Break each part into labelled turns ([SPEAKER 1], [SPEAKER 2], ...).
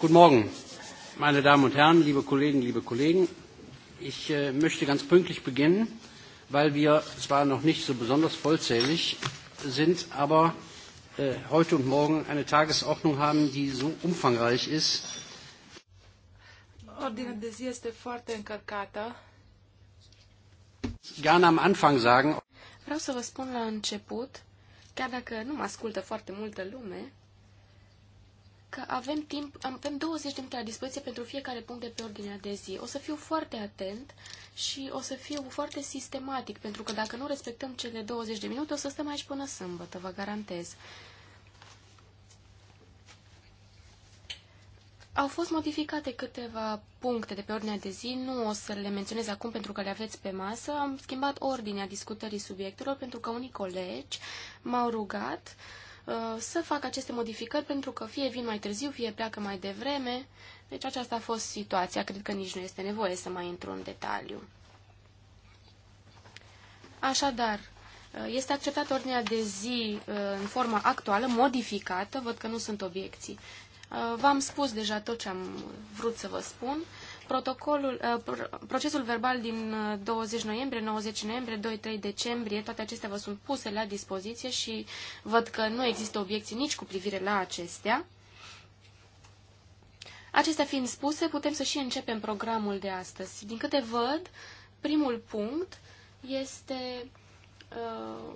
[SPEAKER 1] Guten Morgen, meine Damen und Herren, liebe Kollegen, liebe Kollegen. Ich äh, möchte ganz pünktlich beginnen, weil wir zwar noch nicht so besonders vollzählig sind, aber äh, heute und morgen eine Tagesordnung haben, die so umfangreich ist.
[SPEAKER 2] Ordinea de zi este foarte încărcată.
[SPEAKER 1] Gerne am Anfang sagen.
[SPEAKER 2] Vreau să vă spun la început, chiar
[SPEAKER 3] dacă nu mă ascultă foarte multă lume, că avem timp, avem 20 de minute la dispoziție pentru fiecare punct de pe ordinea de zi. O să fiu foarte atent și o să fiu foarte sistematic, pentru că dacă nu respectăm cele 20 de minute, o să stăm aici până sâmbătă, vă garantez. Au fost modificate câteva puncte de pe ordinea de zi, nu o să le menționez acum pentru că le aveți pe masă. Am schimbat ordinea discutării subiectelor pentru că unii colegi m-au rugat uh, Uh, să facă aceste modificări pentru că fie vin mai târziu, fie pleacă mai devreme. Deci aceasta a fost situația. Cred că nici nu este nevoie să mai intru în detaliu. Așadar, uh, este acceptată ordinea de zi uh, în forma actuală, modificată, văd că nu sunt obiecții. V-am spus deja tot ce am vrut să vă spun protocolul, uh, procesul verbal din 20 uh, noiembrie, 90 noiembrie, 2-3 decembrie, toate acestea vă sunt puse la dispoziție și văd că nu există obiecții nici cu privire la acestea. Acestea fiind spuse, putem să și începem programul de astăzi. Din câte văd, primul punct este uh,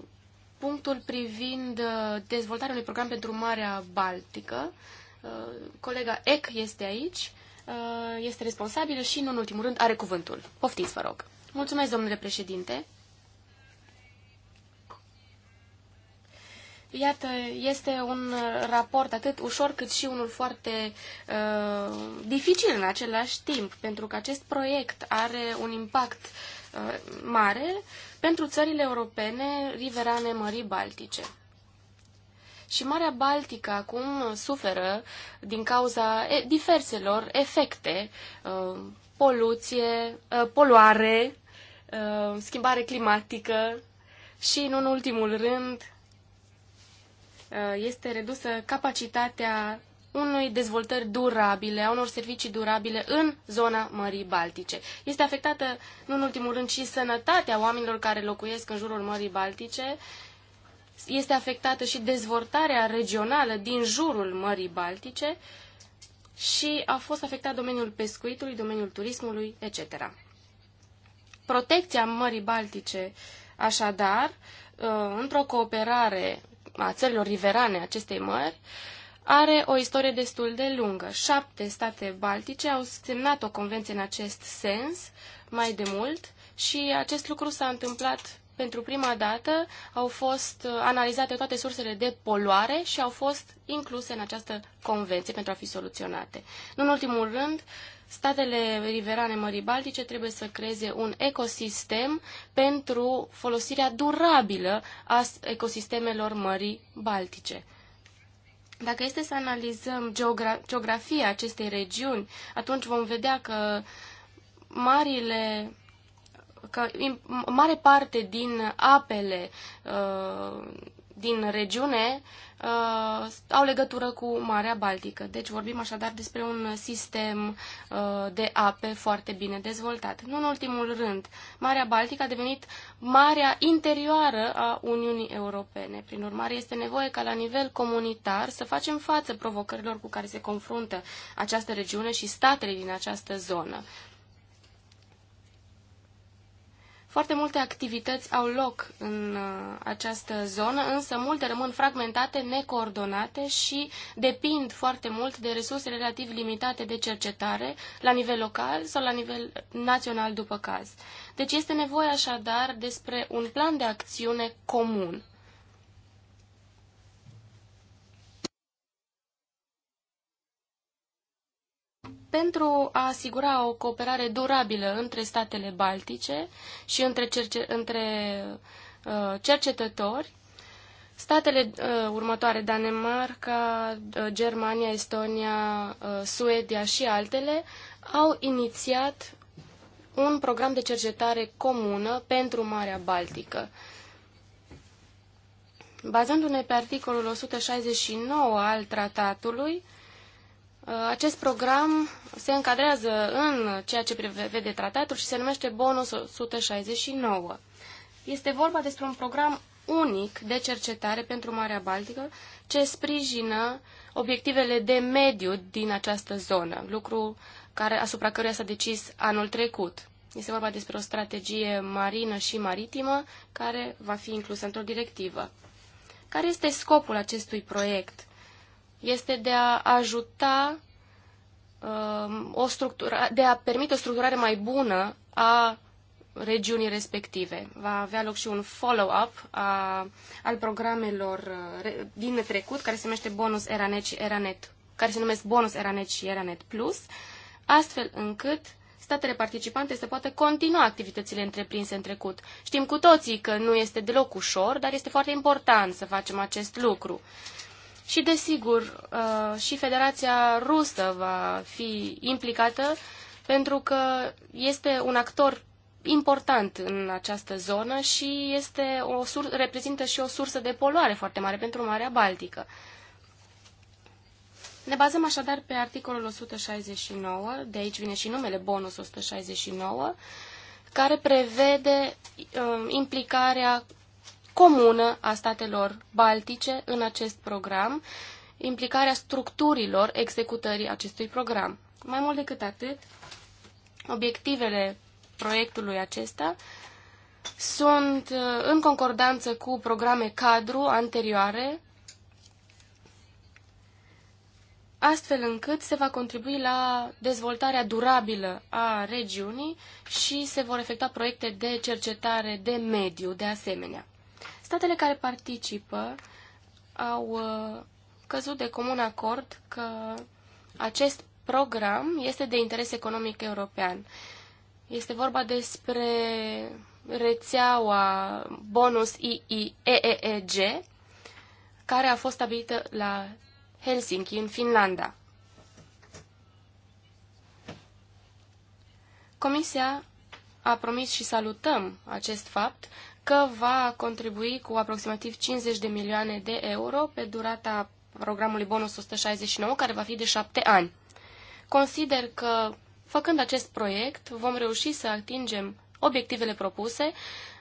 [SPEAKER 3] punctul privind uh, dezvoltarea unui program pentru Marea Baltică. Uh, colega Eck este aici Uh, este responsabilă și, nu în ultimul rând, are cuvântul. Poftiți, vă rog. Mulțumesc, domnule președinte. Iată, este un raport atât ușor cât și unul foarte uh, dificil în același timp, pentru că acest proiect are un impact uh, mare pentru țările europene riverane Mării Baltice. Și Marea Baltică acum suferă din cauza diverselor efecte, uh, poluție, uh, poluare, uh, schimbare climatică și, în un ultimul rând, este redusă capacitatea unui dezvoltări durabile, a unor servicii durabile în zona Mării Baltice. Este afectată, nu în ultimul rând, și sănătatea oamenilor care locuiesc în jurul Mării Baltice este afectată și dezvoltarea regională din jurul Mării Baltice și a fost afectat domeniul pescuitului, domeniul turismului, etc. Protecția Mării Baltice, așadar, uh, într-o cooperare a țărilor riverane acestei mări, are o istorie destul de lungă. Șapte state baltice au semnat o convenție în acest sens mai de mult și acest lucru s-a întâmplat pentru prima dată au fost uh, analizate toate sursele de poluare și au fost incluse în această convenție pentru a fi soluționate. în ultimul rând, statele riverane Mării Baltice trebuie să creeze un ecosistem pentru folosirea durabilă a ecosistemelor Mării Baltice. Dacă este să analizăm geogra- geografia acestei regiuni, atunci vom vedea că marile că mare parte din apele uh, din regiune uh, au legătură cu Marea Baltică. Deci vorbim așadar despre un sistem uh, de ape foarte bine dezvoltat. Nu în ultimul rând, Marea Baltică a devenit marea interioară a Uniunii Europene. Prin urmare, este nevoie ca la nivel comunitar să facem față provocărilor cu care se confruntă această regiune și statele din această zonă. Foarte multe activități au loc în uh, această zonă, însă multe rămân fragmentate, necoordonate și depind foarte mult de resurse relativ limitate de cercetare la nivel local sau la nivel național după caz. Deci este nevoie așadar despre un plan de acțiune comun. pentru a asigura o cooperare durabilă între statele baltice și între, cerce între uh, cercetători, statele uh, următoare, Danemarca, uh, Germania, Estonia, uh, Suedia și altele, au inițiat un program de cercetare comună pentru Marea Baltică. Bazându-ne pe articolul 169 al tratatului, uh, acest program se încadrează în ceea ce prevede tratatul și se numește Bonus 169. Este vorba despre un program unic de cercetare pentru Marea Baltică ce sprijină obiectivele de mediu din această zonă, lucru care, asupra căruia s-a decis anul trecut. Este vorba despre o strategie marină și maritimă care va fi inclusă într-o directivă. Care este scopul acestui proiect? este de a ajuta um, o structură de a permite o structurare mai bună a regiunii respective. Va avea loc și un follow-up al programelor uh, din trecut, care se numește Bonus Eranet și Eranet, care se numesc Bonus Eranet și Eranet Plus, astfel încât statele participante să poată continua activitățile întreprinse în trecut. Știm cu toții că nu este deloc ușor, dar este foarte important să facem acest lucru. Și, desigur, uh, și Federația Rusă va fi implicată pentru că este un actor important în această zonă și este o sur- reprezintă și o sursă de poluare foarte mare pentru Marea Baltică. Ne bazăm așadar pe articolul 169, de aici vine și numele bonus 169, care prevede uh, implicarea comună a statelor baltice în acest program, implicarea structurilor executării acestui program. Mai mult decât atât, obiectivele proiectului acesta sunt uh, în concordanță cu programe cadru anterioare, astfel încât se va contribui la dezvoltarea durabilă a regiunii și se vor efectua proiecte de cercetare de mediu de asemenea. Statele care participă au uh, căzut de comun acord că acest program este de interes economic european. Este vorba despre rețeaua bonus IIEEG, care a fost stabilită la Helsinki, în Finlanda. Comisia a promis și salutăm acest fapt că va contribui cu aproximativ 50 de milioane de euro pe durata programului Bonus 169, care va fi de șapte ani. Consider că, făcând acest proiect, vom reuși să atingem obiectivele propuse,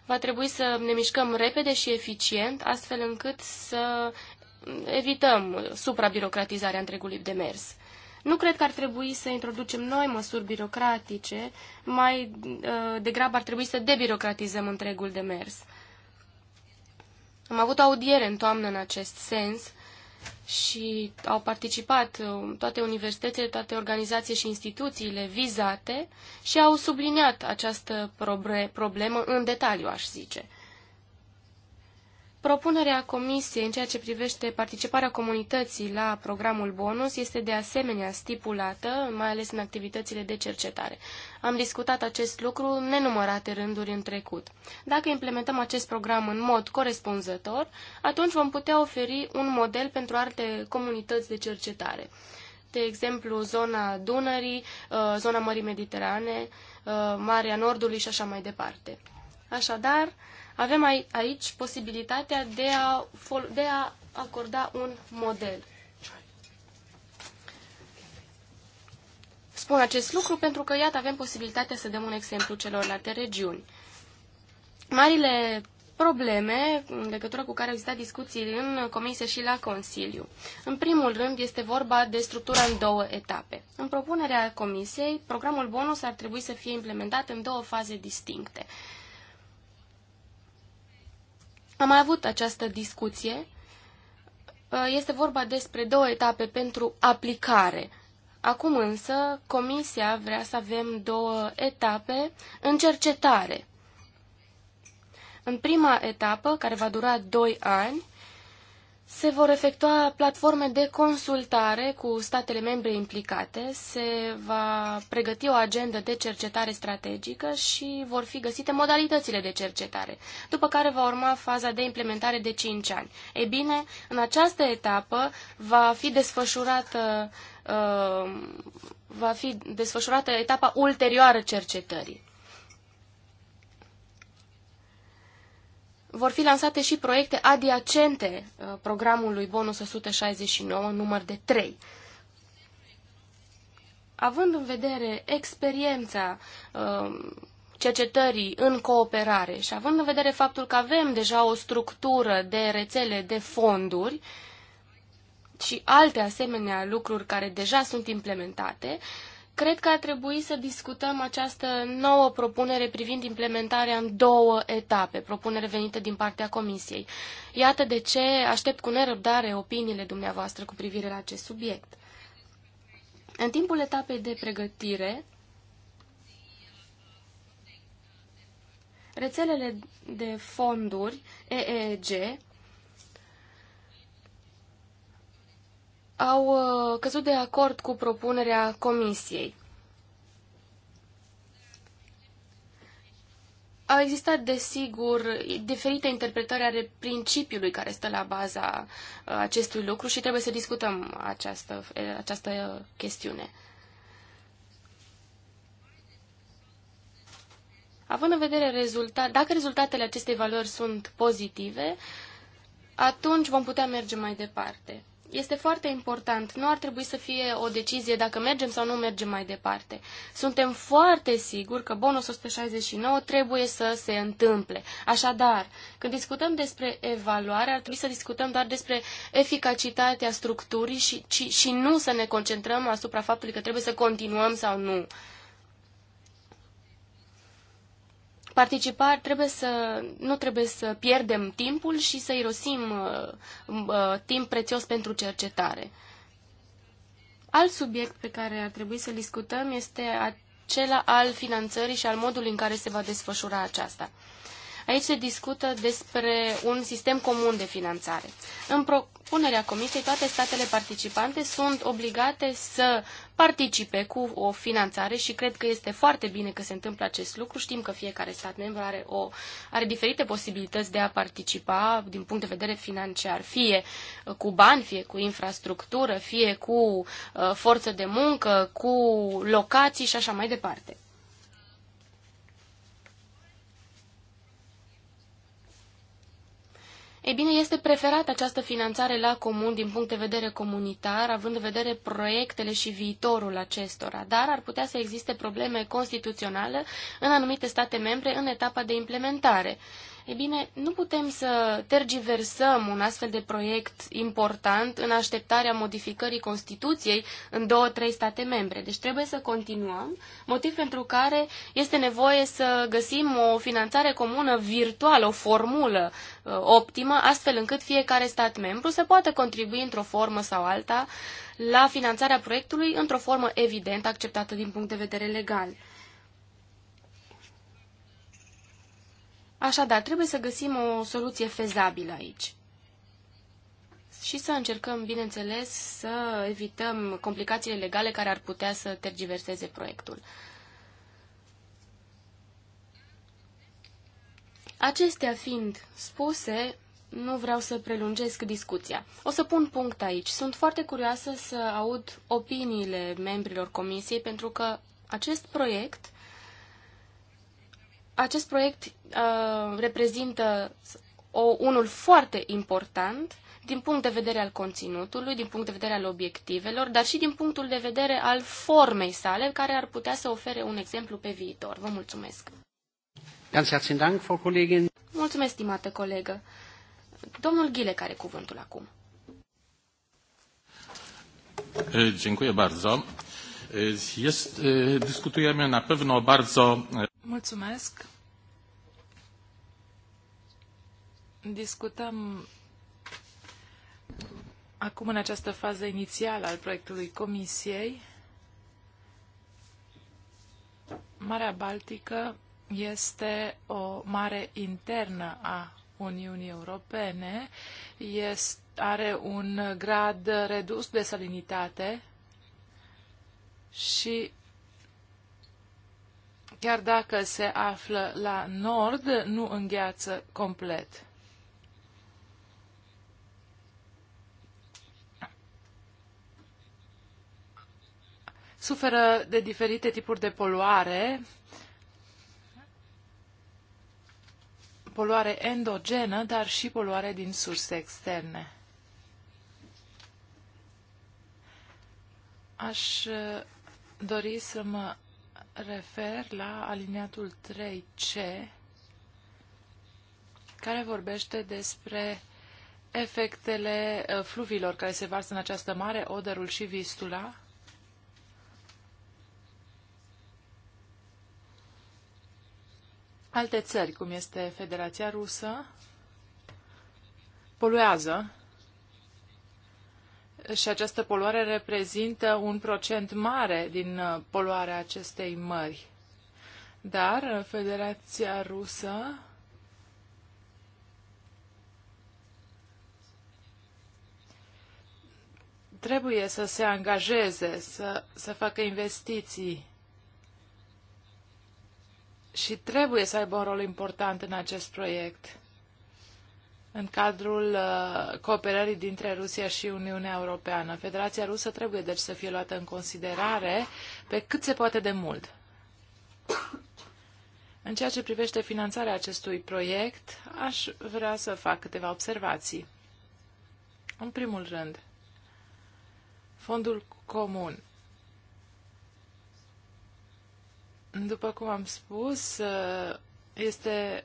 [SPEAKER 3] va trebui să ne mișcăm repede și eficient, astfel încât să evităm suprabirocratizarea întregului demers. Nu cred că ar trebui să introducem noi măsuri birocratice, mai uh, degrabă ar trebui să debirocratizăm întregul demers. Am avut audiere în toamnă în acest sens și au participat uh, toate universitățile, toate organizațiile și instituțiile vizate și au subliniat această problemă în detaliu, aș zice. Propunerea Comisiei în ceea ce privește participarea comunității la programul bonus este de asemenea stipulată, mai ales în activitățile de cercetare. Am discutat acest lucru în nenumărate rânduri în trecut. Dacă implementăm acest program în mod corespunzător, atunci vom putea oferi un model pentru alte comunități de cercetare. De exemplu, zona Dunării, uh, zona Mării Mediterane, uh, Marea Nordului și așa mai departe. Așadar, avem aici posibilitatea de a, de a acorda un model. Spun acest lucru pentru că, iată, avem posibilitatea să dăm un exemplu celorlalte regiuni. Marile probleme în legătură cu care au existat discuții în comisie și la Consiliu. În primul rând este vorba de structura în două etape. În propunerea comisiei, programul bonus ar trebui să fie implementat în două faze distincte. Am mai avut această discuție. Uh, este vorba despre două etape pentru aplicare. Acum însă, Comisia vrea să avem două etape în cercetare. În prima etapă, care va dura 2 ani, se vor efectua platforme de consultare cu statele membre implicate, se va pregăti o agendă de cercetare strategică și vor fi găsite modalitățile de cercetare, după care va urma faza de implementare de 5 ani. Ei bine, în această etapă va fi desfășurată, uh, va fi desfășurată etapa ulterioară cercetării. vor fi lansate și proiecte adiacente uh, programului Bonus 169, număr de 3. Având în vedere experiența uh, cercetării în cooperare și având în vedere faptul că avem deja o structură de rețele de fonduri și alte asemenea lucruri care deja sunt implementate, Cred că ar trebui să discutăm această nouă propunere privind implementarea în două etape, propunere venită din partea Comisiei. Iată de ce aștept cu nerăbdare opiniile dumneavoastră cu privire la acest subiect. În timpul etapei de pregătire, rețelele de fonduri EEG au uh, căzut de acord cu propunerea Comisiei. Au existat, desigur, diferite interpretări ale principiului care stă la baza uh, acestui lucru și trebuie să discutăm această, uh, această chestiune. Având în vedere rezultat, dacă rezultatele acestei valori sunt pozitive, atunci vom putea merge mai departe este foarte important. Nu ar trebui să fie o decizie dacă mergem sau nu mergem mai departe. Suntem foarte siguri că bonus 169 trebuie să se întâmple. Așadar, când discutăm despre evaluare, ar trebui să discutăm doar despre eficacitatea structurii și, și, și nu să ne concentrăm asupra faptului că trebuie să continuăm sau nu. participa, trebuie să, nu trebuie să pierdem timpul și să irosim uh, uh, timp prețios pentru cercetare. Alt subiect pe care ar trebui să-l discutăm este acela al finanțării și al modului în care se va desfășura aceasta. Aici se discută despre un sistem comun de finanțare. În propunerea Comisiei, toate statele participante sunt obligate să participe cu o finanțare și cred că este foarte bine că se întâmplă acest lucru. Știm că fiecare stat membru are, o, are diferite posibilități de a participa din punct de vedere financiar, fie cu bani, fie cu infrastructură, fie cu uh, forță de muncă, cu locații și așa mai departe. Ei bine, este preferată această finanțare la comun din punct de vedere comunitar, având în vedere proiectele și viitorul acestora, dar ar putea să existe probleme constituționale în anumite state membre în etapa de implementare. E bine, nu putem să tergiversăm un astfel de proiect important în așteptarea modificării Constituției în două, trei state membre. Deci trebuie să continuăm, motiv pentru care este nevoie să găsim o finanțare comună virtuală, o formulă uh, optimă, astfel încât fiecare stat membru să poată contribui într-o formă sau alta la finanțarea proiectului într-o formă evident acceptată din punct de vedere legal. Așadar, trebuie să găsim o soluție fezabilă aici. Și să încercăm, bineînțeles, să evităm complicațiile legale care ar putea să tergiverseze proiectul. Acestea fiind spuse, nu vreau să prelungesc discuția. O să pun punct aici. Sunt foarte curioasă să aud opiniile membrilor comisiei pentru că acest proiect acest proiect uh, reprezintă o, unul foarte important din punct de vedere al conținutului, din punct de vedere al obiectivelor, dar și din punctul de vedere al formei sale, care ar putea să ofere un exemplu pe viitor. Vă mulțumesc! Mulțumesc, stimată colegă! Domnul Ghile care cuvântul acum.
[SPEAKER 1] Dziękuję bardzo. Jest, dyskutujemy na pewno bardzo
[SPEAKER 2] Mulțumesc. Discutăm acum în această fază inițială al proiectului Comisiei. Marea Baltică este o mare internă a Uniunii Europene, este, are un grad redus de salinitate și chiar dacă se află la nord, nu îngheață complet. Suferă de diferite tipuri de poluare, poluare endogenă, dar și poluare din surse externe. Aș uh, dori să mă refer la aliniatul 3C, care vorbește despre efectele uh, fluvilor care se varsă în această mare, Oderul și Vistula. Alte țări, cum este Federația Rusă, poluează și această poluare reprezintă un procent mare din uh, poluarea acestei mări. Dar uh, Federația Rusă trebuie să se angajeze, să, să facă investiții și trebuie să aibă un rol important în acest proiect în cadrul uh, cooperării dintre Rusia și Uniunea Europeană. Federația Rusă trebuie deci să fie luată în considerare pe cât se poate de mult. În ceea ce privește finanțarea acestui proiect, aș vrea să fac câteva observații. În primul rând, fondul comun. După cum am spus, uh, este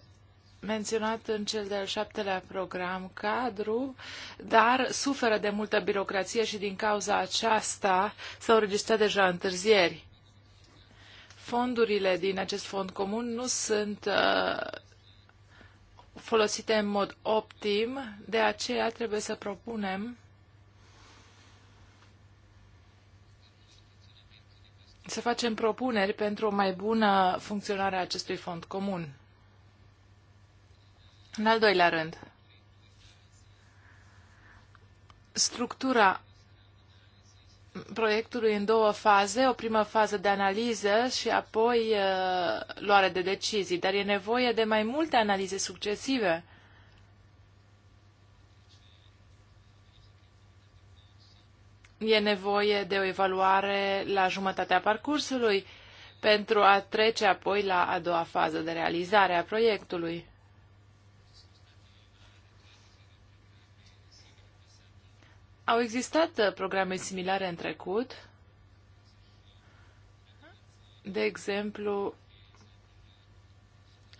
[SPEAKER 2] menționat în cel de-al șaptelea program cadru, dar suferă de multă birocrație și din cauza aceasta s-au registrat deja întârzieri. Fondurile din acest fond comun nu sunt uh, folosite în mod optim, de aceea trebuie să propunem să facem propuneri pentru o mai bună funcționare a acestui fond comun. În al doilea rând, structura proiectului în două faze, o primă fază de analiză și apoi uh, luare de decizii, dar e nevoie de mai multe analize succesive. E nevoie de o evaluare la jumătatea parcursului pentru a trece apoi la a doua fază de realizare a proiectului. Au existat uh, programe similare în trecut, de exemplu,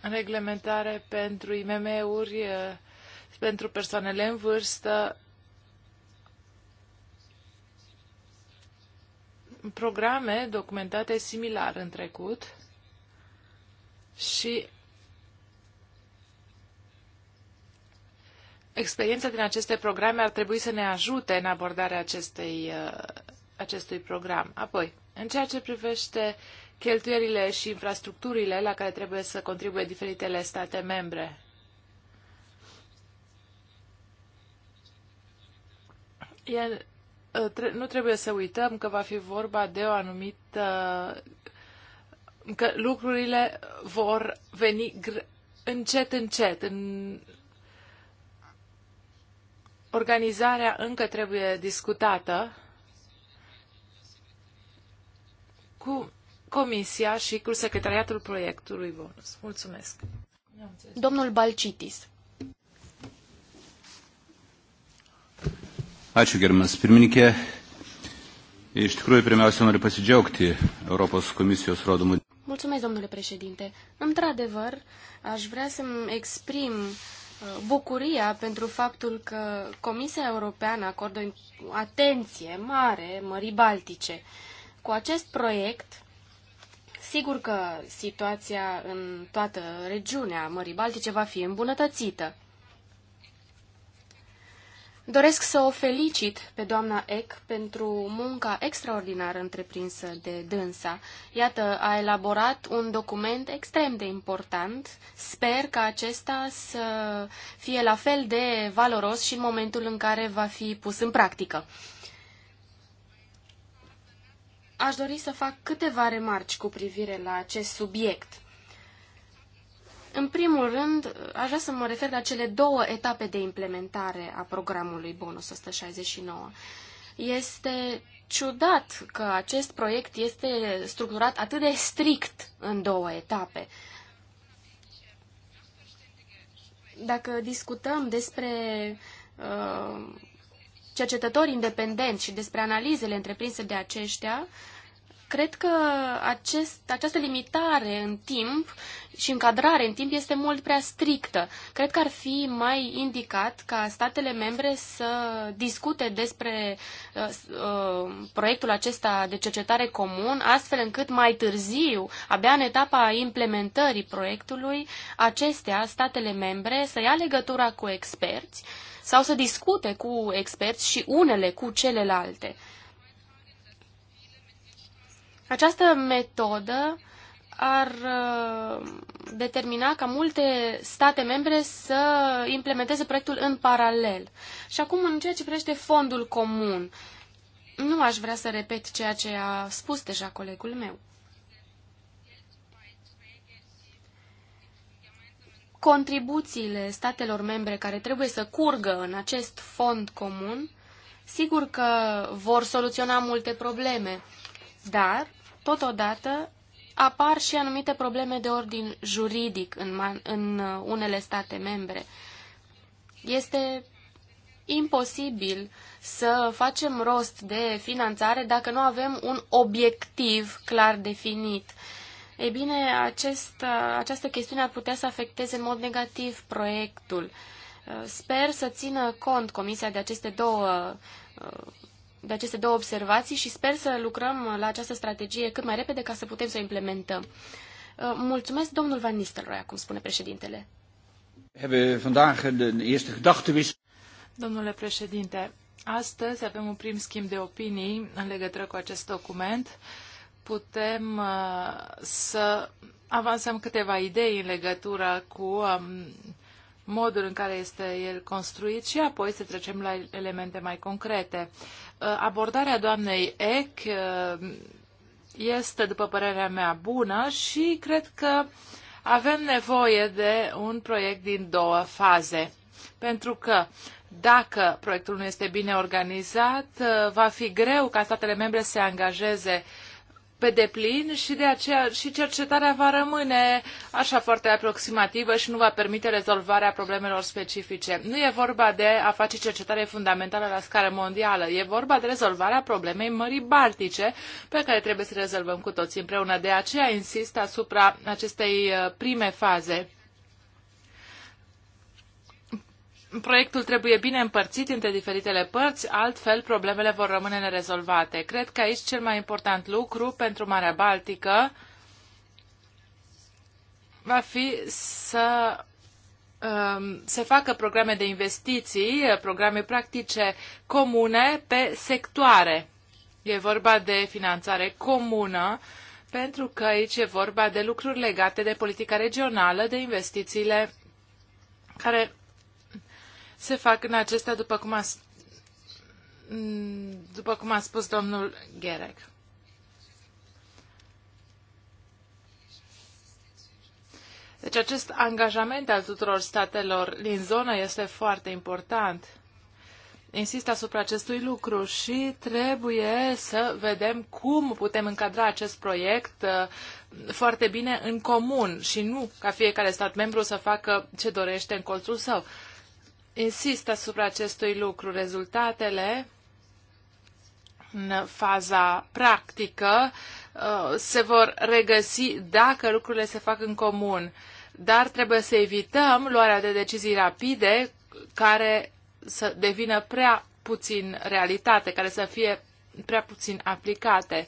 [SPEAKER 2] reglementare pentru IMM-uri, uh, pentru persoanele în vârstă, programe documentate similar în trecut și experiența din aceste programe ar trebui să ne ajute în abordarea acestei, uh, acestui program. Apoi, în ceea ce privește cheltuielile și infrastructurile la care trebuie să contribuie diferitele state membre. E, uh, nu trebuie să uităm că va fi vorba de o anumită că lucrurile vor veni încet, încet, în Organizarea încă trebuie discutată cu Comisia și cu Secretariatul Proiectului Bonus. Mulțumesc.
[SPEAKER 3] Domnul Balcitis.
[SPEAKER 1] Ačiū, gerbiamas pirmininkė. Iš tikrųjų, pirmiausia, noriu pasidžiaugti Europos komisijos rodomų.
[SPEAKER 3] Mulțumesc, domnule președinte. Într-adevăr, aș vrea să-mi exprim bucuria pentru faptul că Comisia Europeană acordă atenție mare Mării Baltice. Cu acest proiect, sigur că situația în toată regiunea Mării Baltice va fi îmbunătățită. Doresc să o felicit pe doamna Eck pentru munca extraordinară întreprinsă de dânsa. Iată, a elaborat un document extrem de important. Sper ca acesta să fie la fel de valoros și în momentul în care va fi pus în practică. Aș dori să fac câteva remarci cu privire la acest subiect. În primul rând, aș vrea să mă refer la cele două etape de implementare a programului Bonus 169. Este ciudat că acest proiect este structurat atât de strict în două etape. Dacă discutăm despre uh, cercetători independenți și despre analizele întreprinse de aceștia, uh, Cred că acest, această limitare în timp și încadrare în timp este mult prea strictă. Cred că ar fi mai indicat ca statele membre să discute despre uh, uh, proiectul acesta de cercetare comun, astfel încât mai târziu, abia în etapa implementării proiectului, acestea, statele membre, să ia legătura cu experți sau să discute cu experți și unele cu celelalte. Această metodă ar uh, determina ca multe state membre să implementeze proiectul în paralel. Și acum, în ceea ce privește fondul comun, nu aș vrea să repet ceea ce a spus deja colegul meu. Contribuțiile statelor membre care trebuie să curgă în acest fond comun, sigur că vor soluționa multe probleme, dar Totodată, apar și anumite probleme de ordin juridic în, în uh, unele state membre. Este imposibil să facem rost de finanțare dacă nu avem un obiectiv clar definit. Ei bine, acest, uh, această chestiune ar putea să afecteze în mod negativ proiectul. Uh, sper să țină cont Comisia de aceste două de aceste două observații și sper să lucrăm la această strategie cât mai repede ca să putem să o implementăm. Uh, mulțumesc, domnul Van Nistelrooy, acum spune președintele.
[SPEAKER 2] Domnule președinte, astăzi avem un prim schimb de opinii în legătură cu acest document. Putem uh, să avansăm câteva idei în legătură cu um, modul în care este el construit și apoi să trecem la elemente mai concrete. Uh, abordarea doamnei Eck uh, este, după părerea mea, bună și cred că avem nevoie de un proiect din două faze. Pentru că dacă proiectul nu este bine organizat, uh, va fi greu ca statele membre să se angajeze uh, pe deplin și de aceea și cercetarea va rămâne așa foarte aproximativă și nu va permite rezolvarea problemelor specifice. Nu e vorba de a face cercetare fundamentală la scară mondială, e vorba de rezolvarea problemei Mării Baltice pe care trebuie să rezolvăm cu toții împreună. De aceea insist asupra acestei uh, prime faze proiectul trebuie bine împărțit între diferitele părți, altfel problemele vor rămâne nerezolvate. Cred că aici cel mai important lucru pentru Marea Baltică va fi să um, se facă programe de investiții, programe practice comune pe sectoare. E vorba de finanțare comună, pentru că aici e vorba de lucruri legate de politica regională, de investițiile care se fac în acestea, după cum a, după cum a spus domnul Gerec. Deci acest angajament al tuturor statelor din zonă este foarte important. Insist asupra acestui lucru și trebuie să vedem cum putem încadra acest proiect uh, foarte bine în comun și nu ca fiecare stat membru să facă ce dorește în colțul său insist asupra acestui lucru. Rezultatele în faza practică uh, se vor regăsi dacă lucrurile se fac în comun. Dar trebuie să evităm luarea de decizii rapide care să devină prea puțin realitate, care să fie prea puțin aplicate.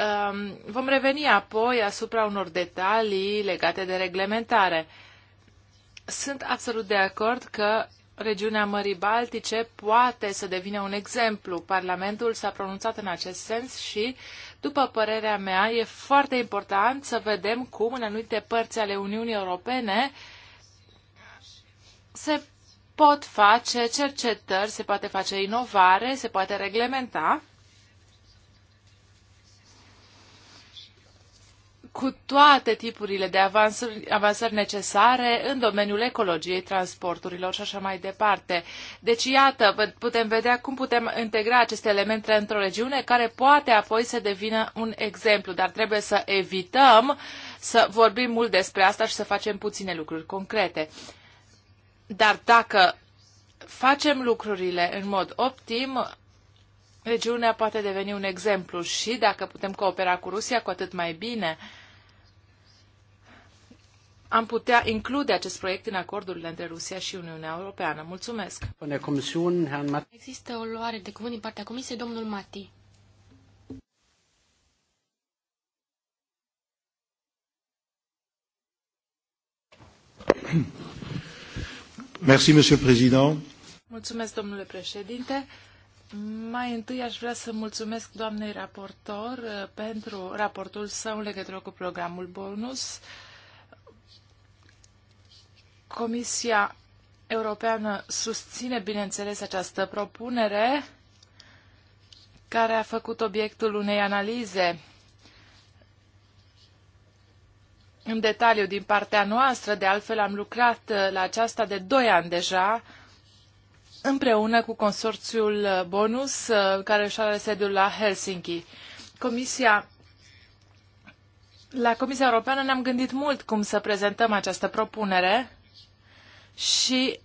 [SPEAKER 2] Um, vom reveni apoi asupra unor detalii legate de reglementare. Sunt absolut de acord că regiunea Mării Baltice poate să devină un exemplu. Parlamentul s-a pronunțat în acest sens și, după părerea mea, e foarte important să vedem cum în anumite părți ale Uniunii Europene se pot face cercetări, se poate face inovare, se poate reglementa cu toate tipurile de avansuri, avansări necesare în domeniul ecologiei, transporturilor și așa mai departe. Deci, iată, putem vedea cum putem integra aceste elemente într-o regiune care poate apoi să devină un exemplu, dar trebuie să evităm să vorbim mult despre asta și să facem puține lucruri concrete. Dar dacă facem lucrurile în mod optim, regiunea poate deveni un exemplu și dacă putem coopera cu Rusia, cu atât mai bine am putea include acest proiect în acordurile între Rusia și Uniunea Europeană. Mulțumesc! Există o luare de cuvânt din partea Comisiei,
[SPEAKER 3] domnul Mati.
[SPEAKER 1] Merci, Monsieur le Président.
[SPEAKER 2] Mulțumesc, domnule președinte. Mai întâi aș vrea să mulțumesc doamnei raportor uh, pentru raportul său în legătură cu programul bonus. Uh, Comisia Europeană susține, bineînțeles, această propunere care a făcut obiectul unei analize în detaliu din partea noastră. De altfel, am lucrat uh, la aceasta de doi ani deja, împreună cu consorțiul Bonus, uh, care își are sediul la Helsinki. Comisia la Comisia Europeană ne-am gândit mult cum să prezentăm această propunere și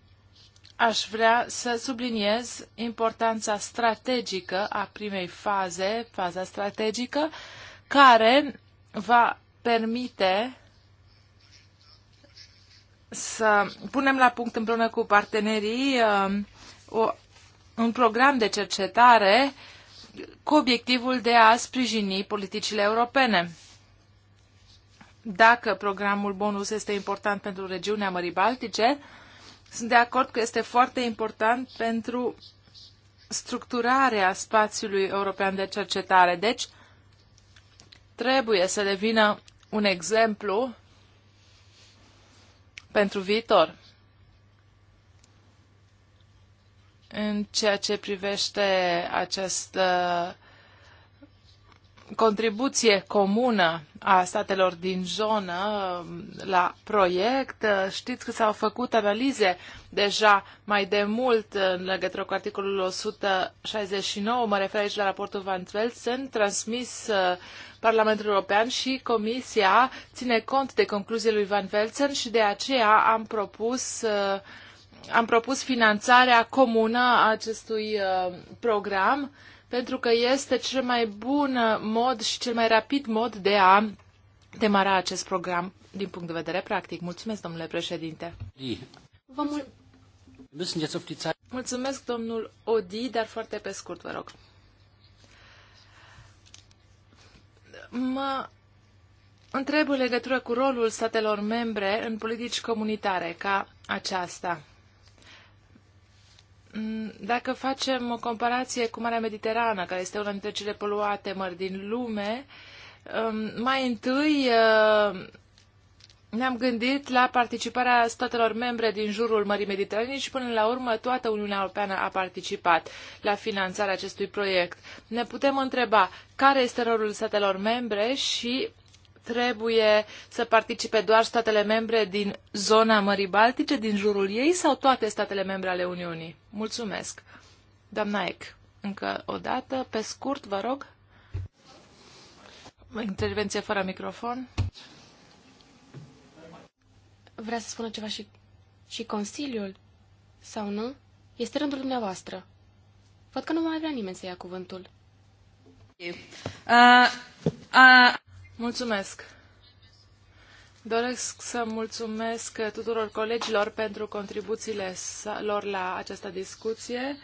[SPEAKER 2] aș vrea să subliniez importanța strategică a primei faze, faza strategică, care va permite să punem la punct împreună cu partenerii um, o, un program de cercetare cu obiectivul de a sprijini politicile europene dacă programul bonus este important pentru regiunea Mării Baltice, sunt de acord că este foarte important pentru structurarea spațiului european de cercetare. Deci, trebuie să devină un exemplu pentru viitor. În ceea ce privește această contribuție comună a statelor din zonă um, la proiect. Uh, știți că s-au făcut analize deja mai de mult în legătură cu articolul 169, mă refer aici la raportul Van Velsen, transmis uh, Parlamentul European și Comisia ține cont de concluziile lui Van Velsen și de aceea am propus uh, am propus finanțarea comună a acestui program pentru că este cel mai bun uh, mod și cel mai rapid mod de a demara acest program din punct de vedere practic. Mulțumesc, domnule președinte. Vă mul- Mulțumesc, domnul Odi, dar foarte pe scurt, vă rog. Mă întreb în legătură cu rolul statelor membre în politici comunitare ca aceasta. Mm, dacă facem o comparație cu Marea Mediterană, care este una dintre cele poluate mări din lume, um, mai întâi uh, ne-am gândit la participarea statelor membre din jurul Mării Mediterane și până la urmă toată Uniunea Europeană a participat la finanțarea acestui proiect. Ne putem întreba care este rolul statelor membre și trebuie să participe doar statele membre din zona Mării Baltice, din jurul ei, sau toate statele membre ale Uniunii? Mulțumesc. Doamna Eck, încă o dată, pe scurt, vă rog. Intervenție fără microfon. Vrea să spună ceva și,
[SPEAKER 3] și Consiliul, sau nu? Este rândul dumneavoastră. Văd
[SPEAKER 2] că nu mai vrea nimeni să ia cuvântul. Uh, uh... Mulțumesc! Doresc să mulțumesc tuturor colegilor pentru contribuțiile lor la această discuție.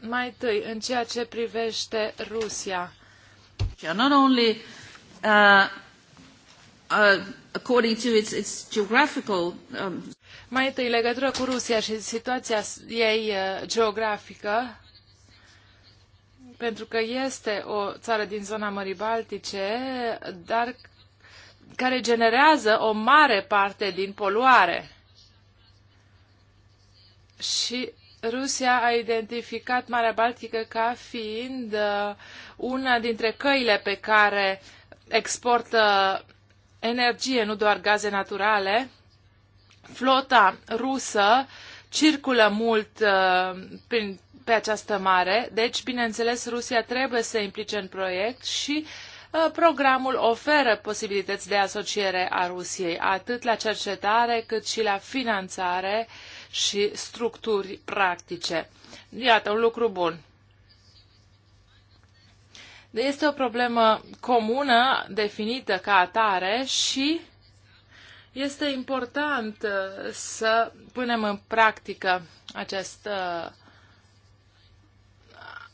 [SPEAKER 2] Mai întâi, în ceea ce privește Rusia. Not only uh, uh, according to its, its geographical, um... Mai întâi, legătură cu Rusia și situația ei uh, geografică, pentru că este o țară din zona Mării Baltice, dar care generează o mare parte din poluare. Și Rusia a identificat Marea Baltică ca fiind uh, una dintre căile pe care exportă energie, nu doar gaze naturale. Flota rusă uh, circulă mult uh, prin, pe această mare, deci, bineînțeles, Rusia trebuie să se implice în proiect și uh, programul oferă posibilități de asociere a Rusiei, atât la cercetare cât și la finanțare și structuri practice. Iată, un lucru bun. Este o problemă comună, definită ca atare și este important uh, să punem în practică acest, uh,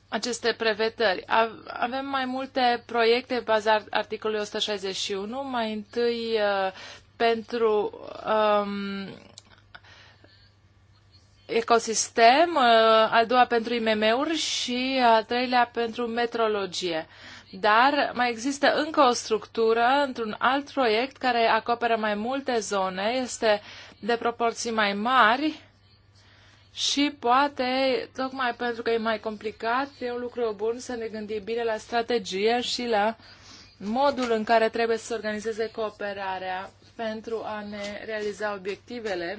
[SPEAKER 2] aceste prevederi. Avem mai multe proiecte baza articolului 161, mai întâi uh, pentru um, ecosistem, al doua pentru IMM-uri și al treilea pentru metrologie. Dar mai există încă o structură într-un alt proiect care acoperă mai multe zone, este de proporții mai mari și poate, tocmai pentru că e mai complicat, e un lucru bun să ne gândim bine la strategie și la modul în care trebuie să se organizeze cooperarea pentru a ne realiza obiectivele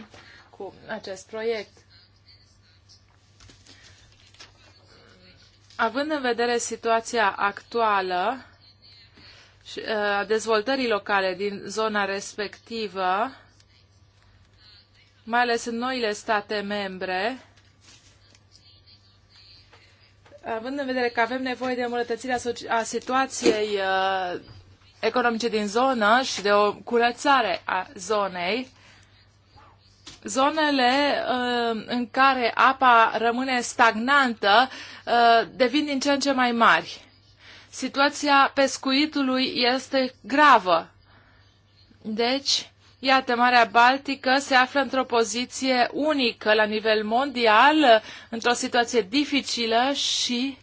[SPEAKER 2] cu acest proiect. Având în vedere situația actuală uh, a dezvoltării locale din zona respectivă, mai ales în noile state membre, având în vedere că avem nevoie de îmbunătățirea a situației uh, economice din zonă și de o curățare a zonei, zonele uh, în care apa rămâne stagnantă uh, devin din ce în ce mai mari. Situația pescuitului este gravă. Deci, Iată, Marea Baltică se află într-o poziție unică la nivel mondial, într-o situație dificilă și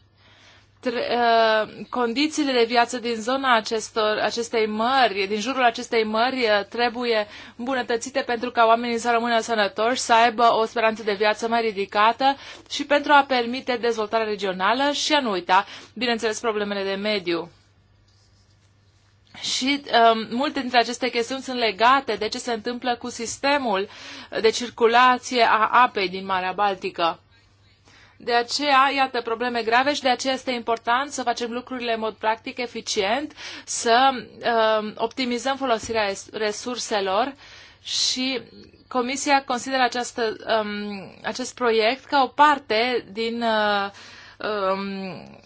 [SPEAKER 2] Uh, condițiile de viață din zona acestor, acestei mări, din jurul acestei mări, uh, trebuie îmbunătățite pentru ca oamenii să rămână sănătoși, să aibă o speranță de viață mai ridicată și pentru a permite dezvoltarea regională și a nu uita, bineînțeles, problemele de mediu. Și um, multe dintre aceste chestiuni sunt legate de ce se întâmplă cu sistemul de circulație a apei din Marea Baltică. De aceea, iată, probleme grave și de aceea este important să facem lucrurile în mod practic, eficient, să uh, optimizăm folosirea resurselor și Comisia consideră această, um, acest proiect ca o parte din uh, um,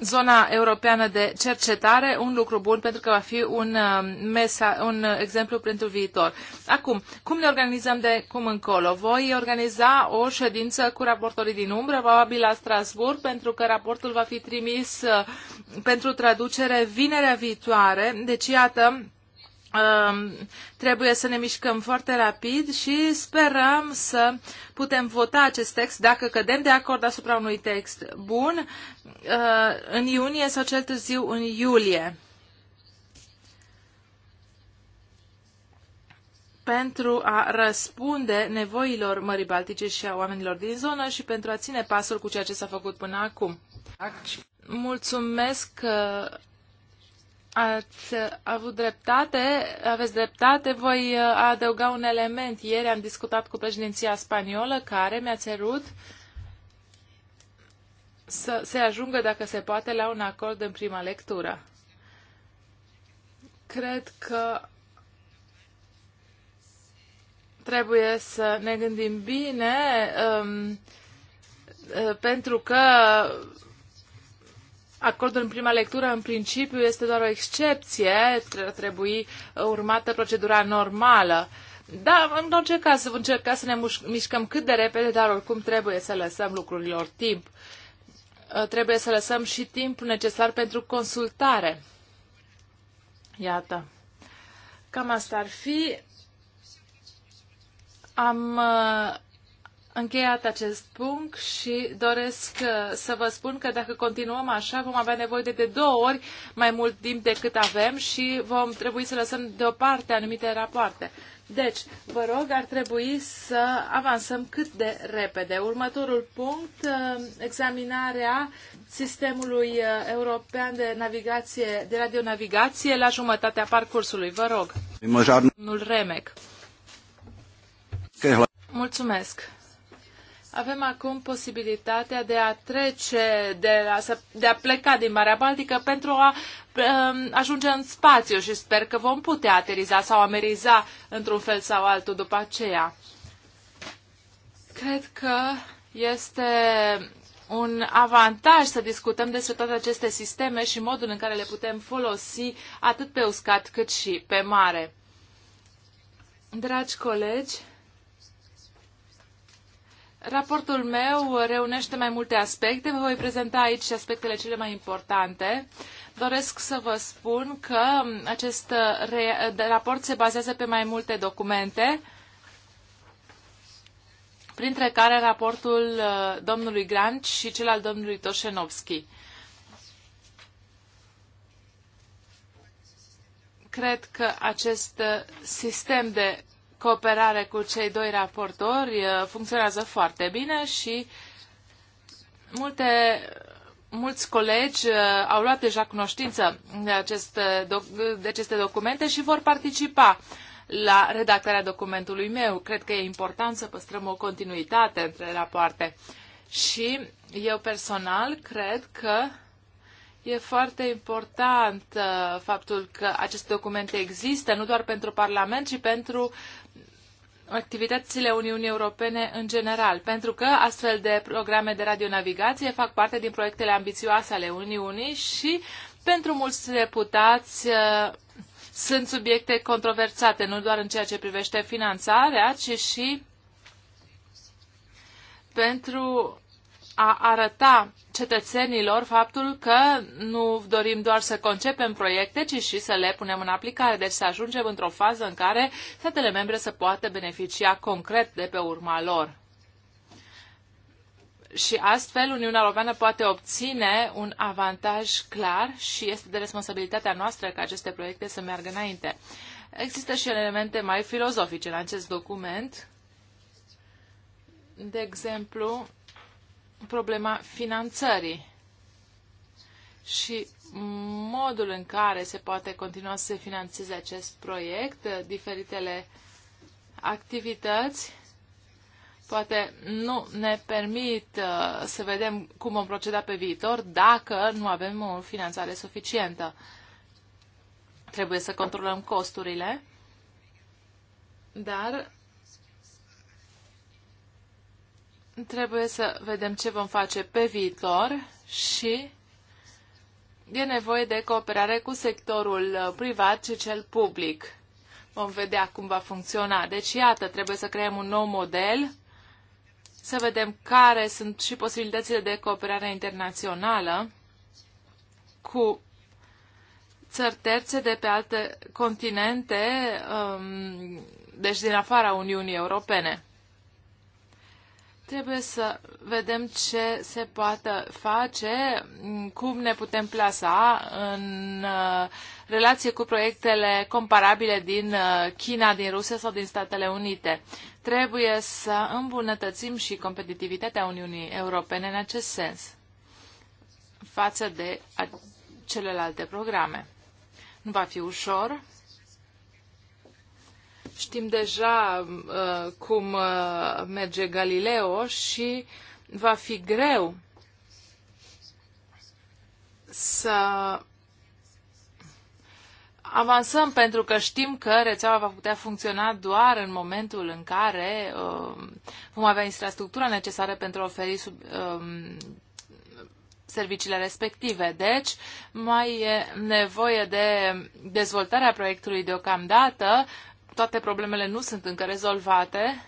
[SPEAKER 2] zona europeană de cercetare, un lucru bun pentru că va fi un, um, mesa, un uh, exemplu pentru viitor. Acum, cum ne organizăm de cum încolo? Voi organiza o ședință cu raportorii din umbră, probabil la Strasburg, pentru că raportul va fi trimis uh, pentru traducere vinerea viitoare. Deci, iată, trebuie să ne mișcăm foarte rapid și sperăm să putem vota acest text dacă cădem de acord asupra unui text bun uh, în iunie sau cel târziu în iulie. pentru a răspunde nevoilor Mării Baltice și a oamenilor din zonă și pentru a ține pasul cu ceea ce s-a făcut până acum. Mulțumesc uh, Ați avut dreptate, aveți dreptate. Voi uh, adăuga un element. Ieri am discutat cu președinția spaniolă care mi-a cerut să se ajungă, dacă se poate, la un acord în prima lectură. Cred că trebuie să ne gândim bine um, uh, pentru că Acordul în prima lectură, în principiu, este doar o excepție, trebuie uh, urmată procedura normală. Da, în orice caz, vom încerca să ne mișcăm cât de repede, dar oricum trebuie să lăsăm lucrurilor timp. Uh, trebuie să lăsăm și timpul necesar pentru consultare. Iată. Cam asta ar fi. Am uh, încheiat acest punct și doresc uh, să vă spun că dacă continuăm așa, vom avea nevoie de, de două ori mai mult timp decât avem și vom trebui să lăsăm deoparte anumite rapoarte. Deci, vă rog, ar trebui să avansăm cât de repede. Următorul punct, uh, examinarea sistemului uh, european de navigație, de radionavigație la jumătatea parcursului. Vă rog. Domnul Remec. Mulțumesc. Avem acum posibilitatea de a trece, de a, de a pleca din Marea Baltică pentru a um, ajunge în spațiu și sper că vom putea ateriza sau ameriza într-un fel sau altul după aceea. Cred că este un avantaj să discutăm despre toate aceste sisteme și modul în care le putem folosi atât pe uscat cât și pe mare. Dragi colegi, Raportul meu reunește mai multe aspecte. Vă voi prezenta aici aspectele cele mai importante. Doresc să vă spun că acest raport se bazează pe mai multe documente, printre care raportul uh, domnului Grant și cel al domnului Toșenovski. Cred că acest uh, sistem de cooperare cu cei doi raportori uh, funcționează foarte bine și multe, mulți colegi uh, au luat deja cunoștință de aceste, uh, de aceste documente și vor participa la redactarea documentului meu. Cred că e important să păstrăm o continuitate între rapoarte. Și eu personal cred că E foarte important uh, faptul că aceste documente există, nu doar pentru Parlament, ci pentru activitățile Uniunii Europene în general, pentru că astfel de programe de radionavigație fac parte din proiectele ambițioase ale Uniunii și pentru mulți deputați uh, sunt subiecte controversate, nu doar în ceea ce privește finanțarea, ci și pentru a arăta cetățenilor faptul că nu dorim doar să concepem proiecte, ci și să le punem în aplicare. Deci să ajungem într-o fază în care statele membre să poată beneficia concret de pe urma lor. Și astfel Uniunea Europeană poate obține un avantaj clar și este de responsabilitatea noastră ca aceste proiecte să meargă înainte. Există și elemente mai filozofice în acest document. De exemplu, problema finanțării și modul în care se poate continua să se financeze acest proiect, diferitele activități, poate nu ne permit uh, să vedem cum vom proceda pe viitor dacă nu avem o finanțare suficientă. Trebuie să controlăm costurile, dar Trebuie să vedem ce vom face pe viitor și e nevoie de cooperare cu sectorul uh, privat și cel public. Vom vedea cum va funcționa. Deci, iată, trebuie să creăm un nou model, să vedem care sunt și posibilitățile de cooperare internațională cu țări terțe de pe alte continente, um, deci din afara Uniunii Europene. Trebuie să vedem ce se poate face, cum ne putem plasa în uh, relație cu proiectele comparabile din uh, China, din Rusia sau din Statele Unite. Trebuie să îmbunătățim și competitivitatea Uniunii Europene în acest sens față de celelalte programe. Nu va fi ușor, Știm deja uh, cum uh, merge Galileo și va fi greu să avansăm pentru că știm că rețeaua va putea funcționa doar în momentul în care uh, vom avea infrastructura necesară pentru a oferi sub, uh, serviciile respective. Deci, mai e nevoie de dezvoltarea proiectului deocamdată toate problemele nu sunt încă rezolvate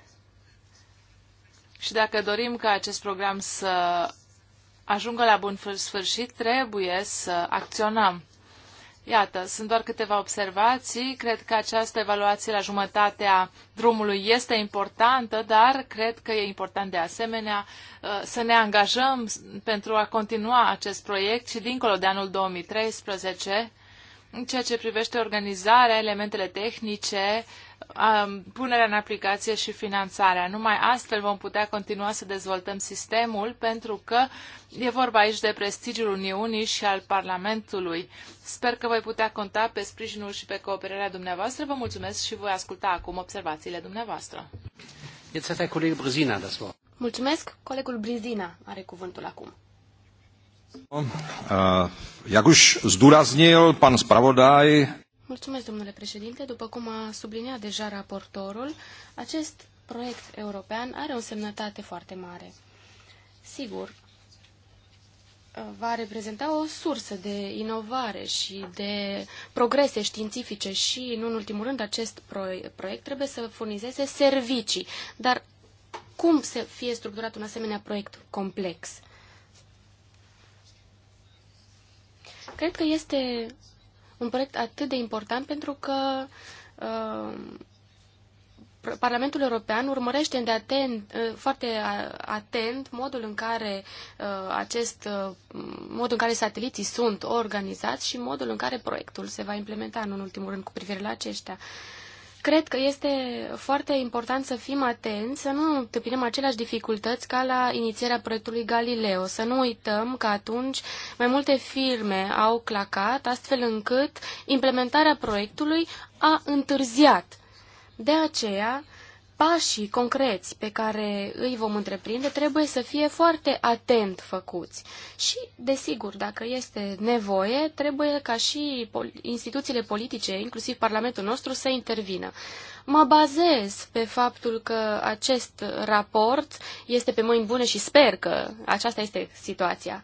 [SPEAKER 2] și dacă dorim ca acest program să ajungă la bun sfârșit, trebuie să acționăm. Iată, sunt doar câteva observații. Cred că această evaluație la jumătatea drumului este importantă, dar cred că e important de asemenea uh, să ne angajăm pentru a continua acest proiect și dincolo de anul 2013 în ceea ce privește organizarea, elementele tehnice, punerea în aplicație și finanțarea. Numai astfel vom putea continua să dezvoltăm sistemul, pentru că e vorba aici de prestigiul Uniunii și al Parlamentului. Sper că voi putea conta pe sprijinul și pe cooperarea dumneavoastră. Vă mulțumesc și voi asculta acum observațiile dumneavoastră. Mulțumesc. Colegul Brizina are cuvântul acum. Eh, jak už zdůraznil pan zpravodaj,
[SPEAKER 3] Mulțumesc, domnule președinte. După cum a subliniat deja raportorul, acest proiect european are o semnătate foarte mare. Sigur, eh, va reprezenta o sursă de inovare și de progrese științifice și, în ultimul rând, acest proiect trebuie să furnizeze servicii. Dar cum să fie structurat un asemenea proiect complex? Cred că este un proiect atât de important pentru că uh, Parlamentul European urmărește de atent, uh, foarte atent modul în care uh, acest, uh, modul în care sateliții sunt organizați și modul în care proiectul se va implementa în ultimul rând cu privire la aceștia. Cred că este foarte important să fim atenți, să nu întâmpinăm aceleași dificultăți ca la inițierea proiectului Galileo. Să nu uităm că atunci mai multe firme au clacat, astfel încât implementarea proiectului a întârziat. De aceea, pașii concreți pe care îi vom întreprinde trebuie să fie foarte atent făcuți. Și, desigur, dacă este nevoie, trebuie ca și instituțiile politice, inclusiv Parlamentul nostru, să intervină. Mă bazez pe faptul că acest raport este pe mâini bune și sper că aceasta este situația.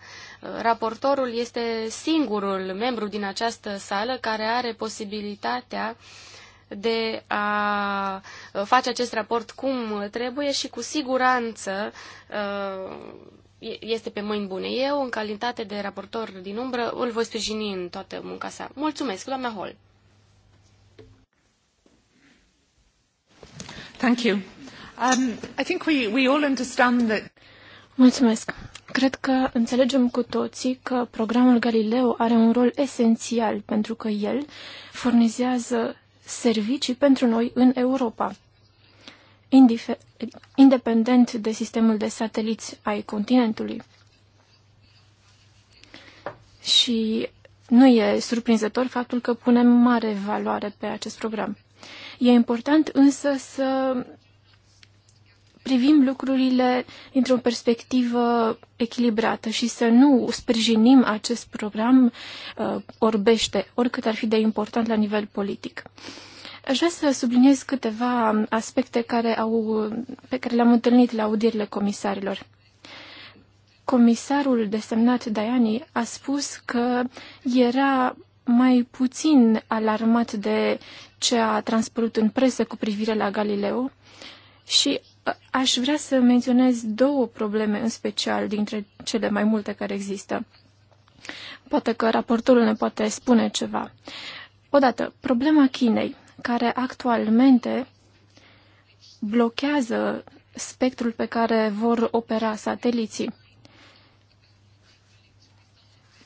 [SPEAKER 3] Raportorul este singurul membru din această sală care are posibilitatea uh, de a uh, face acest raport cum trebuie și cu siguranță uh, este pe mâini bune. Eu, în calitate de raportor din umbră, îl voi sprijini în toată munca sa. Mulțumesc, doamna Hall.
[SPEAKER 4] Thank you. Um, I think we, we all understand that... Mulțumesc. Cred că înțelegem cu toții că programul Galileo are un rol esențial pentru că el furnizează servicii pentru noi în Europa, independent de sistemul de sateliți ai continentului. Și nu e surprinzător faptul că punem mare valoare pe acest program. E important însă să privim lucrurile dintr-o perspectivă echilibrată și să nu sprijinim acest program uh, orbește, oricât ar fi de important la nivel politic. Aș vrea să subliniez câteva aspecte care au, pe care le-am întâlnit la audierile comisarilor. Comisarul desemnat Daiani a spus că era mai puțin alarmat de ce a transpărut în presă cu privire la Galileo și Aș vrea să menționez două probleme în special dintre cele mai multe care există. Poate că raportorul ne poate spune ceva. Odată, problema Chinei, care actualmente blochează spectrul pe care vor opera sateliții.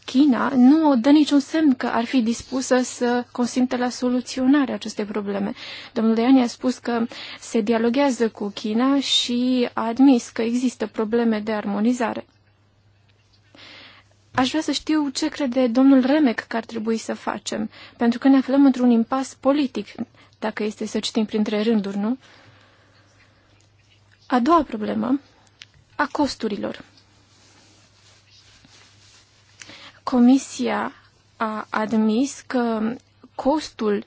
[SPEAKER 4] China nu dă niciun semn că ar fi dispusă să consimte la soluționarea acestei probleme. Domnul Deani a spus că se dialoguează cu China și a admis că există probleme de armonizare. Aș vrea să știu ce crede domnul Remec că ar trebui să facem, pentru că ne aflăm într-un impas politic, dacă este să citim printre rânduri, nu? A doua problemă, a costurilor. Comisia a admis că costul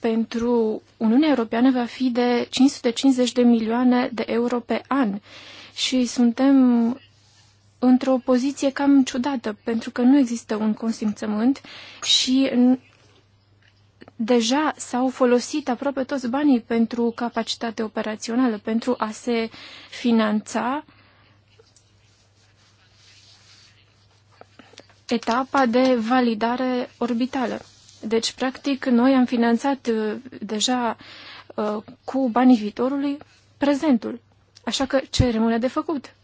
[SPEAKER 4] pentru Uniunea Europeană va fi de 550 de milioane de euro pe an și suntem într-o poziție cam ciudată, pentru că nu există un consimțământ și deja s-au folosit aproape toți banii pentru capacitate operațională, pentru a se finanța etapa de validare orbitală. Deci, practic, noi am finanțat uh, deja uh, cu banii viitorului prezentul. Așa că ce rămâne de făcut?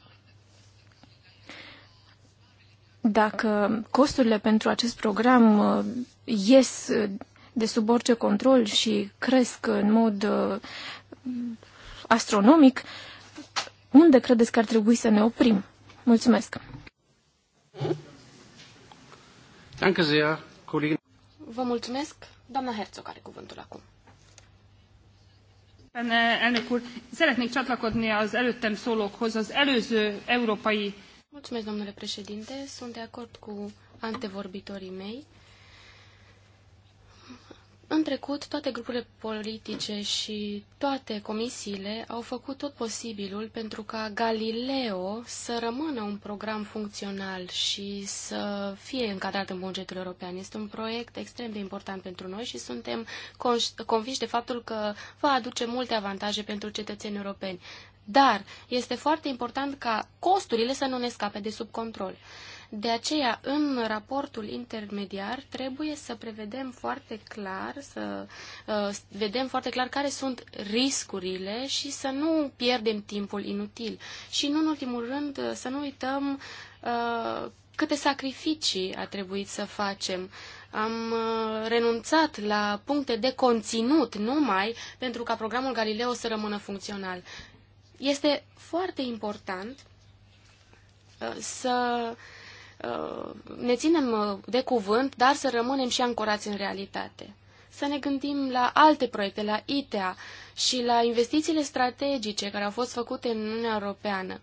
[SPEAKER 4] Dacă costurile pentru acest program uh, ies de sub orice control și cresc în mod astronomic, unde credeți că ar trebui să ne oprim? Mulțumesc!
[SPEAKER 1] Danke sehr, Kollegin. Vă mulțumesc.
[SPEAKER 3] Doamna Herzog are cuvântul acum. Elnök úr, szeretnék csatlakozni az előttem szólókhoz. Az előző európai... Mulțumesc, domnule președinte. Sunt de acord cu antevorbitorii mei. În trecut, toate grupurile politice și toate comisiile au făcut tot posibilul pentru ca Galileo să rămână un program funcțional și să fie încadrat în bugetul european. Este un proiect extrem de important pentru noi și suntem conviși de faptul că va aduce multe avantaje pentru cetățenii europeni. Dar este foarte important ca costurile să nu ne scape de sub control. De aceea, în raportul intermediar, trebuie să prevedem foarte clar, să uh, vedem foarte clar care sunt riscurile și să nu pierdem timpul inutil. Și, nu în ultimul rând, uh, să nu uităm uh, câte sacrificii a trebuit să facem. Am uh, renunțat la puncte de conținut numai pentru ca programul Galileo să rămână funcțional. Este foarte important uh, să Uh, ne ținem uh, de cuvânt, dar să rămânem și ancorați în realitate. Să ne gândim la alte proiecte, la ITEA și la investițiile strategice care au fost făcute în Uniunea Europeană.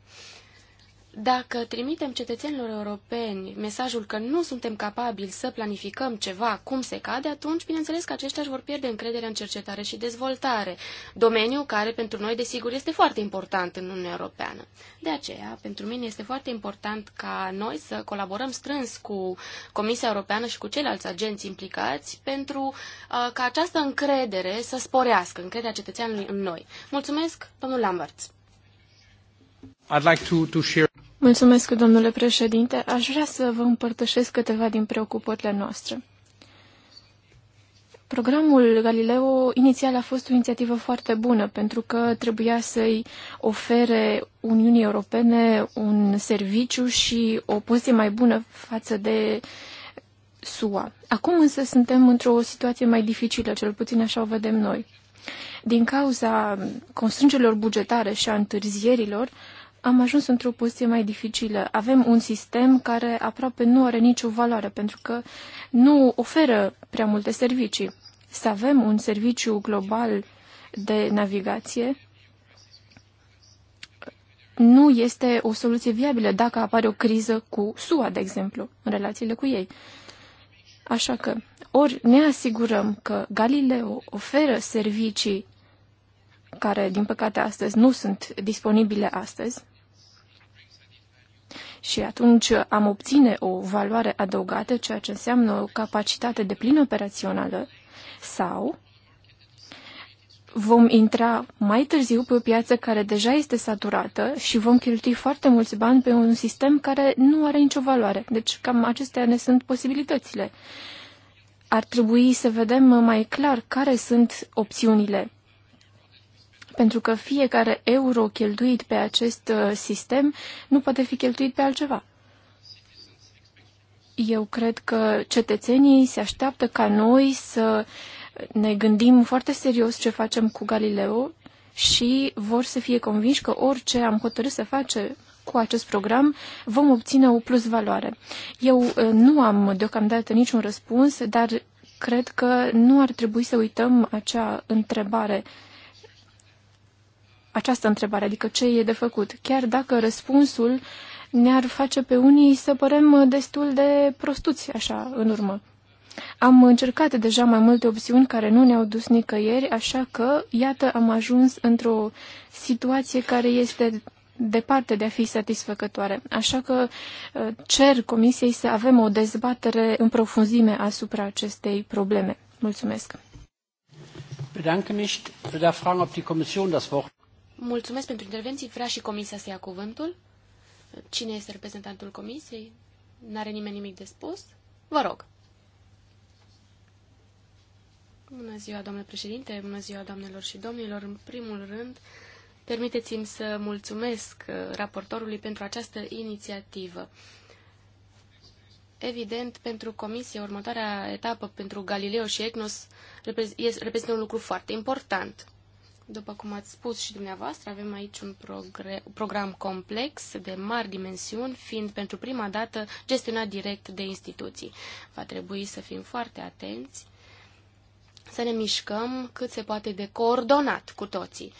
[SPEAKER 3] Dacă trimitem cetățenilor europeni mesajul că nu suntem capabili să planificăm ceva cum se cade, atunci, bineînțeles că aceștia își vor pierde încrederea în cercetare și dezvoltare, domeniu care pentru noi, desigur, este foarte important în Uniunea Europeană. De aceea, pentru mine este foarte important ca noi să colaborăm strâns cu Comisia Europeană și cu ceilalți agenți implicați pentru uh, ca această încredere să sporească, încrederea cetățeanului în noi. Mulțumesc, domnul Lambert.
[SPEAKER 1] I'd like to, to share
[SPEAKER 4] Mulțumesc, domnule președinte. Aș vrea să vă împărtășesc câteva din preocupările noastre. Programul Galileo inițial a fost o inițiativă foarte bună pentru că trebuia să-i ofere Uniunii Europene un serviciu și o poziție mai bună față de SUA. Acum însă suntem într-o situație mai dificilă, cel puțin așa o vedem noi. Din cauza constrângerilor bugetare și a întârzierilor, uh, am ajuns într-o poziție mai dificilă. Avem un sistem care aproape nu are nicio valoare, pentru că nu oferă prea multe servicii. Să avem un serviciu global de navigație nu este o soluție viabilă dacă apare o criză cu SUA, de exemplu, în relațiile cu ei. Așa că ori ne asigurăm că Galileo oferă servicii care, din păcate, astăzi nu sunt disponibile astăzi. Și atunci am obține o valoare adăugată, ceea ce înseamnă o capacitate de plin operațională, sau vom intra mai târziu pe o piață care deja este saturată și vom cheltui foarte mulți bani pe un sistem care nu are nicio valoare. Deci cam acestea ne sunt posibilitățile. Ar trebui să vedem mai clar care sunt opțiunile pentru că fiecare euro cheltuit pe acest uh, sistem nu poate fi cheltuit pe altceva. Eu cred că cetățenii se așteaptă ca noi să ne gândim foarte serios ce facem cu Galileo și vor să fie convinși că orice am hotărât să face cu acest program vom obține o plus valoare. Eu uh, nu am deocamdată niciun răspuns, dar cred că nu ar trebui să uităm acea întrebare această întrebare, adică ce e de făcut, chiar dacă răspunsul ne-ar face pe unii să părem destul de prostuți așa în urmă. Am încercat deja mai multe opțiuni care nu ne-au dus nicăieri, așa că, iată, am ajuns într-o situație care este departe de a fi satisfăcătoare. Așa că uh, cer Comisiei să avem o dezbatere în profunzime asupra acestei probleme.
[SPEAKER 1] Mulțumesc! Bedanke mich. Ich würde fragen, ob die Kommission das Wort.
[SPEAKER 3] Mulțumesc pentru intervenții. Vrea și comisia să ia cuvântul. Cine este reprezentantul comisiei? N-are nimeni nimic de spus? Vă rog. Bună ziua, domnule președinte, bună ziua, doamnelor și domnilor. În primul rând, permiteți-mi să mulțumesc uh, raportorului pentru această inițiativă. Evident, pentru Comisie, următoarea etapă pentru Galileo și EGNOS reprezintă un lucru foarte important. După cum ați spus și dumneavoastră, avem aici un program complex de mari dimensiuni, fiind pentru prima dată gestionat direct de instituții. Va trebui să fim foarte atenți, să ne mișcăm cât se poate de coordonat cu toții.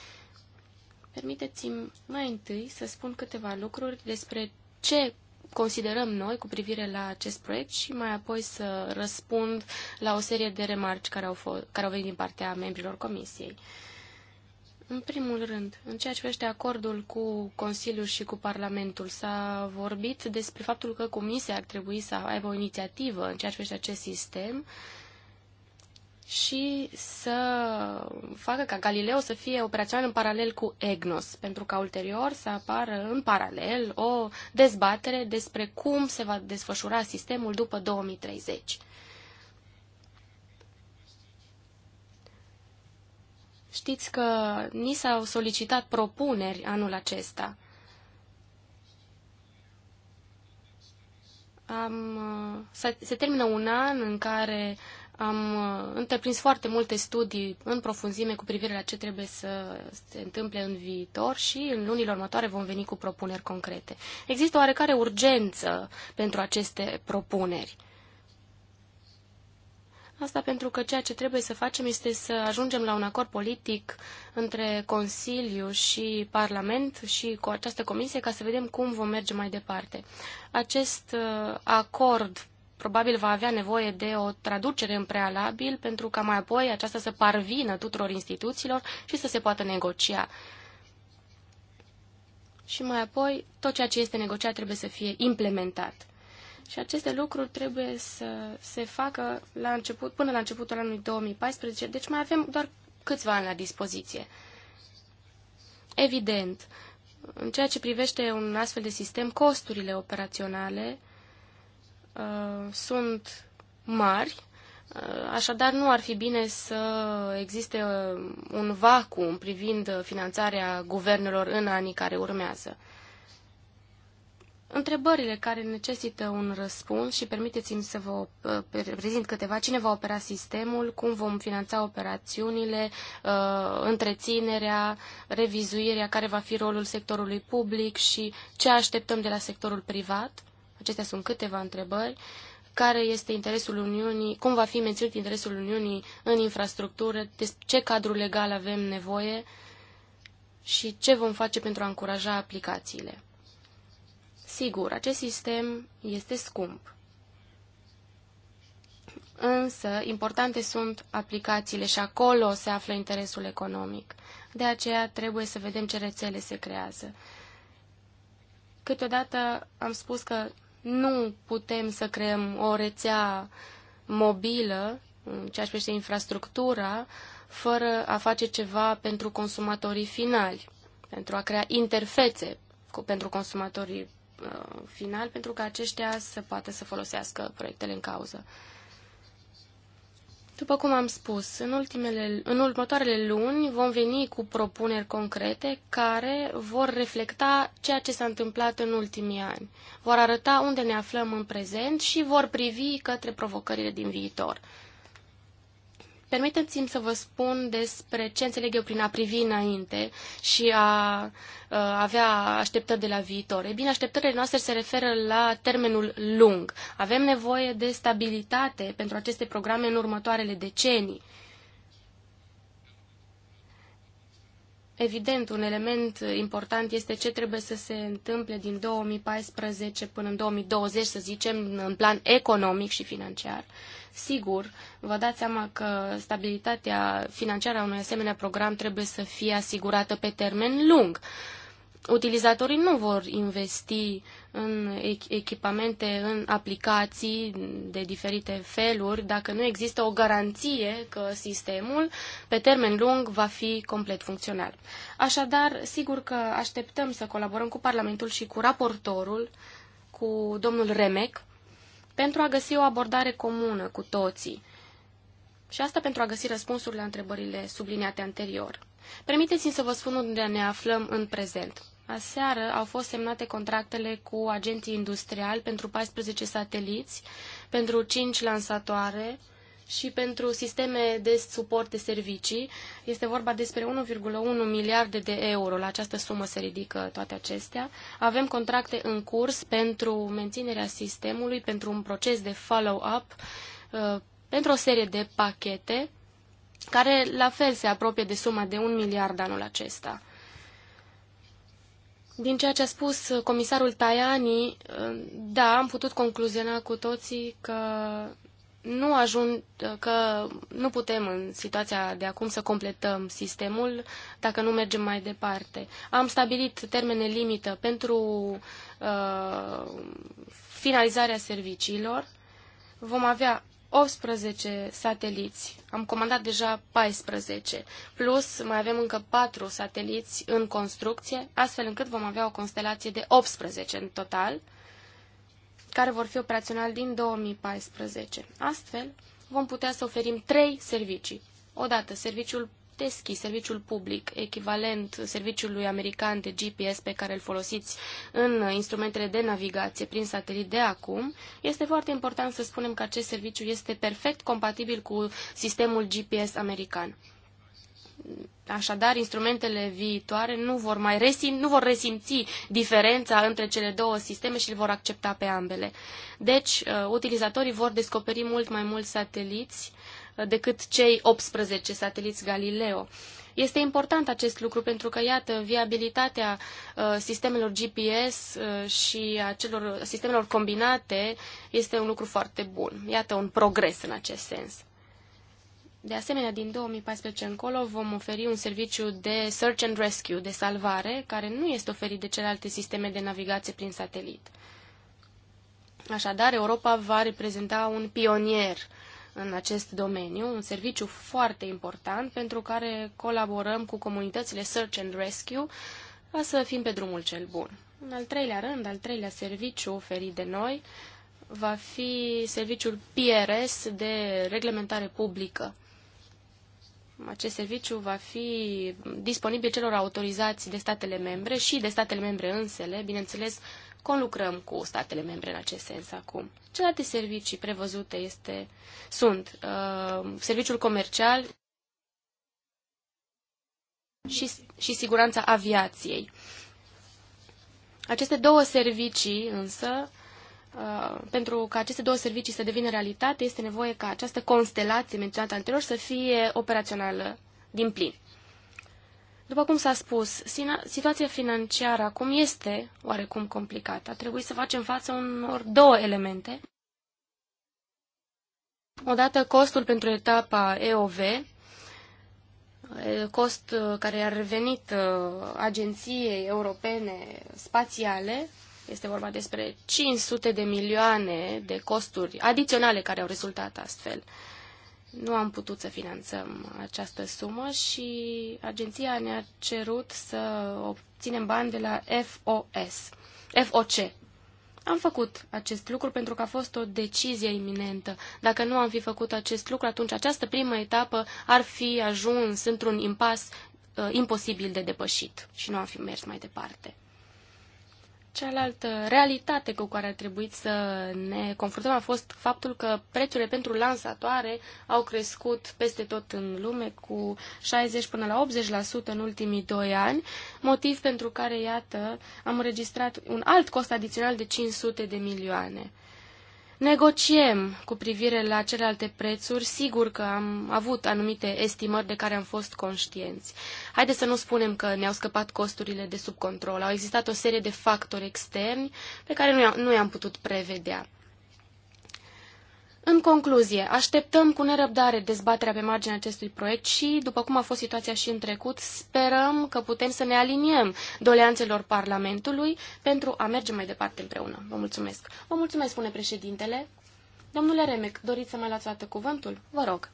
[SPEAKER 3] Permiteți-mi mai întâi să spun câteva lucruri despre ce considerăm noi cu privire la acest proiect și mai apoi să răspund la o serie de remarci care au, fost, care au venit din partea membrilor comisiei. Uh, în primul rând, în ceea ce privește acordul cu Consiliul și cu Parlamentul, s-a vorbit despre faptul că Comisia ar trebui să aibă o inițiativă în ceea ce privește acest sistem și să facă ca Galileo să fie operațional în paralel cu EGNOS, pentru ca ulterior să apară în paralel o dezbatere despre cum se va desfășura sistemul după 2030. Știți că ni s-au solicitat propuneri anul acesta. Am, se, termină un an în care am uh, întreprins foarte multe studii în profunzime cu privire la ce trebuie să se întâmple în viitor și în lunile următoare vom veni cu propuneri concrete. Există oarecare urgență pentru aceste propuneri. Asta pentru că ceea ce trebuie să facem este să ajungem la un acord politic între Consiliu și Parlament și cu această comisie ca să vedem cum vom merge mai departe. Acest uh, acord probabil va avea nevoie de o traducere în prealabil pentru ca mai apoi aceasta să parvină tuturor instituțiilor și să se poată negocia. Și mai apoi, tot ceea ce este negociat trebuie să fie implementat. Și aceste lucruri trebuie să se facă la început, până la începutul anului 2014, deci mai avem doar câțiva ani la dispoziție. Evident, în ceea ce privește un astfel de sistem, costurile operaționale uh, sunt mari, uh, așadar nu ar fi bine să existe uh, un vacuum privind finanțarea guvernelor în anii care urmează. Întrebările care necesită un răspuns și permiteți-mi să vă uh, prezint câteva. Cine va opera sistemul, cum vom finanța operațiunile, uh, întreținerea, revizuirea, care va fi rolul sectorului public și ce așteptăm de la sectorul privat? Acestea sunt câteva întrebări. Care este interesul Uniunii, cum va fi menținut interesul Uniunii în infrastructură, de ce cadru legal avem nevoie și ce vom face pentru a încuraja aplicațiile. Sigur, acest sistem este scump. Însă, importante sunt aplicațiile și acolo se află interesul economic. De aceea trebuie să vedem ce rețele se creează. Câteodată am spus că nu putem să creăm o rețea mobilă, în ceea ce privește infrastructura, fără a face ceva pentru consumatorii finali, pentru a crea interfețe pentru consumatorii Uh, final pentru ca aceștia să poată să folosească proiectele în cauză. După cum am spus, în, ultimele, în următoarele luni vom veni cu propuneri concrete care vor reflecta ceea ce s-a întâmplat în ultimii ani, vor arăta unde ne aflăm în prezent și vor privi către provocările din viitor. Permiteți-mi să vă spun despre ce înțeleg eu prin a privi înainte și a, a avea așteptări de la viitor. E bine, așteptările noastre se referă la termenul lung. Avem nevoie de stabilitate pentru aceste programe în următoarele decenii. Evident, un element important este ce trebuie să se întâmple din 2014 până în 2020, să zicem, în plan economic și financiar. Uh, Sigur, vă dați seama că stabilitatea financiară a unui asemenea program trebuie să fie asigurată pe termen lung. Utilizatorii nu vor investi în echipamente, în aplicații de diferite feluri, dacă nu există o garanție că sistemul pe termen lung va fi complet funcțional. Așadar, sigur că așteptăm să colaborăm cu Parlamentul și cu raportorul, cu domnul Remec, pentru a găsi o abordare comună cu toții. Și asta pentru a găsi răspunsuri la întrebările subliniate anterior. Permiteți-mi să vă spun unde ne aflăm în prezent. Aseară au fost semnate contractele cu agenții industriali pentru 14 sateliți, pentru 5 lansatoare, și pentru sisteme de suport de servicii. Este vorba despre 1,1 miliarde de euro. La această sumă se ridică toate acestea. Avem contracte în curs pentru menținerea sistemului, pentru un proces de follow-up, uh, pentru o serie de pachete, care la fel se apropie de suma de 1 miliard anul acesta. Din ceea ce a spus comisarul Tajani, uh, da, am putut concluziona cu toții că nu ajung, că nu putem în situația de acum să completăm sistemul dacă nu mergem mai departe. Am stabilit termene limită pentru uh, finalizarea serviciilor. Vom avea 18 sateliți. Am comandat deja 14. Plus mai avem încă 4 sateliți în construcție, astfel încât vom avea o constelație de 18 în total. Uh, care vor fi operaționali din 2014. Astfel, vom putea să oferim trei servicii. Odată, serviciul deschis, serviciul public, echivalent serviciului american de GPS pe care îl folosiți în instrumentele de navigație prin satelit de acum, este foarte important să spunem că acest serviciu este perfect compatibil cu sistemul GPS american. Așadar, instrumentele viitoare nu vor, mai resim, nu vor resimți diferența între cele două sisteme și le vor accepta pe ambele. Deci, uh, utilizatorii vor descoperi mult mai mulți sateliți uh, decât cei 18 sateliți Galileo. Este important acest lucru pentru că, iată, viabilitatea uh, sistemelor GPS și a celor sistemelor combinate este un lucru foarte bun. Iată un progres în acest sens. De asemenea, din 2014 încolo vom oferi un serviciu de search and rescue, de salvare, care nu este oferit de celelalte sisteme de navigație prin satelit. Așadar, Europa va reprezenta un pionier în acest domeniu, un serviciu foarte important pentru care colaborăm cu comunitățile Search and Rescue ca să fim pe drumul cel bun. În al treilea rând, al treilea serviciu oferit de noi va fi serviciul PRS de reglementare publică. Acest serviciu va fi disponibil celor autorizați de statele membre și de statele membre însele. Bineînțeles, conlucrăm cu statele membre în acest sens acum. Celelalte servicii prevăzute este, sunt uh, serviciul comercial și, și siguranța aviației. Aceste două servicii, însă, Uh, pentru ca aceste două servicii să devină realitate, este nevoie ca această constelație menționată anterior să fie operațională din plin. După cum s-a spus, situația financiară acum este oarecum complicată. A trebuit să facem față unor două elemente. Odată costul pentru etapa EOV, eh, cost eh, care a revenit eh, agenției europene spațiale, este vorba despre 500 de milioane de costuri adiționale care au rezultat astfel. Nu am putut să finanțăm această sumă și agenția ne-a cerut să obținem bani de la FOS, FOC. Am făcut acest lucru pentru că a fost o decizie iminentă. Dacă nu am fi făcut acest lucru, atunci această primă etapă ar fi ajuns într-un impas uh, imposibil de depășit și nu am fi mers mai departe. Cealaltă realitate cu care a trebuit să ne confruntăm a fost faptul că prețurile pentru lansatoare au crescut peste tot în lume cu 60 până la 80% în ultimii doi ani, motiv pentru care, iată, am înregistrat un alt cost adițional de 500 de milioane negociem cu privire la celelalte prețuri, sigur că am avut anumite estimări de care am fost conștienți. Haideți să nu spunem că ne-au scăpat costurile de sub control. Au existat o serie de factori externi pe care nu i-am putut prevedea. În concluzie, așteptăm cu nerăbdare dezbaterea pe marginea acestui proiect și, după cum a fost situația și în trecut, sperăm că putem să ne aliniem doleanțelor Parlamentului pentru a merge mai departe împreună. Vă mulțumesc. Vă mulțumesc, spune președintele. Domnule Remec, doriți să mai luați toată cuvântul? Vă rog.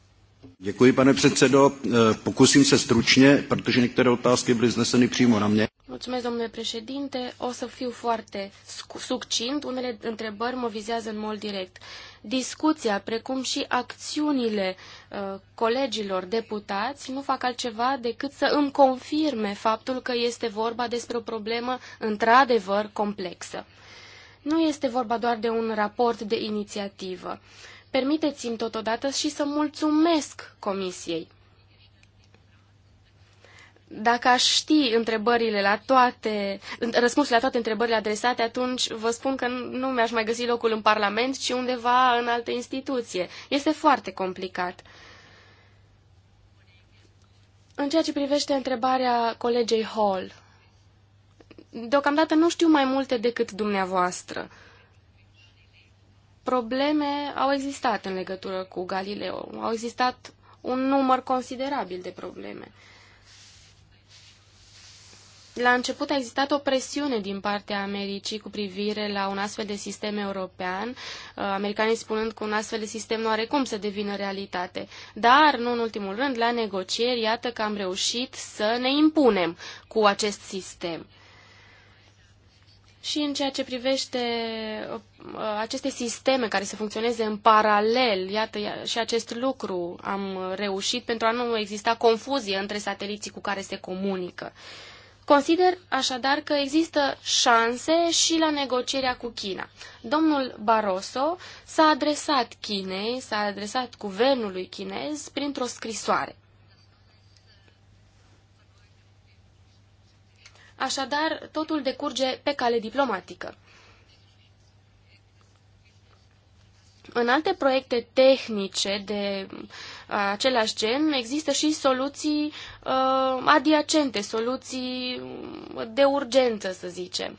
[SPEAKER 1] Děkuji, pane předsedo. Eh, pokusím se stručně, protože některé otázky byly zneseny přímo na mě.
[SPEAKER 3] Mulțumesc, domnule președinte. O să fiu foarte succint. Unele întrebări mă vizează în mod direct. Discuția, precum și acțiunile uh, colegilor deputați, nu fac altceva decât să îmi confirme faptul că este vorba despre o problemă într-adevăr complexă. Nu este vorba doar de un raport de inițiativă. Permiteți-mi totodată și să mulțumesc Comisiei. Dacă aș ști întrebările la toate, răspunsurile la toate întrebările adresate, atunci vă spun că nu mi-aș mai găsi locul în Parlament, ci undeva în altă instituție. Este foarte complicat. În ceea ce privește întrebarea colegei Hall, deocamdată nu știu mai multe decât dumneavoastră. Probleme au existat în legătură cu Galileo. Au existat un număr considerabil de probleme. La început a existat o presiune din partea Americii cu privire la un astfel de sistem european, uh, americanii spunând că un astfel de sistem nu are cum să devină realitate. Dar, nu în ultimul rând, la negocieri, iată că am reușit să ne impunem cu acest sistem. Și în ceea ce privește uh, aceste sisteme care să funcționeze în paralel, iată, și acest lucru am reușit pentru a nu exista confuzie între sateliții cu care se comunică. Consider așadar că există șanse și la negocierea cu China. Domnul Barroso s-a adresat Chinei, s-a adresat guvernului chinez printr-o scrisoare. Așadar, totul decurge pe cale diplomatică. în alte proiecte tehnice de același gen există și soluții uh, adiacente, soluții de urgență, să zicem.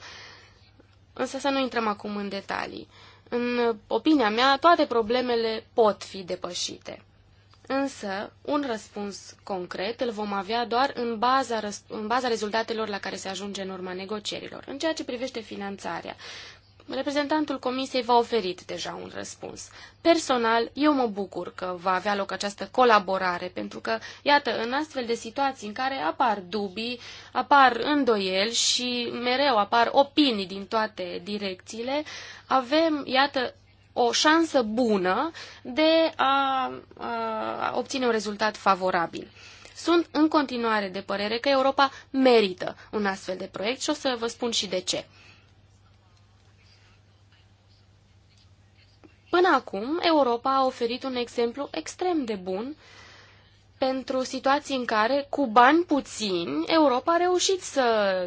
[SPEAKER 3] Însă să nu intrăm acum în detalii. În opinia mea, toate problemele pot fi depășite. Însă, un răspuns concret îl vom avea doar în baza, în baza rezultatelor la care se ajunge în urma negocierilor. În ceea ce privește finanțarea, Reprezentantul Comisiei v-a oferit deja un răspuns. Personal, eu mă bucur că va avea loc această colaborare, pentru că, iată, în astfel de situații în care apar dubii, apar îndoieli și mereu apar opinii din toate direcțiile, avem, iată, o șansă bună de a, a obține un rezultat favorabil. Sunt în continuare de părere că Europa merită un astfel de proiect și o să vă spun și de ce. Până acum, Europa a oferit un exemplu extrem de bun pentru situații în care, cu bani puțini, Europa a reușit să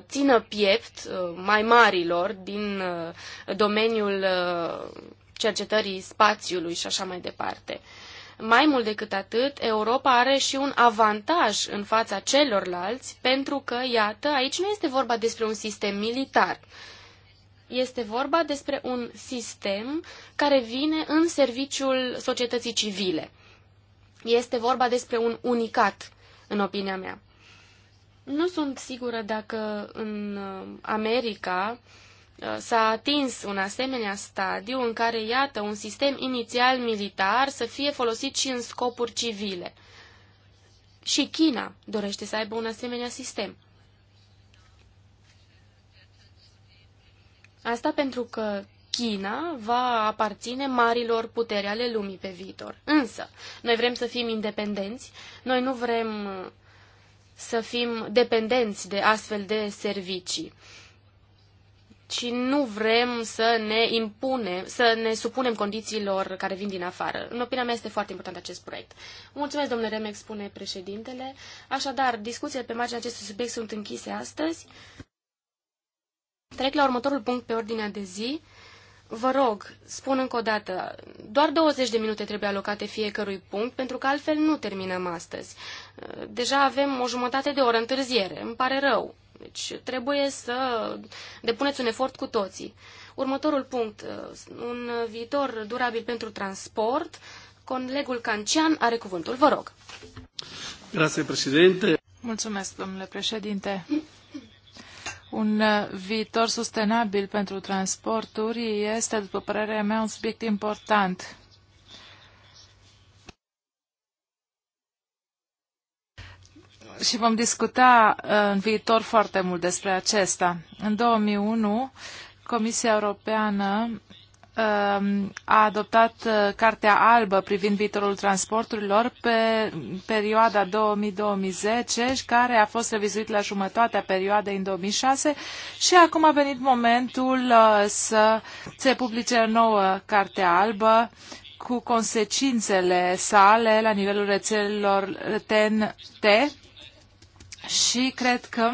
[SPEAKER 3] țină piept uh, mai marilor din uh, domeniul uh, cercetării spațiului și așa mai departe. Mai mult decât atât, Europa are și un avantaj în fața celorlalți, pentru că, iată, aici nu este vorba despre un sistem militar, este vorba despre un sistem care vine în serviciul societății civile. Este vorba despre un unicat, în opinia mea. Nu sunt sigură dacă în uh, America uh, s-a atins un asemenea stadiu în care, iată, un sistem inițial militar să fie folosit și în scopuri civile. Și China dorește să aibă un asemenea sistem. Asta pentru că China va aparține marilor puteri ale lumii pe viitor. Însă, noi vrem să fim independenți, noi nu vrem uh, să fim dependenți de astfel de servicii și nu vrem să ne impunem, să ne supunem condițiilor care vin din afară. În opinia mea este foarte important acest proiect. Mulțumesc, domnule Remex, spune președintele. Așadar, discuțiile pe marginea acestui subiect sunt închise astăzi. Trec la următorul punct pe ordinea de zi. Vă rog, spun încă o dată, doar 20 de minute trebuie alocate fiecărui punct, pentru că altfel nu terminăm astăzi. Deja avem o jumătate de oră întârziere, îmi pare rău. Deci trebuie să depuneți un efort cu toții. Următorul punct, un viitor durabil pentru transport. Colegul Cancian are cuvântul, vă rog.
[SPEAKER 1] Grazie, președinte.
[SPEAKER 2] Mulțumesc, domnule președinte. Un uh, viitor sustenabil pentru transporturi este, după părerea mea, un subiect important. și vom discuta uh, în viitor foarte mult despre acesta. În 2001, Comisia Europeană Um, a adoptat uh, Cartea Albă privind viitorul transporturilor pe perioada 2000-2010, care a fost revizuit la jumătatea perioadei în 2006 și acum a venit momentul uh, să se publice nouă Carte Albă cu consecințele sale la nivelul rețelelor TNT și cred că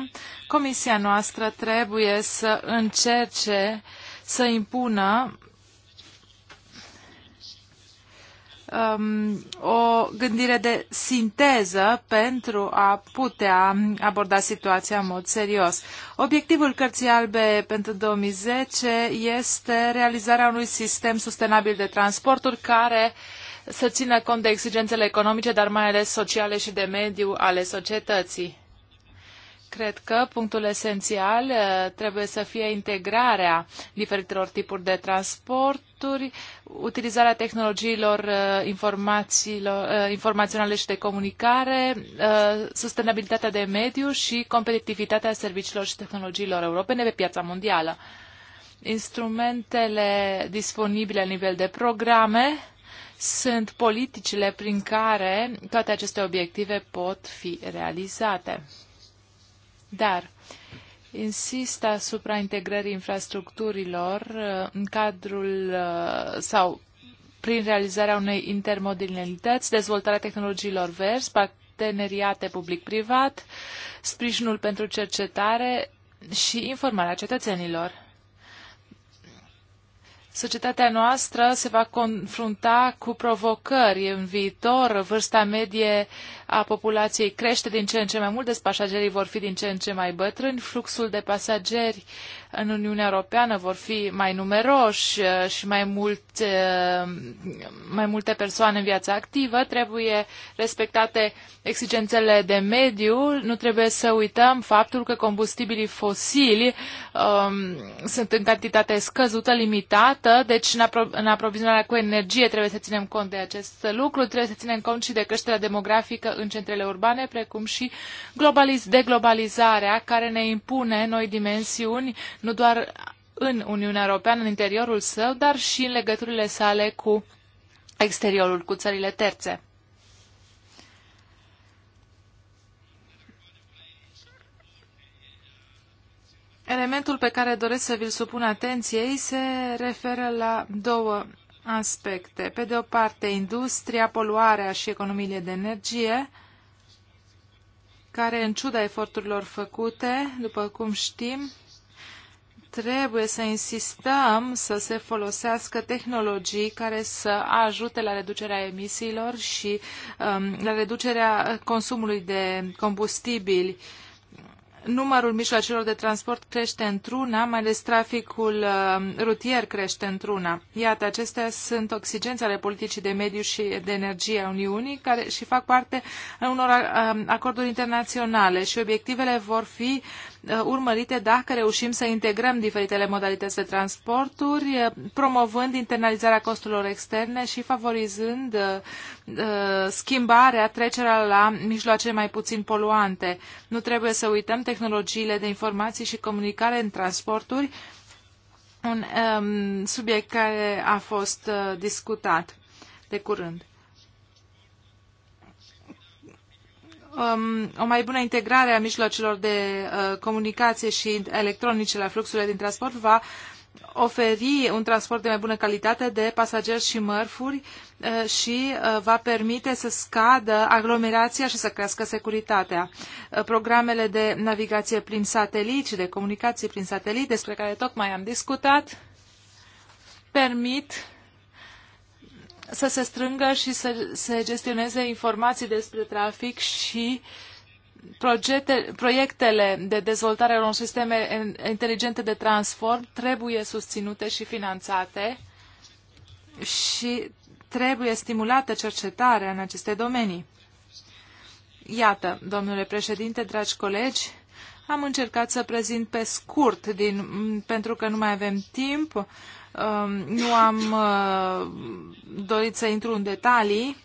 [SPEAKER 2] comisia noastră trebuie să încerce să impună um, o gândire de sinteză pentru a putea aborda situația în mod serios. Obiectivul Cărții Albe pentru 2010 este realizarea unui sistem sustenabil de transporturi care să țină cont de exigențele economice, dar mai ales sociale și de mediu ale societății. Cred că punctul esențial uh, trebuie să fie integrarea diferitelor tipuri de transporturi, utilizarea tehnologiilor uh, uh, informaționale și de comunicare, sustenabilitatea de mediu și competitivitatea serviciilor și tehnologiilor europene pe piața mondială. Instrumentele disponibile la nivel de programe sunt politicile prin care toate aceste obiective pot fi realizate dar insist asupra integrării infrastructurilor uh, în cadrul uh, sau prin realizarea unei intermodalități, dezvoltarea tehnologiilor verzi, parteneriate public-privat, sprijinul pentru cercetare și informarea cetățenilor. Societatea noastră se va confrunta cu provocări în viitor. Vârsta medie a populației crește din ce în ce mai mult, deci pasagerii vor fi din ce în ce mai bătrâni, fluxul de pasageri în Uniunea Europeană vor fi mai numeroși uh, și mai, mult, uh, mai multe persoane în viața activă, trebuie respectate exigențele de mediu, nu trebuie să uităm faptul că combustibilii fosili um, sunt în cantitate scăzută, limitată, deci în, apro- în aprovizionarea cu energie trebuie să ținem cont de acest lucru, trebuie să ținem cont și de creșterea demografică în centrele urbane, precum și globaliz- deglobalizarea care ne impune noi dimensiuni, nu doar în Uniunea Europeană, în interiorul său, dar și în legăturile sale cu exteriorul, cu țările terțe. Elementul pe care doresc să vi-l supun atenției se referă la două aspecte. Pe de o parte, industria, poluarea și economiile de energie, care, în ciuda eforturilor făcute, după cum știm, trebuie să insistăm să se folosească tehnologii care să ajute la reducerea emisiilor și um, la reducerea consumului de combustibili. Numărul mijloacelor de transport crește într-una, mai ales traficul um, rutier crește într-una. Iată, acestea sunt oxigenți ale politicii de mediu și de energie a Uniunii care și fac parte în unor um, acorduri internaționale și obiectivele vor fi uh, Uh, urmărite dacă reușim să integrăm diferitele modalități de transporturi, uh, promovând internalizarea costurilor externe și favorizând uh, schimbarea, trecerea la mijloace mai puțin poluante. Nu trebuie să uităm tehnologiile de informații și comunicare în transporturi, un um, subiect care a fost uh, discutat de curând. um, o mai bună integrare a mijloacelor de uh, comunicație și electronice la fluxurile din transport va oferi un transport de mai bună calitate de pasageri și mărfuri uh, și uh, va permite să scadă aglomerația și să crească securitatea. Uh, programele de navigație prin satelit și de comunicații prin satelit, despre care tocmai am discutat, permit să se strângă și să se gestioneze informații despre trafic și proiecte, proiectele de dezvoltare a unor sisteme inteligente de transport trebuie susținute și finanțate și trebuie stimulată cercetarea în aceste domenii. Iată, domnule președinte, dragi colegi, am încercat să prezint pe scurt, din, pentru că nu mai avem timp, Um, nu am uh, dorit să intru în detalii,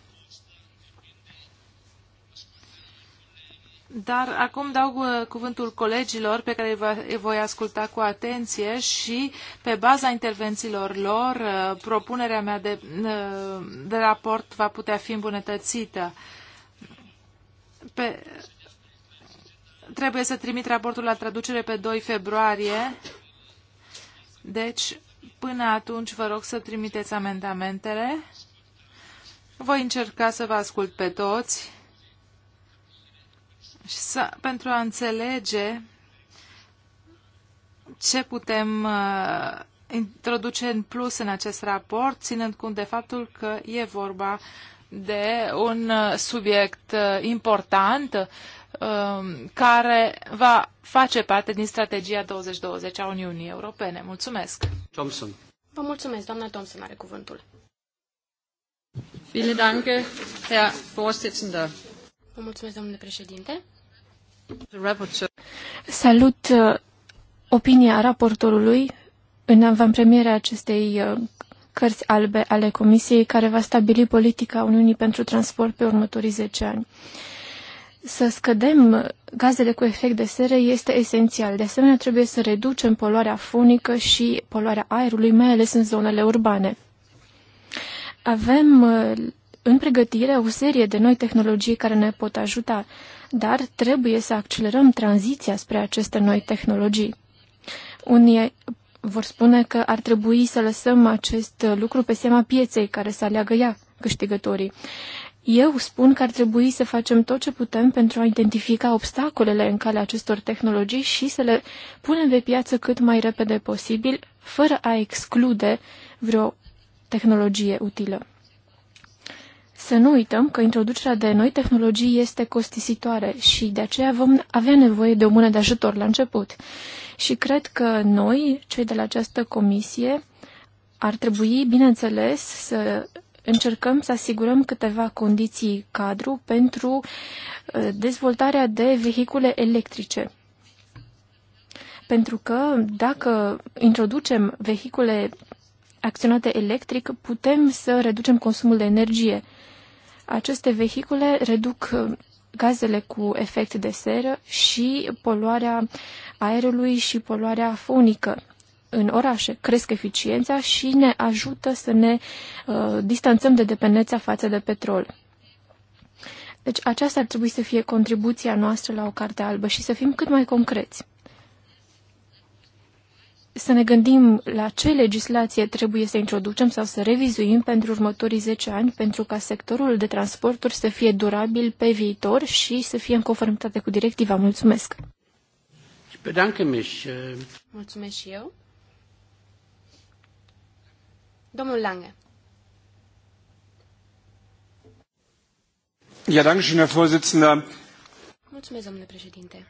[SPEAKER 2] Dar acum dau uh, cuvântul colegilor pe care îi voi asculta cu atenție și pe baza intervențiilor lor, uh, propunerea mea de, de raport va putea fi îmbunătățită. Pe, trebuie să trimit raportul la traducere pe 2 februarie. Deci, Până atunci vă rog să trimiteți amendamentele. Voi încerca să vă ascult pe toți și să, pentru a înțelege ce putem uh, introduce în plus în acest raport, ținând cont de faptul că e vorba de un uh, subiect uh, important um, care va face parte din strategia 2020 a Uniunii Europene. Mulțumesc! Thompson. Vă mulțumesc, doamna Thompson are cuvântul.
[SPEAKER 1] Bine, danke, Herr Vorsitzender. Vă
[SPEAKER 3] mulțumesc, domnule președinte.
[SPEAKER 4] Salut uh, opinia raportorului în avantpremierea acestei uh, cărți albe ale Comisiei care va stabili politica Uniunii pentru transport pe următorii 10 ani să scădem gazele cu efect de seră este esențial. De asemenea, trebuie să reducem poluarea fonică și poluarea aerului, mai ales în zonele urbane. Avem uh, în pregătire o serie de noi tehnologii care ne pot ajuta, dar trebuie să accelerăm tranziția spre aceste noi tehnologii. Unii vor spune că ar trebui să lăsăm acest lucru pe seama pieței care să aleagă ea câștigătorii. Eu spun că ar trebui să facem tot ce putem pentru a identifica obstacolele în calea acestor tehnologii și să le punem pe piață cât mai repede posibil, fără a exclude vreo tehnologie utilă. Să nu uităm că introducerea de noi tehnologii este costisitoare și de aceea vom avea nevoie de o mână de ajutor la început. Și cred că noi, cei de la această comisie, ar trebui, bineînțeles, să încercăm să asigurăm câteva condiții cadru pentru uh, dezvoltarea de vehicule electrice. Pentru că dacă introducem vehicule acționate electric, putem să reducem consumul de energie. Aceste vehicule reduc uh, gazele cu efect de seră și poluarea aerului și poluarea fonică în orașe, cresc eficiența și ne ajută să ne uh, distanțăm de dependența față de petrol. Deci aceasta ar trebui să fie contribuția noastră la o carte albă și să fim cât mai concreți. Să ne gândim la ce legislație trebuie să introducem sau să revizuim pentru următorii 10 ani pentru ca sectorul de transporturi să fie durabil pe viitor și să fie în conformitate cu directiva. Mulțumesc!
[SPEAKER 1] Äh, Mulțumesc și eu. Domnul Lange. Ja, danke schön, Herr Vorsitzender.
[SPEAKER 3] Mulțumesc, domnule președinte.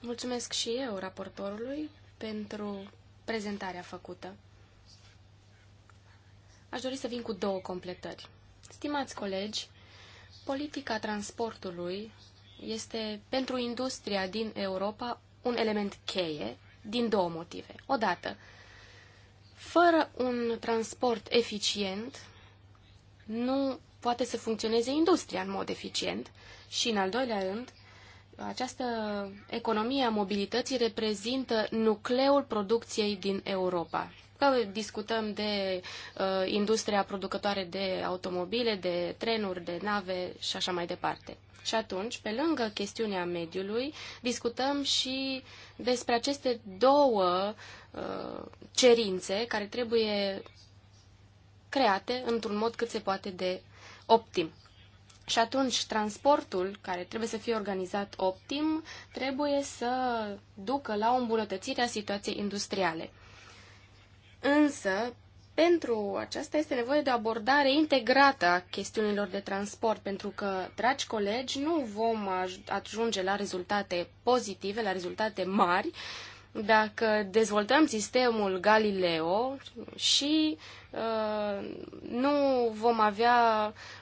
[SPEAKER 3] Mulțumesc și eu raportorului pentru prezentarea făcută. Aș dori să vin cu două completări. Stimați colegi, politica transportului este pentru industria din Europa un element cheie din două motive. Odată, fără un transport eficient, nu poate să funcționeze industria în mod eficient și, în al doilea rând, această economie a mobilității reprezintă nucleul producției din Europa că discutăm de uh, industria producătoare de automobile, de trenuri, de nave și așa mai departe. Și atunci, pe lângă chestiunea mediului, discutăm și despre aceste două uh, cerințe care trebuie create într-un mod cât se poate de optim. Și atunci transportul care trebuie să fie organizat optim trebuie să ducă la o îmbunătățire a situației industriale. Însă, pentru aceasta este nevoie de o abordare integrată a chestiunilor de transport, pentru că, dragi colegi, nu vom ajunge la rezultate pozitive, la rezultate mari, dacă dezvoltăm sistemul Galileo și uh, nu vom avea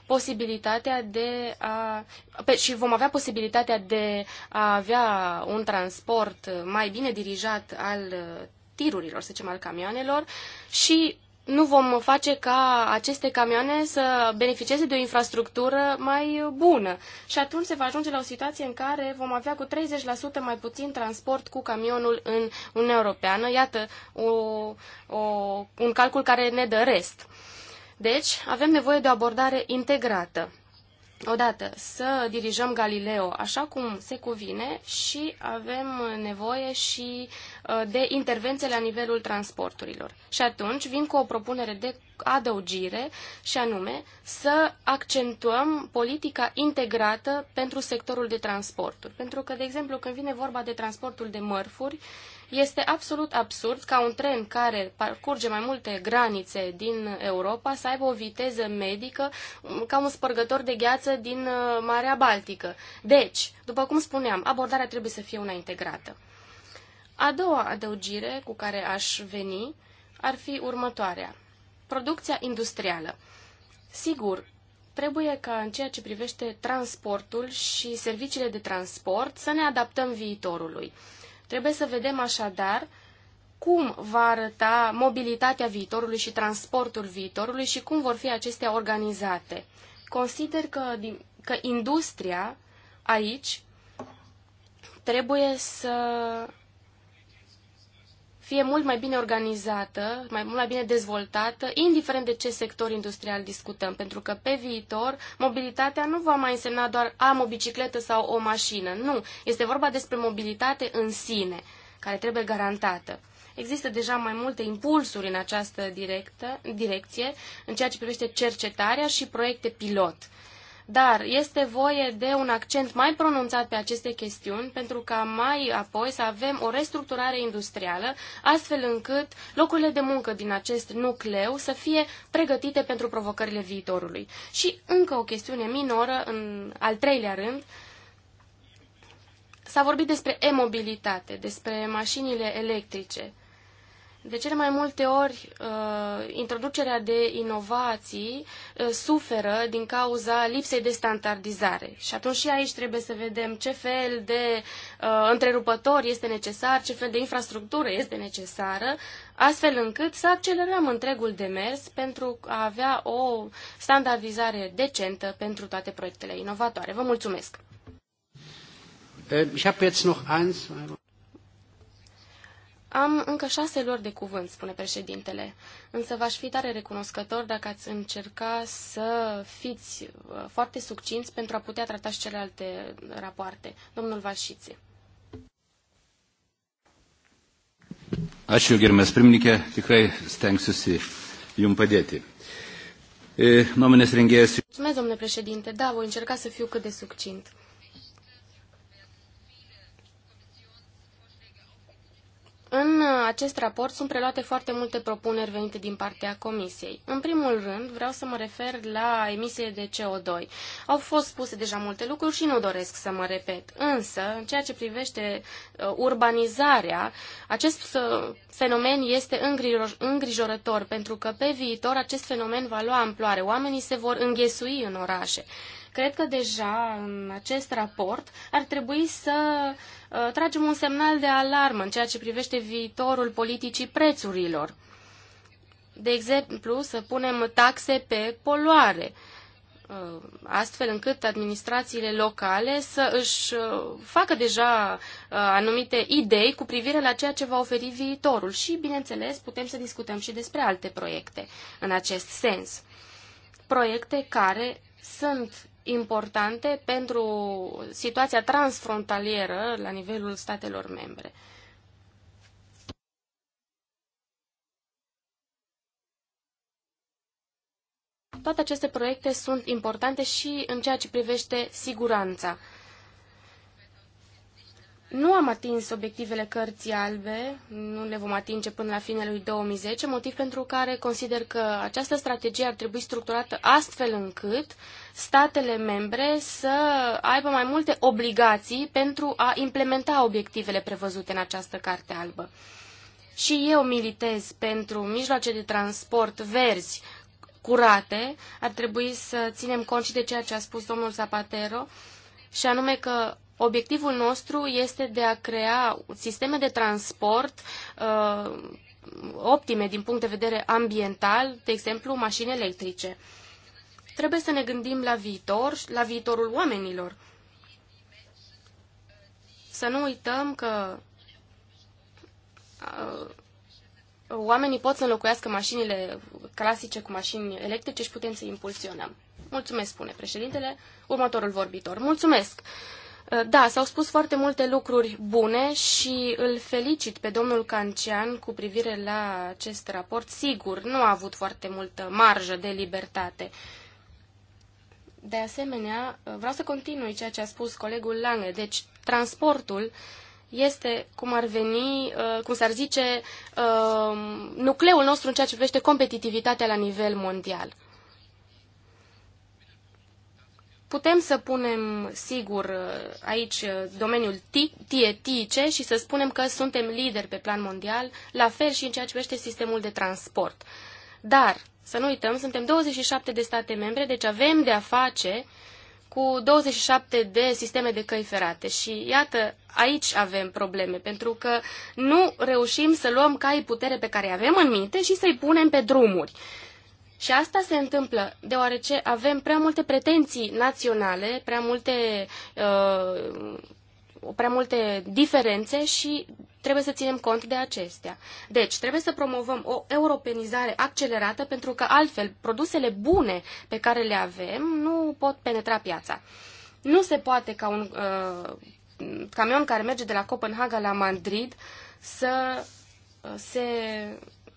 [SPEAKER 3] posibilitatea de a pe, și vom avea posibilitatea de a avea un transport mai bine dirijat al tirurilor, să zicem, al camioanelor și nu vom face ca aceste camioane să beneficieze de o infrastructură mai bună. Și atunci se va ajunge la o situație în care vom avea cu 30% mai puțin transport cu camionul în Uniunea Europeană. Iată, o, o, un calcul care ne dă rest. Deci, avem nevoie de o abordare integrată odată, să dirijăm Galileo așa cum se cuvine și avem nevoie și uh, de intervenție la nivelul transporturilor. Și atunci vin cu o propunere de adăugire și anume să accentuăm politica integrată pentru sectorul de transporturi. Pentru că, de exemplu, când vine vorba de transportul de mărfuri, este absolut absurd ca un tren care parcurge mai multe granițe din Europa să aibă o viteză medică um, ca un spărgător de gheață din uh, Marea Baltică. Deci, după cum spuneam, abordarea trebuie să fie una integrată. A doua adăugire cu care aș veni ar fi următoarea. Producția industrială. Sigur, trebuie ca în ceea ce privește transportul și serviciile de transport să ne adaptăm viitorului. Trebuie să vedem așadar cum va arăta mobilitatea viitorului și transportul viitorului și cum vor fi acestea organizate. Consider că, că industria aici trebuie să fie mult mai bine organizată, mai mult mai bine dezvoltată, indiferent de ce sector industrial discutăm, pentru că pe viitor mobilitatea nu va mai însemna doar am o bicicletă sau o mașină. Nu, este vorba despre mobilitate în sine, care trebuie garantată. Există deja mai multe impulsuri în această directă, direcție, în ceea ce privește cercetarea și proiecte pilot dar este voie de un accent mai pronunțat pe aceste chestiuni pentru ca mai apoi să avem o restructurare industrială, astfel încât locurile de muncă din acest nucleu să fie pregătite pentru provocările viitorului. Și încă o chestiune minoră, în al treilea rând, S-a vorbit despre e-mobilitate, despre mașinile electrice. De cele mai multe ori, uh, introducerea de inovații uh, suferă din cauza lipsei de standardizare. Și atunci și aici trebuie să vedem ce fel de uh, întrerupător este necesar, ce fel de infrastructură este necesară, astfel încât să accelerăm întregul demers pentru a avea o standardizare decentă pentru toate proiectele inovatoare. Vă mulțumesc!
[SPEAKER 1] Äh, ich habe jetzt noch eins.
[SPEAKER 3] Am încă șase lor de cuvânt, spune președintele, însă v-aș fi tare recunoscător dacă ați încerca să fiți uh, foarte succinți pentru a putea trata și celelalte rapoarte. Domnul Valșițe.
[SPEAKER 1] Ačiū, gerbiamas pirmininkė, tikrai stengsiuosi jum padėti. Nuomonės rengėjas.
[SPEAKER 3] Mulțumesc, domnule președinte, da, voi încerca să fiu cât de succint. În acest raport sunt preluate foarte multe propuneri venite din partea Comisiei. În primul rând, vreau să mă refer la emisiile de CO2. Au fost spuse deja multe lucruri și nu doresc să mă repet. Însă, în ceea ce privește uh, urbanizarea, acest uh, fenomen este îngrijorător, pentru că pe viitor acest fenomen va lua amploare. Oamenii se vor înghesui în orașe. Cred că deja în acest raport ar trebui să uh, tragem un semnal de alarmă în ceea ce privește viitorul politicii prețurilor. De exemplu, să punem taxe pe poluare, uh, astfel încât administrațiile locale să își uh, facă deja uh, anumite idei cu privire la ceea ce va oferi viitorul și, bineînțeles, putem să discutăm și despre alte proiecte în acest sens proiecte care sunt importante pentru situația transfrontalieră la nivelul statelor membre. Toate aceste proiecte sunt importante și în ceea ce privește siguranța. Nu am atins obiectivele cărții albe, nu le vom atinge până la finele lui 2010, motiv pentru care consider că această strategie ar trebui structurată astfel încât statele membre să aibă mai multe obligații pentru a implementa obiectivele prevăzute în această carte albă. Și eu militez pentru mijloace de transport verzi, curate, ar trebui să ținem cont și de ceea ce a spus domnul Zapatero, și anume că Obiectivul nostru este de a crea sisteme de transport uh, optime din punct de vedere ambiental, de exemplu mașini electrice. Trebuie să ne gândim la viitor, la viitorul oamenilor. Să nu uităm că uh, oamenii pot să înlocuiască mașinile clasice cu mașini electrice și putem să impulsionăm. Mulțumesc, spune președintele. Următorul vorbitor. Mulțumesc! Da, s-au spus foarte multe lucruri bune și îl felicit pe domnul Cancian cu privire la acest raport. Sigur, nu a avut foarte multă marjă de libertate. De asemenea, vreau să continui ceea ce a spus colegul Lange. Deci, transportul este, cum ar veni, uh, cum s-ar zice, uh, nucleul nostru în ceea ce privește competitivitatea la nivel mondial. Putem să punem, sigur, aici uh, domeniul tietice și să spunem că suntem lideri pe plan mondial, la fel și în ceea ce privește sistemul de transport. Dar, să nu uităm, suntem 27 de state membre, deci avem de a face cu 27 de sisteme de căi ferate și iată, aici avem probleme, pentru că nu reușim să luăm cai putere pe care avem în minte și să-i punem pe drumuri. Și asta se întâmplă deoarece avem prea multe pretenții naționale, prea multe, uh, prea multe diferențe și trebuie să ținem cont de acestea. Deci, trebuie să promovăm o europenizare accelerată pentru că altfel produsele bune pe care le avem nu pot penetra piața. Nu se poate ca un uh, camion care merge de la Copenhaga la Madrid să uh, se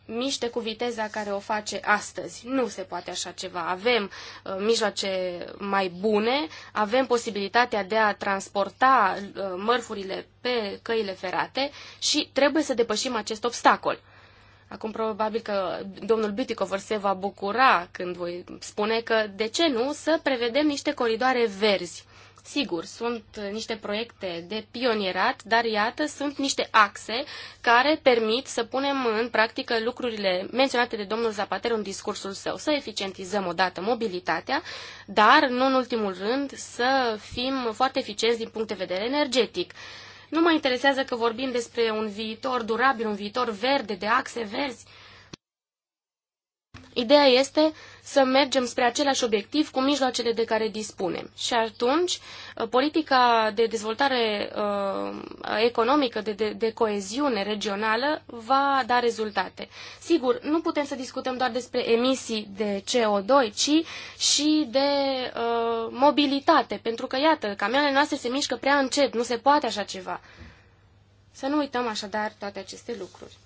[SPEAKER 3] miște cu viteza care o face astăzi. Nu se poate așa ceva. Avem uh, mijloace mai bune, avem posibilitatea de a transporta uh, mărfurile pe căile ferate și trebuie să depășim acest obstacol. Acum probabil că domnul Butikofer se va bucura când voi spune că de ce nu să prevedem niște coridoare verzi Sigur, sunt niște proiecte de pionierat, dar iată, sunt niște axe care permit să punem în practică lucrurile menționate de domnul Zapatero în discursul său, să eficientizăm odată mobilitatea, dar, nu în ultimul rând, să fim foarte eficienți din punct de vedere energetic. Nu mă interesează că vorbim despre un viitor durabil, un viitor verde, de axe verzi, Ideea este să mergem spre același obiectiv cu mijloacele de care dispunem. Și atunci, uh, politica de dezvoltare uh, economică, de, de, de coeziune regională, va da rezultate. Sigur, nu putem să discutăm doar despre emisii de CO2, ci și de uh, mobilitate, pentru că, iată, camioanele noastre se mișcă prea încet, nu se poate așa ceva. Să nu uităm așadar toate aceste lucruri.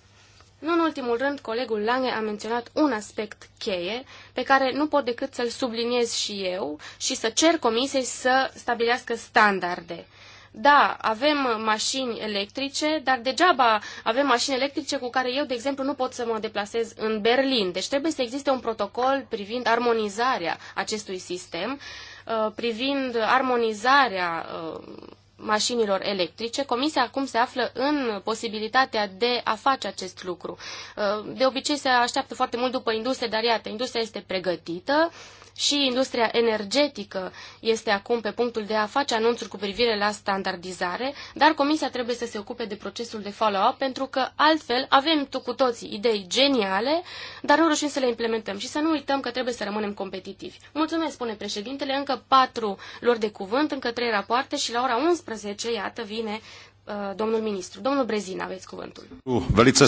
[SPEAKER 3] Nu în ultimul rând, colegul Lange a menționat un aspect cheie pe care nu pot decât să-l subliniez și eu și să cer comisiei să stabilească standarde. Da, avem mașini electrice, dar degeaba avem mașini electrice cu care eu, de exemplu, nu pot să mă deplasez în Berlin. Deci trebuie să existe un protocol privind armonizarea acestui sistem, uh, privind armonizarea uh, mașinilor electrice, Comisia acum se află în posibilitatea de a face acest lucru. Uh, de obicei se așteaptă foarte mult după industrie, dar iată, industria este pregătită, și industria energetică este acum pe punctul de a face anunțuri cu privire la standardizare, dar Comisia trebuie să se ocupe de procesul de follow-up, pentru că altfel avem tu cu toții idei geniale, dar nu reușim să le implementăm și să nu uităm că trebuie să rămânem competitivi. Mulțumesc, spune președintele, încă patru lor de cuvânt, încă trei rapoarte și la ora 11, iată, vine uh, domnul ministru. Domnul Brezin, aveți cuvântul.
[SPEAKER 2] Uh, veliță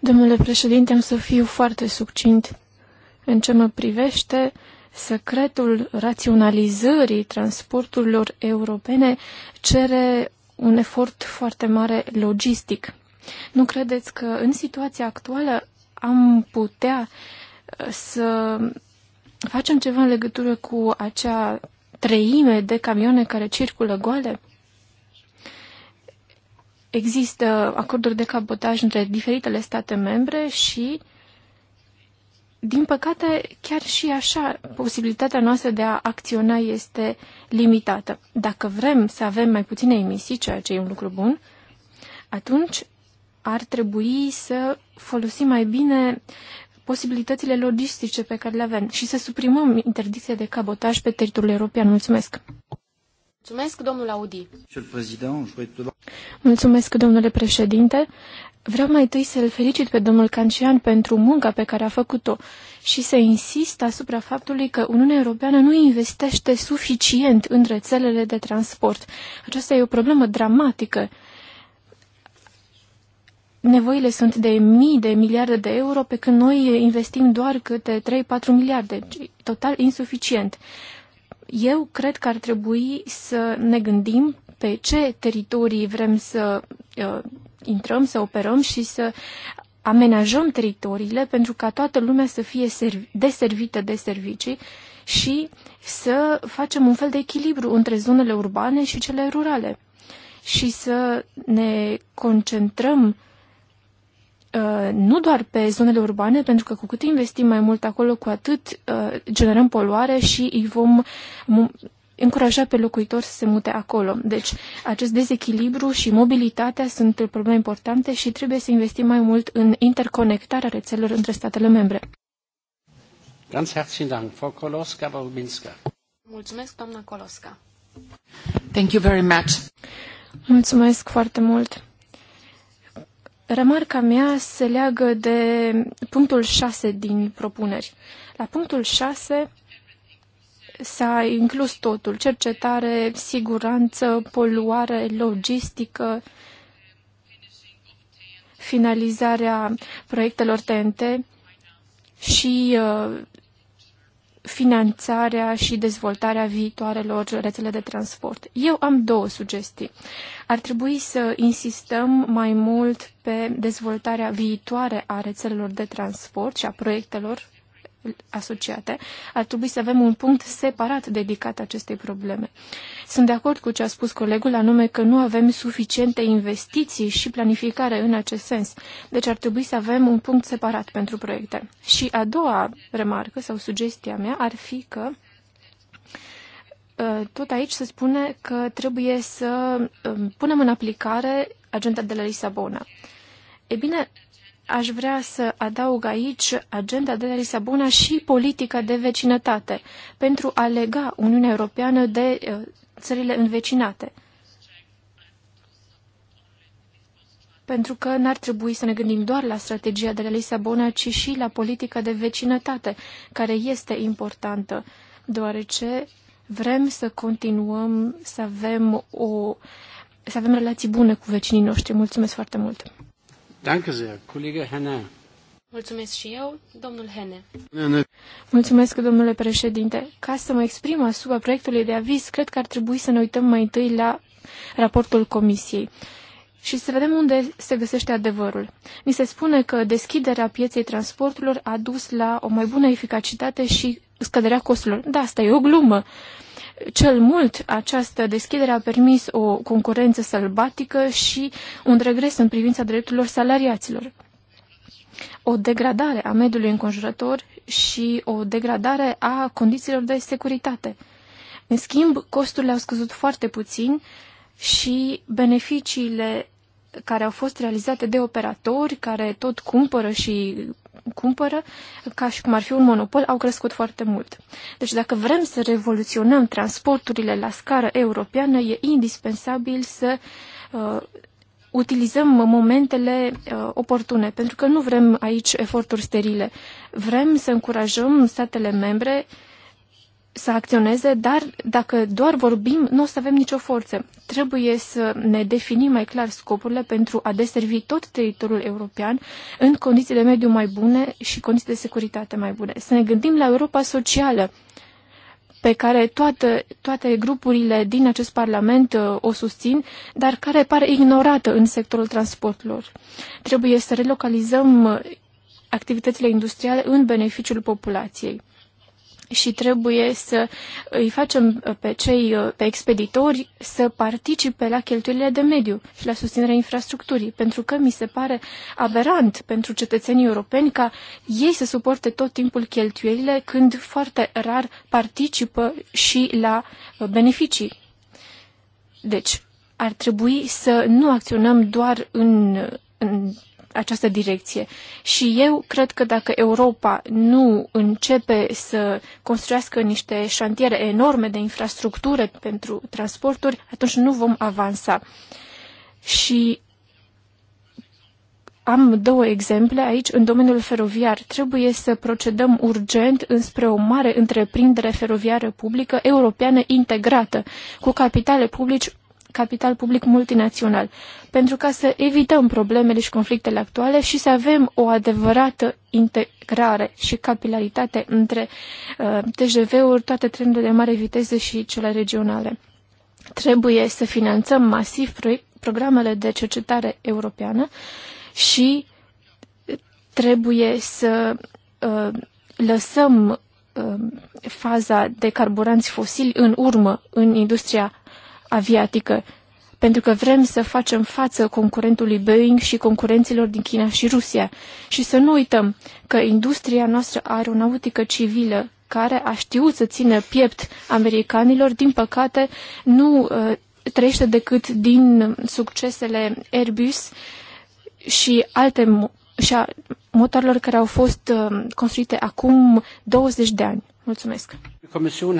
[SPEAKER 4] Domnule președinte, am să fiu foarte succint. În ce mă privește, secretul raționalizării transporturilor europene cere un efort foarte mare logistic. Nu credeți că în situația actuală am putea uh, să facem ceva în legătură cu acea treime de camioane care circulă goale? Există acorduri de cabotaj între diferitele state membre și din păcate, chiar și așa, posibilitatea noastră de a acționa este limitată. Dacă vrem să avem mai puține emisii, ceea ce e un lucru bun, atunci ar trebui să folosim mai bine posibilitățile logistice pe care le avem și să suprimăm interdicția de cabotaj pe teritoriul european. Mulțumesc!
[SPEAKER 3] Mulțumesc, domnul Audi!
[SPEAKER 4] Mulțumesc, domnule președinte! Vreau mai întâi să-l felicit pe domnul Cancian pentru munca pe care a făcut-o și să insist asupra faptului că Uniunea Europeană nu investește suficient în rețelele de transport. Aceasta e o problemă dramatică. Nevoile sunt de mii de miliarde de euro, pe când noi investim doar câte 3-4 miliarde, total insuficient. Eu cred că ar trebui să ne gândim pe ce teritorii vrem să uh, intrăm, să operăm și să amenajăm teritoriile pentru ca toată lumea să fie deservită de servicii și să facem un fel de echilibru între zonele urbane și cele rurale și să ne concentrăm uh, nu doar pe zonele urbane, pentru că cu cât investim mai mult acolo, cu atât uh, generăm poluare și îi vom încuraja pe locuitori să se mute acolo. Deci, acest dezechilibru și mobilitatea sunt probleme importante și trebuie să investim mai mult în interconectarea rețelelor între statele membre.
[SPEAKER 1] Ganz herzlichen Dank, Frau Koloska, Bobinska.
[SPEAKER 3] Mulțumesc, doamna Koloska.
[SPEAKER 1] Thank you
[SPEAKER 4] very much. Mulțumesc foarte mult. Remarca mea se leagă de punctul 6 din propuneri. La punctul 6 s-a inclus totul, cercetare, siguranță, poluare, logistică, finalizarea proiectelor TNT și uh, finanțarea și dezvoltarea viitoarelor rețele de transport. Eu am două sugestii. Ar trebui să insistăm mai mult pe dezvoltarea viitoare a rețelelor de transport și a proiectelor asociate, ar trebui să avem un punct separat dedicat acestei probleme. Sunt de acord cu ce a spus colegul, anume că nu avem suficiente investiții și planificare în acest sens, deci ar trebui să avem un punct separat pentru proiecte. Și a doua remarcă sau sugestia mea ar fi că uh, tot aici se spune că trebuie să um, punem în aplicare agenda de la Lisabona. E bine, aș vrea să adaug aici agenda de la Lisabona și politica de vecinătate pentru a lega Uniunea Europeană de uh, țările învecinate. Pentru că n-ar trebui să ne gândim doar la strategia de la Lisabona, ci și la politica de vecinătate, care este importantă, deoarece vrem să continuăm să avem o să avem relații bune cu vecinii noștri. Mulțumesc foarte mult!
[SPEAKER 1] Danke sehr, Kollege Henne.
[SPEAKER 3] Mulțumesc și eu, domnul Hene.
[SPEAKER 4] Mulțumesc, domnule președinte. Ca să mă exprim asupra proiectului de aviz, cred că ar trebui să ne uităm mai întâi la raportul comisiei și să vedem unde se găsește adevărul. Mi se spune că deschiderea pieței transporturilor a dus la o mai bună eficacitate și scăderea costurilor. Da, asta e o glumă. Uh, cel mult, această deschidere a permis o concurență sălbatică și un regres în privința drepturilor salariaților. O degradare a mediului înconjurător și o degradare a condițiilor de securitate. În schimb, costurile au scăzut foarte puțin și beneficiile care au fost realizate de operatori care tot cumpără și cumpără, ca și cum ar fi un monopol, au crescut foarte mult. Deci dacă vrem să revoluționăm transporturile la scară europeană, e indispensabil să uh, utilizăm momentele uh, oportune, pentru că nu vrem aici eforturi sterile. Vrem să încurajăm statele membre uh, să acționeze, dar dacă doar vorbim, nu o să avem nicio forță. Trebuie să ne definim mai clar scopurile pentru a deservi tot teritoriul european în condiții de mediu mai bune și condiții de securitate mai bune. Să ne gândim la Europa socială, pe care toate, toate grupurile din acest Parlament uh, o susțin, dar care pare ignorată în sectorul transporturilor. Trebuie să relocalizăm uh, activitățile industriale în beneficiul populației și trebuie să îi facem uh, pe cei, uh, pe expeditori să participe la cheltuielile de mediu și la susținerea infrastructurii, pentru că mi se pare aberant pentru cetățenii europeni ca ei să suporte tot timpul cheltuielile când foarte rar participă și la uh, beneficii. Deci, ar trebui să nu acționăm doar în, în această direcție. Și eu cred că dacă Europa nu începe să construiască niște șantiere enorme de infrastructură pentru transporturi, atunci nu vom avansa. Și am două exemple aici. În domeniul feroviar trebuie să procedăm urgent înspre o mare întreprindere feroviară publică europeană integrată, cu capitale publici capital public multinațional, pentru ca să evităm problemele și conflictele actuale și să avem o adevărată integrare și capilaritate între uh, TGV-uri, toate trenurile de mare viteză și cele regionale. Trebuie să finanțăm masiv programele de cercetare europeană și trebuie să uh, lăsăm uh, faza de carburanți fosili în urmă în industria aviatică, pentru că vrem să facem față concurentului Boeing și concurenților din China și Rusia. Și să nu uităm că industria noastră aeronautică civilă, care a știut să țină piept americanilor, din păcate nu uh, trăiește decât din succesele Airbus și alte și a motoarelor care au fost uh, construite acum 20 de ani. Mulțumesc.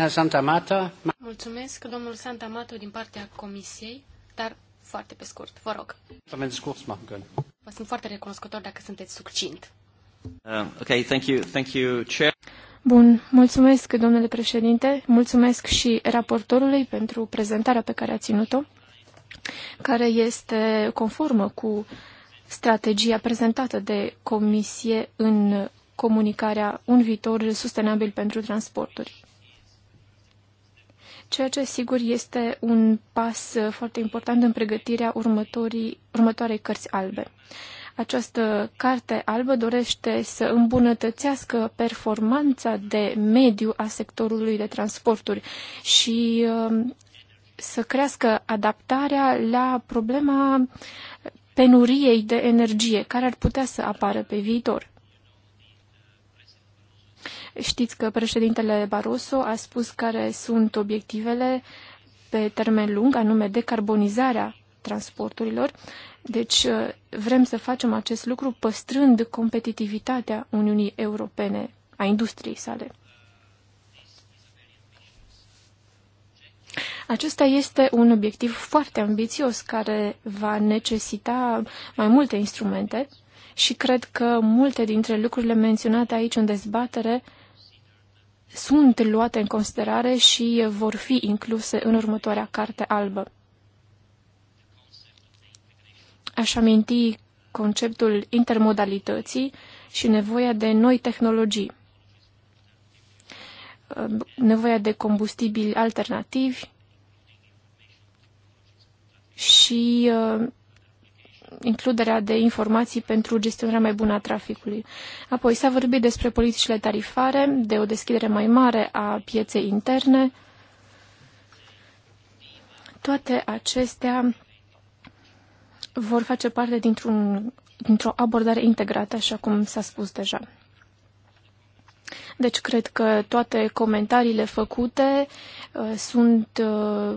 [SPEAKER 1] Santa Mulțumesc,
[SPEAKER 3] domnul Santa Mato, din partea Comisiei, dar foarte pe scurt, vă rog. Vă sunt foarte recunoscător dacă sunteți succint.
[SPEAKER 1] Uh, okay, thank you, thank you, Chair.
[SPEAKER 4] Bun, mulțumesc, domnule președinte, mulțumesc și raportorului pentru prezentarea pe care a ținut-o, care este conformă cu uh, strategia prezentată de Comisie în comunicarea Un viitor sustenabil pentru transporturi. Ceea ce, sigur, este un pas foarte important în pregătirea următoarei cărți albe. Această carte albă dorește să îmbunătățească performanța de mediu a sectorului de transporturi și um, să crească adaptarea la problema penuriei de energie care ar putea să apară pe viitor. Știți că președintele Barroso a spus care sunt obiectivele pe termen lung, anume decarbonizarea transporturilor. Deci uh, vrem să facem acest lucru păstrând competitivitatea Uniunii Europene, a industriei sale. Acesta este un obiectiv foarte ambițios care va necesita mai multe instrumente și cred că multe dintre lucrurile menționate aici în dezbatere sunt luate în considerare și vor fi incluse în următoarea carte albă. Aș aminti conceptul intermodalității și nevoia de noi tehnologii, nevoia de combustibili alternativi, și uh, includerea de informații pentru gestionarea mai bună a traficului. Apoi s-a vorbit despre politicile tarifare, de o deschidere mai mare a pieței interne. Toate acestea vor face parte dintr-un, dintr-o abordare integrată, așa cum s-a spus deja. Deci cred că toate comentariile făcute uh, sunt uh,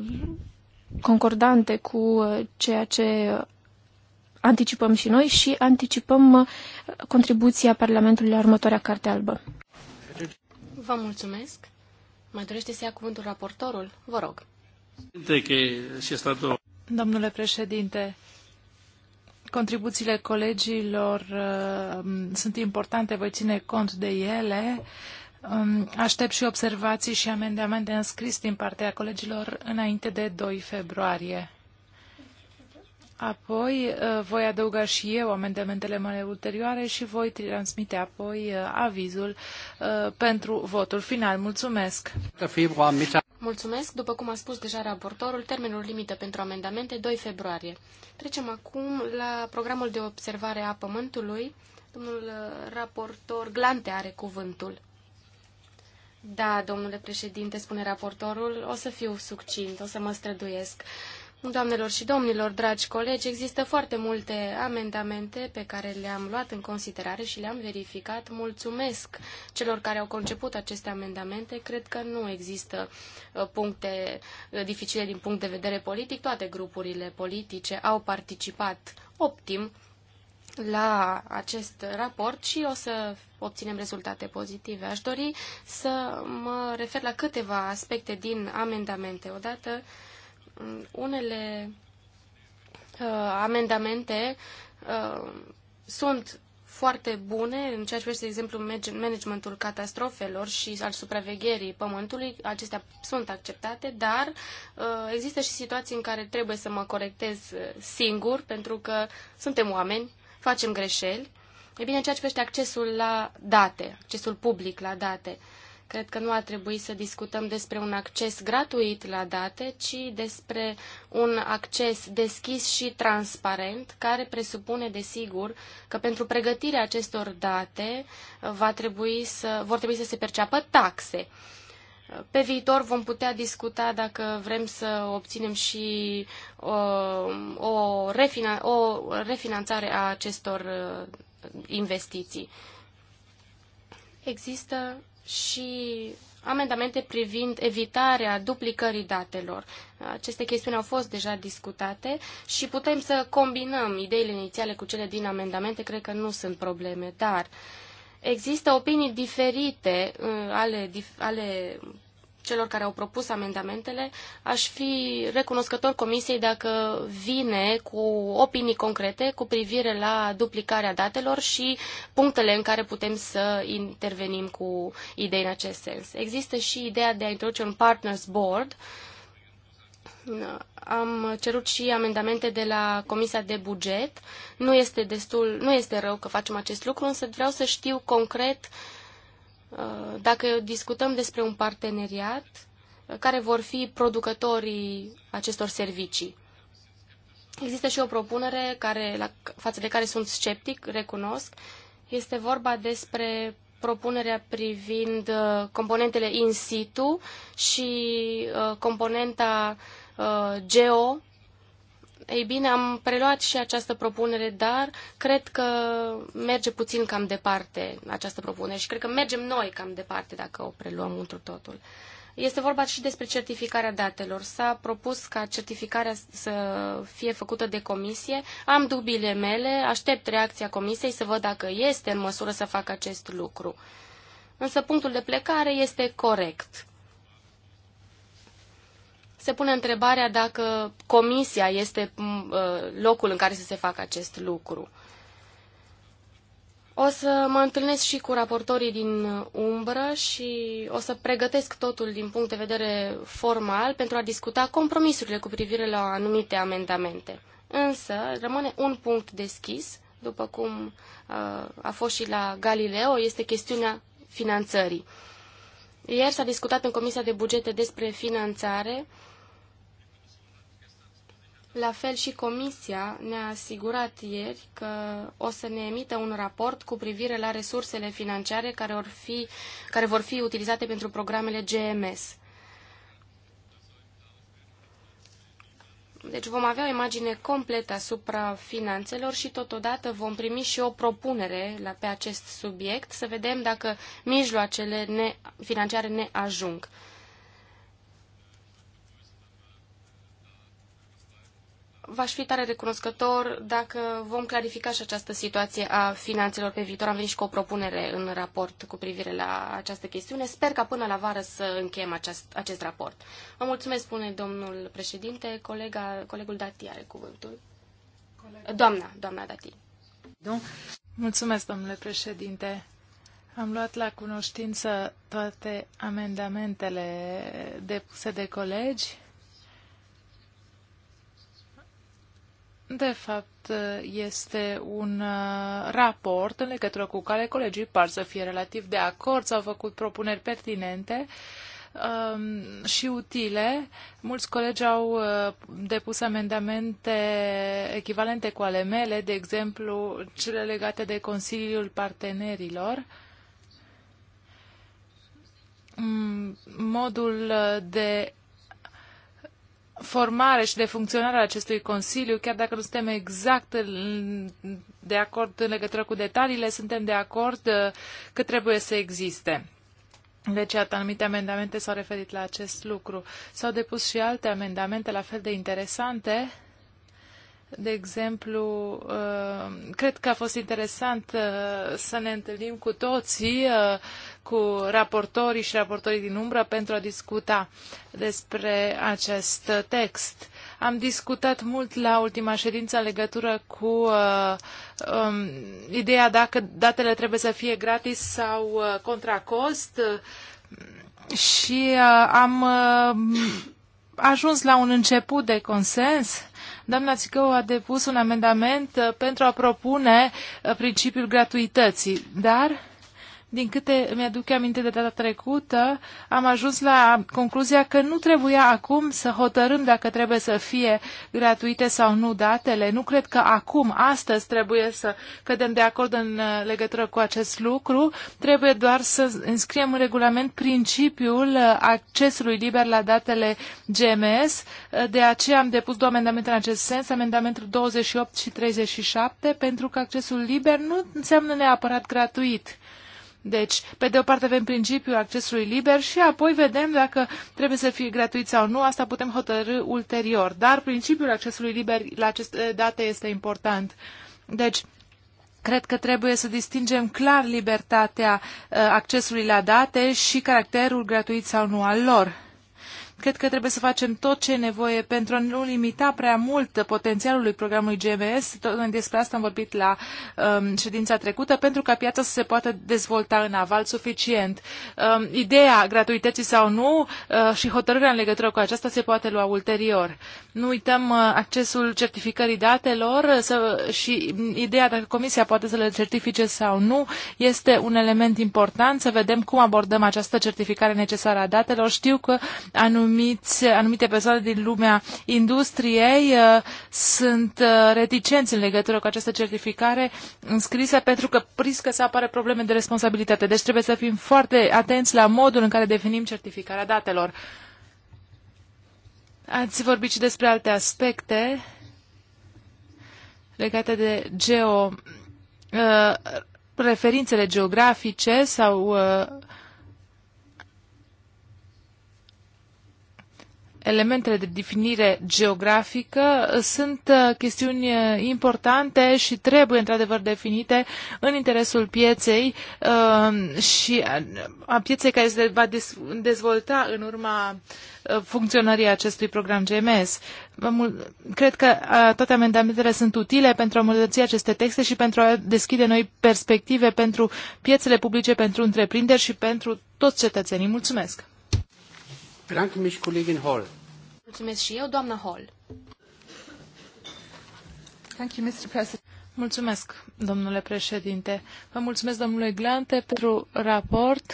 [SPEAKER 4] concordante cu uh, ceea ce anticipăm și noi și anticipăm uh, contribuția Parlamentului la următoarea carte albă.
[SPEAKER 3] Vă mulțumesc. Mai dorește să ia cuvântul raportorul? Vă rog.
[SPEAKER 2] Domnule președinte, contribuțiile colegilor uh, sunt importante, voi ține cont de ele. Uh, Aștept și observații și amendamente înscris din partea colegilor înainte de 2 februarie. Apoi uh, voi adăuga și eu amendamentele mele ulterioare și voi transmite apoi uh, avizul uh, pentru votul final. Mulțumesc! Mulțumesc! După cum a spus
[SPEAKER 3] deja raportorul, termenul limită pentru amendamente 2 februarie. Trecem acum la programul de observare a Pământului. Domnul raportor Glante are cuvântul. Da, domnule președinte, spune raportorul, o să fiu succint, o să mă străduiesc. Doamnelor și domnilor, dragi colegi, există foarte multe amendamente pe care le-am luat în considerare și le-am verificat. Mulțumesc celor care au conceput aceste amendamente. Cred că nu există uh, puncte uh, dificile din punct de vedere politic. Toate grupurile politice au participat optim la acest raport și o să obținem rezultate pozitive. Aș dori să mă refer la câteva aspecte din amendamente. Odată, unele uh, amendamente uh, sunt foarte bune în ceea ce privește, de exemplu, managementul catastrofelor și al supravegherii pământului. Acestea sunt acceptate, dar uh, există și situații în care trebuie să mă corectez uh, singur, pentru că suntem oameni facem greșeli. E bine, ceea ce privește accesul la date, accesul public la date. Cred că nu ar trebui să discutăm despre un acces gratuit la date, ci despre un acces deschis și transparent, care presupune, desigur, că pentru pregătirea acestor date va trebui să, vor trebui să se perceapă taxe. Uh, pe viitor vom putea discuta dacă vrem să obținem și o, refina, o refinanțare a acestor uh, investiții. Există și amendamente privind evitarea duplicării datelor. Aceste chestiuni au fost deja discutate și putem să combinăm ideile inițiale cu cele din amendamente, cred că nu sunt probleme, dar uh, Există opinii diferite uh, ale, ale celor care au propus amendamentele. Aș fi recunoscător Comisiei dacă vine cu opinii concrete cu privire la duplicarea datelor și punctele în care putem să intervenim cu idei în acest sens. Există și ideea de a introduce un Partners Board uh, am cerut și amendamente de la Comisia de Buget. Nu este, destul, nu este rău că facem acest lucru, însă vreau să știu concret uh, dacă discutăm despre un parteneriat, uh, care vor fi producătorii acestor servicii. Există și o propunere care, la, față de care sunt sceptic, recunosc. Este vorba despre propunerea privind uh, componentele in situ și componenta uh, geo. Ei bine, am preluat și această propunere, dar cred că merge puțin cam departe această propunere și cred că mergem noi cam departe dacă o preluăm întru totul. Este vorba și despre certificarea datelor. S-a propus ca certificarea să fie făcută de comisie. Am dubile mele, aștept reacția comisiei să văd dacă este în măsură să facă acest lucru. Însă punctul de plecare este corect se pune întrebarea dacă comisia este ă, locul în care să se facă acest lucru. O să mă întâlnesc și cu raportorii din umbră și o să pregătesc totul din punct de vedere formal pentru a discuta compromisurile cu privire la anumite amendamente. Însă rămâne un punct deschis, după cum ă, a fost și la Galileo, este chestiunea finanțării. Ieri s-a discutat în Comisia de Bugete despre finanțare la fel și Comisia ne-a asigurat ieri că o să ne emită un raport cu privire la resursele financiare care, or fi, care vor fi utilizate pentru programele GMS. Deci vom avea o imagine completă asupra finanțelor și totodată vom primi și o propunere la, pe acest subiect să vedem dacă mijloacele ne, financiare ne ajung. V-aș fi tare recunoscător dacă vom clarifica și această situație a finanțelor pe viitor. Am venit și cu o propunere în raport cu privire la această chestiune. Sper ca până la vară să încheiem acest, acest raport. Vă mulțumesc, spune domnul președinte. Colega, colegul Dati are cuvântul. Colegul. Doamna, doamna Dati.
[SPEAKER 2] Mulțumesc, domnule președinte. Am luat la cunoștință toate amendamentele depuse de colegi de fapt, este un uh, raport în legătură cu care colegii par să fie relativ de acord, s-au făcut propuneri pertinente um, și utile. Mulți colegi au uh, depus amendamente echivalente cu ale mele, de exemplu, cele legate de Consiliul Partenerilor mm, modul de formare și de funcționare a acestui Consiliu, chiar dacă nu suntem exact de acord în legătură cu detaliile, suntem de acord uh, că trebuie să existe. Deci, iată, anumite amendamente s-au referit la acest lucru. S-au depus și alte amendamente la fel de interesante. De exemplu, uh, cred că a fost interesant uh, să ne întâlnim cu toții cu raportorii și raportorii din umbră pentru a discuta despre acest text. Am discutat mult la ultima ședință în legătură cu uh, um, ideea dacă datele trebuie să fie gratis sau uh, contra cost și uh, am uh, ajuns la un început de consens. Doamna Țicău a depus un amendament uh, pentru a propune uh, principiul gratuității, dar din câte mi-aduc aminte de data trecută, am ajuns la concluzia că nu trebuia acum să hotărâm dacă trebuie să fie gratuite sau nu datele. Nu cred că acum, astăzi, trebuie să cădem de acord în uh, legătură cu acest lucru. Trebuie doar să înscriem în regulament principiul uh, accesului liber la datele GMS. Uh, de aceea am depus două amendamente în acest sens, amendamentul 28 și 37, pentru că accesul liber nu înseamnă neapărat gratuit deci, pe de o parte avem principiul accesului liber și apoi vedem dacă trebuie să fie gratuit sau nu, asta putem hotărâ ulterior. Dar principiul accesului liber la aceste date este important. Deci, cred că trebuie să distingem clar libertatea uh, accesului la date și caracterul gratuit sau nu al lor. Cred că trebuie să facem tot ce e nevoie pentru a nu limita prea mult potențialului programului GMS. Despre asta am vorbit la um, ședința trecută, pentru ca piața să se poată dezvolta în aval suficient. Um, ideea gratuității sau nu uh, și hotărârea în legătură cu aceasta se poate lua ulterior. Nu uităm uh, accesul certificării datelor uh, să, și mm, ideea dacă Comisia poate să le certifice sau nu este un element important să vedem cum abordăm această certificare necesară a datelor. Știu că anul anumiți, anumite persoane din lumea industriei uh, sunt uh, reticenți în legătură cu această certificare înscrisă pentru că riscă să apară probleme de responsabilitate. Deci trebuie să fim foarte atenți la modul în care definim certificarea datelor. Ați vorbit și despre alte aspecte legate de geo, uh, referințele geografice sau elementele de definire geografică uh, sunt uh, chestiuni uh, importante și trebuie într-adevăr definite în interesul pieței și a pieței care se va dezvolta în urma funcționării acestui program GMS. Cred că toate amendamentele sunt utile pentru a îmbunătăți aceste texte și pentru a deschide noi perspective pentru piețele publice, pentru întreprinderi și pentru toți cetățenii. Mulțumesc!
[SPEAKER 1] Bedanke mich, Kollegin Hall.
[SPEAKER 2] Mulțumesc și eu, doamna Hall. Thank you, Mr. President. Mulțumesc, domnule președinte. Vă mulțumesc, domnule Glante, pentru raport.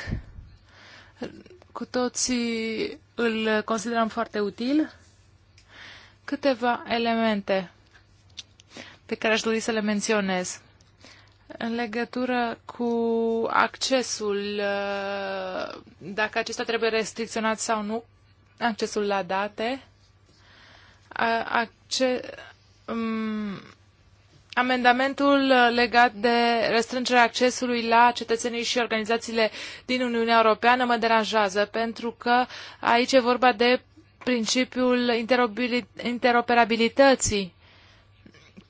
[SPEAKER 2] Cu toții îl considerăm foarte util. Câteva elemente pe care aș dori să le menționez în legătură cu accesul, uh, dacă acesta trebuie restricționat sau nu, accesul la date, acce, um, amendamentul legat de restrângerea accesului la cetățenii și organizațiile din Uniunea Europeană mă deranjează, pentru că aici e vorba de principiul interoperabilității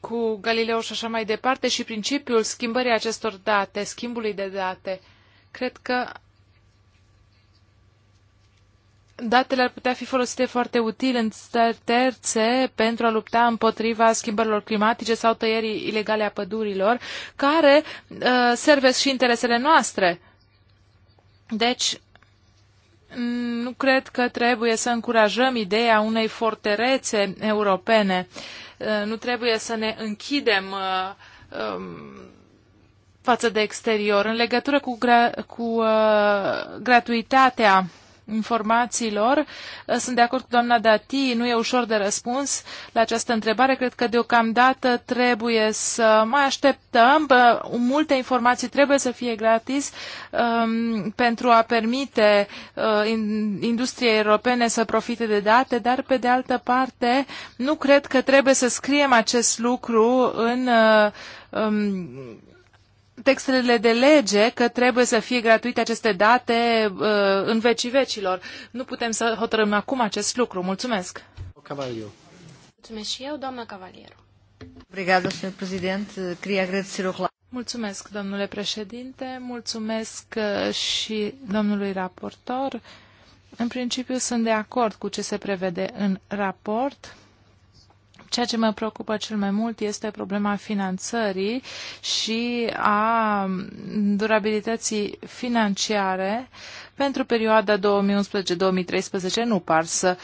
[SPEAKER 2] cu Galileo și așa mai departe și principiul schimbării acestor date, schimbului de date. Cred că datele ar putea fi folosite foarte util în stări terțe pentru a lupta împotriva schimbărilor climatice sau tăierii ilegale a pădurilor, care uh, servesc și interesele noastre. Deci, nu cred că trebuie să încurajăm ideea unei fortărețe europene. Uh, Eh, nu trebuie să ne închidem eh, um, față de exterior. În legătură cu, gra- cu uh, gratuitatea informațiilor. Eh, sunt de acord cu doamna Dati, nu e ușor de răspuns la această întrebare. Cred că deocamdată trebuie să mai așteptăm. Multe informații trebuie să fie gratis um, pentru a permite uh, industriei europene să profite de date, dar pe de altă parte nu cred că trebuie să scriem acest lucru în uh, um, textele de lege că trebuie să fie gratuite aceste date uh, în vecii vecilor. Nu putem să hotărâm acum acest lucru. Mulțumesc. Cavaliu.
[SPEAKER 3] Mulțumesc și eu, doamna Cavalier.
[SPEAKER 2] Obrigada, senhor Mulțumesc, domnule președinte, mulțumesc uh, și domnului raportor. În principiu sunt de acord cu ce se prevede în raport. Ceea ce mă preocupă cel mai mult este problema finanțării și a durabilității financiare pentru perioada 2011-2013. Nu par să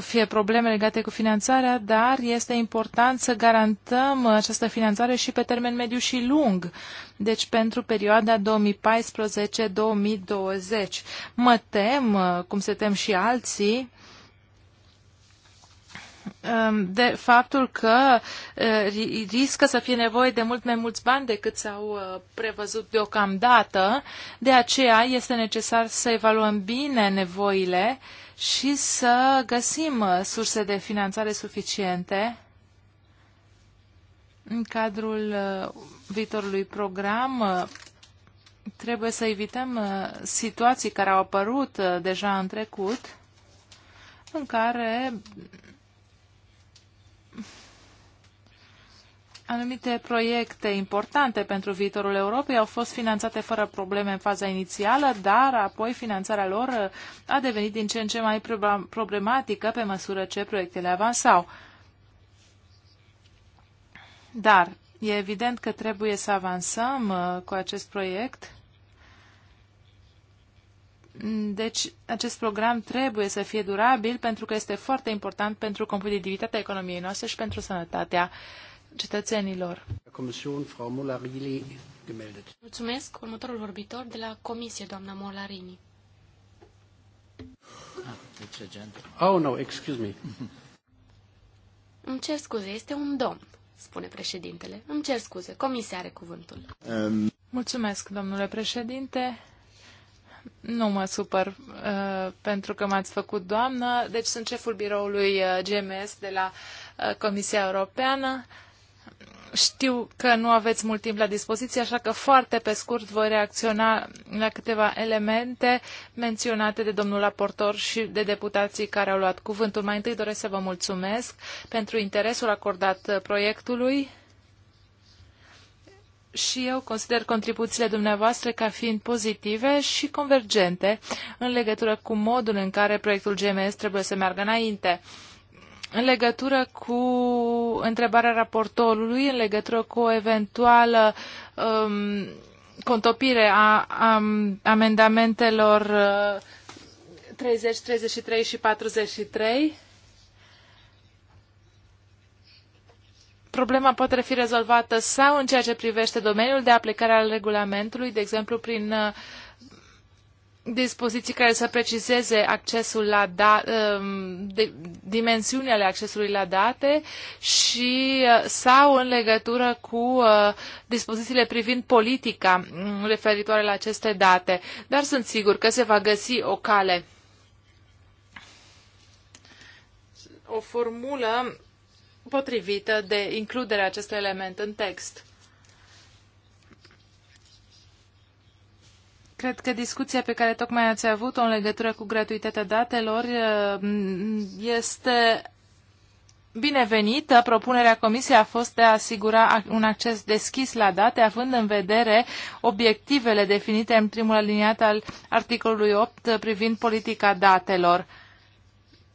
[SPEAKER 2] fie probleme legate cu finanțarea, dar este important să garantăm această finanțare și pe termen mediu și lung, deci pentru perioada 2014-2020. Mă tem, cum se tem și alții, Um, de faptul că uh, riscă să fie nevoie de mult mai mulți bani decât s-au uh, prevăzut deocamdată. De aceea este necesar să evaluăm bine nevoile și să găsim uh, surse de finanțare suficiente în cadrul viitorului program trebuie să evităm situații care au apărut deja în trecut, în care Anumite proiecte importante pentru viitorul Europei au fost finanțate fără probleme în faza inițială, dar apoi finanțarea lor a devenit din ce în ce mai problematică pe măsură ce proiectele avansau. Dar e evident că trebuie să avansăm uh, cu acest proiect. Deci, acest program trebuie să fie durabil pentru că este foarte important pentru competitivitatea economiei noastre și pentru sănătatea uh, cetățenilor.
[SPEAKER 3] Mulțumesc. Următorul vorbitor de la Comisie, doamna Molarini.
[SPEAKER 1] Ah, oh, no, excuse me.
[SPEAKER 3] Îmi cer scuze, este un domn, spune președintele. Îmi cer scuze,
[SPEAKER 2] comisia are cuvântul. Um... Mulțumesc, domnule președinte. Nu mă supăr uh, pentru că m-ați făcut doamnă. Deci sunt șeful biroului uh, GMS de la uh, Comisia Europeană. Știu că nu aveți mult timp la dispoziție, așa că foarte pe scurt voi reacționa la câteva elemente menționate de domnul raportor și de deputații care au luat cuvântul. Mai întâi doresc să vă mulțumesc pentru interesul acordat proiectului și eu consider contribuțiile dumneavoastră ca fiind pozitive și convergente în legătură cu modul în care proiectul GMS trebuie să meargă înainte. În legătură cu întrebarea raportorului, în legătură cu o eventuală um, contopire a, a amendamentelor uh, 30, 33 și 43, problema poate fi rezolvată sau în ceea ce privește domeniul de aplicare al regulamentului, de exemplu prin uh, dispoziții care să precizeze accesul la da, um, de, dimensiunile accesului la date și uh, sau în legătură cu uh, dispozițiile privind politica mm, referitoare la aceste date. Dar sunt sigur că se va găsi o cale, o formulă potrivită de includere acestui element în text. Cred că discuția pe care tocmai ați avut-o în legătură cu gratuitatea datelor uh, este binevenită. Propunerea Comisiei a fost de a asigura un acces deschis la date, având în vedere obiectivele definite în primul aliniat al articolului 8 privind politica datelor.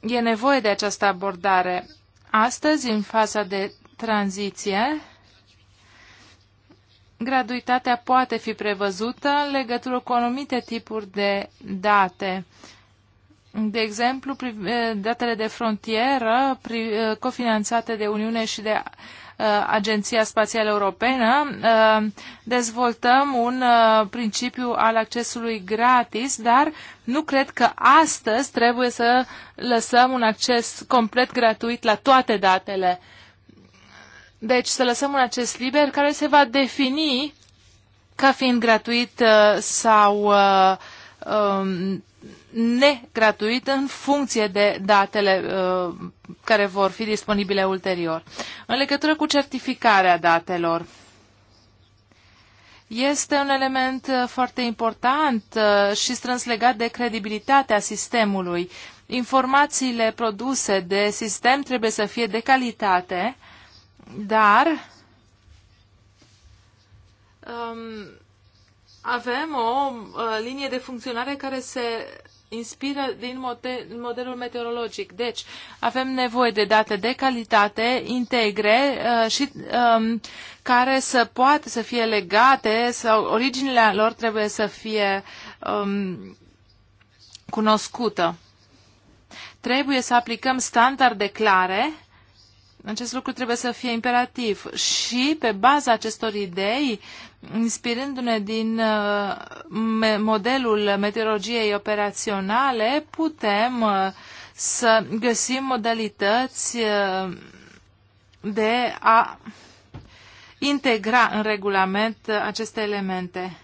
[SPEAKER 2] E nevoie de această abordare. Astăzi, în faza de tranziție, graduitatea poate fi prevăzută în legătură cu anumite tipuri de date. De exemplu, eh, datele de frontieră eh, cofinanțate de Uniune și de eh, Agenția Spațială Europeană, dezvoltăm un principiu al accesului gratis, dar nu cred că astăzi trebuie să lăsăm un acces complet gratuit la toate datele deci să lăsăm un acces liber care se va defini ca fiind gratuit uh, sau uh, um, negratuit în funcție de datele uh, care vor fi disponibile ulterior. În legătură cu certificarea datelor, este un element foarte important și strâns legat de credibilitatea sistemului. Informațiile produse de sistem trebuie să fie de calitate, dar um, avem o uh, linie de funcționare care se inspiră din modelul meteorologic. Deci, avem nevoie de date de calitate, integre uh, și um, care să poată să fie legate sau originile lor trebuie să fie um, cunoscută. Trebuie să aplicăm standarde clare acest lucru trebuie să fie imperativ și pe baza acestor idei, inspirându-ne din uh, modelul meteorologiei operaționale, putem uh, să găsim modalități uh, de a integra în regulament aceste elemente.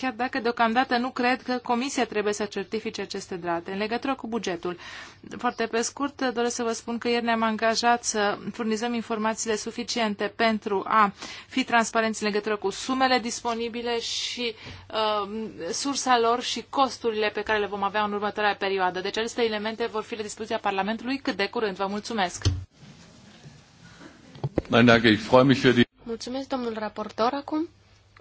[SPEAKER 2] chiar dacă deocamdată nu cred că Comisia trebuie să certifice aceste date. În legătură cu bugetul, foarte pe scurt, doresc să vă spun că ieri ne-am angajat să furnizăm informațiile suficiente pentru a fi transparenți în legătură cu sumele disponibile și uh, sursa lor și costurile pe care le vom avea în următoarea perioadă. Deci aceste elemente vor fi la dispoziția Parlamentului cât de curând. Vă mulțumesc! Mulțumesc, domnul raportor, acum.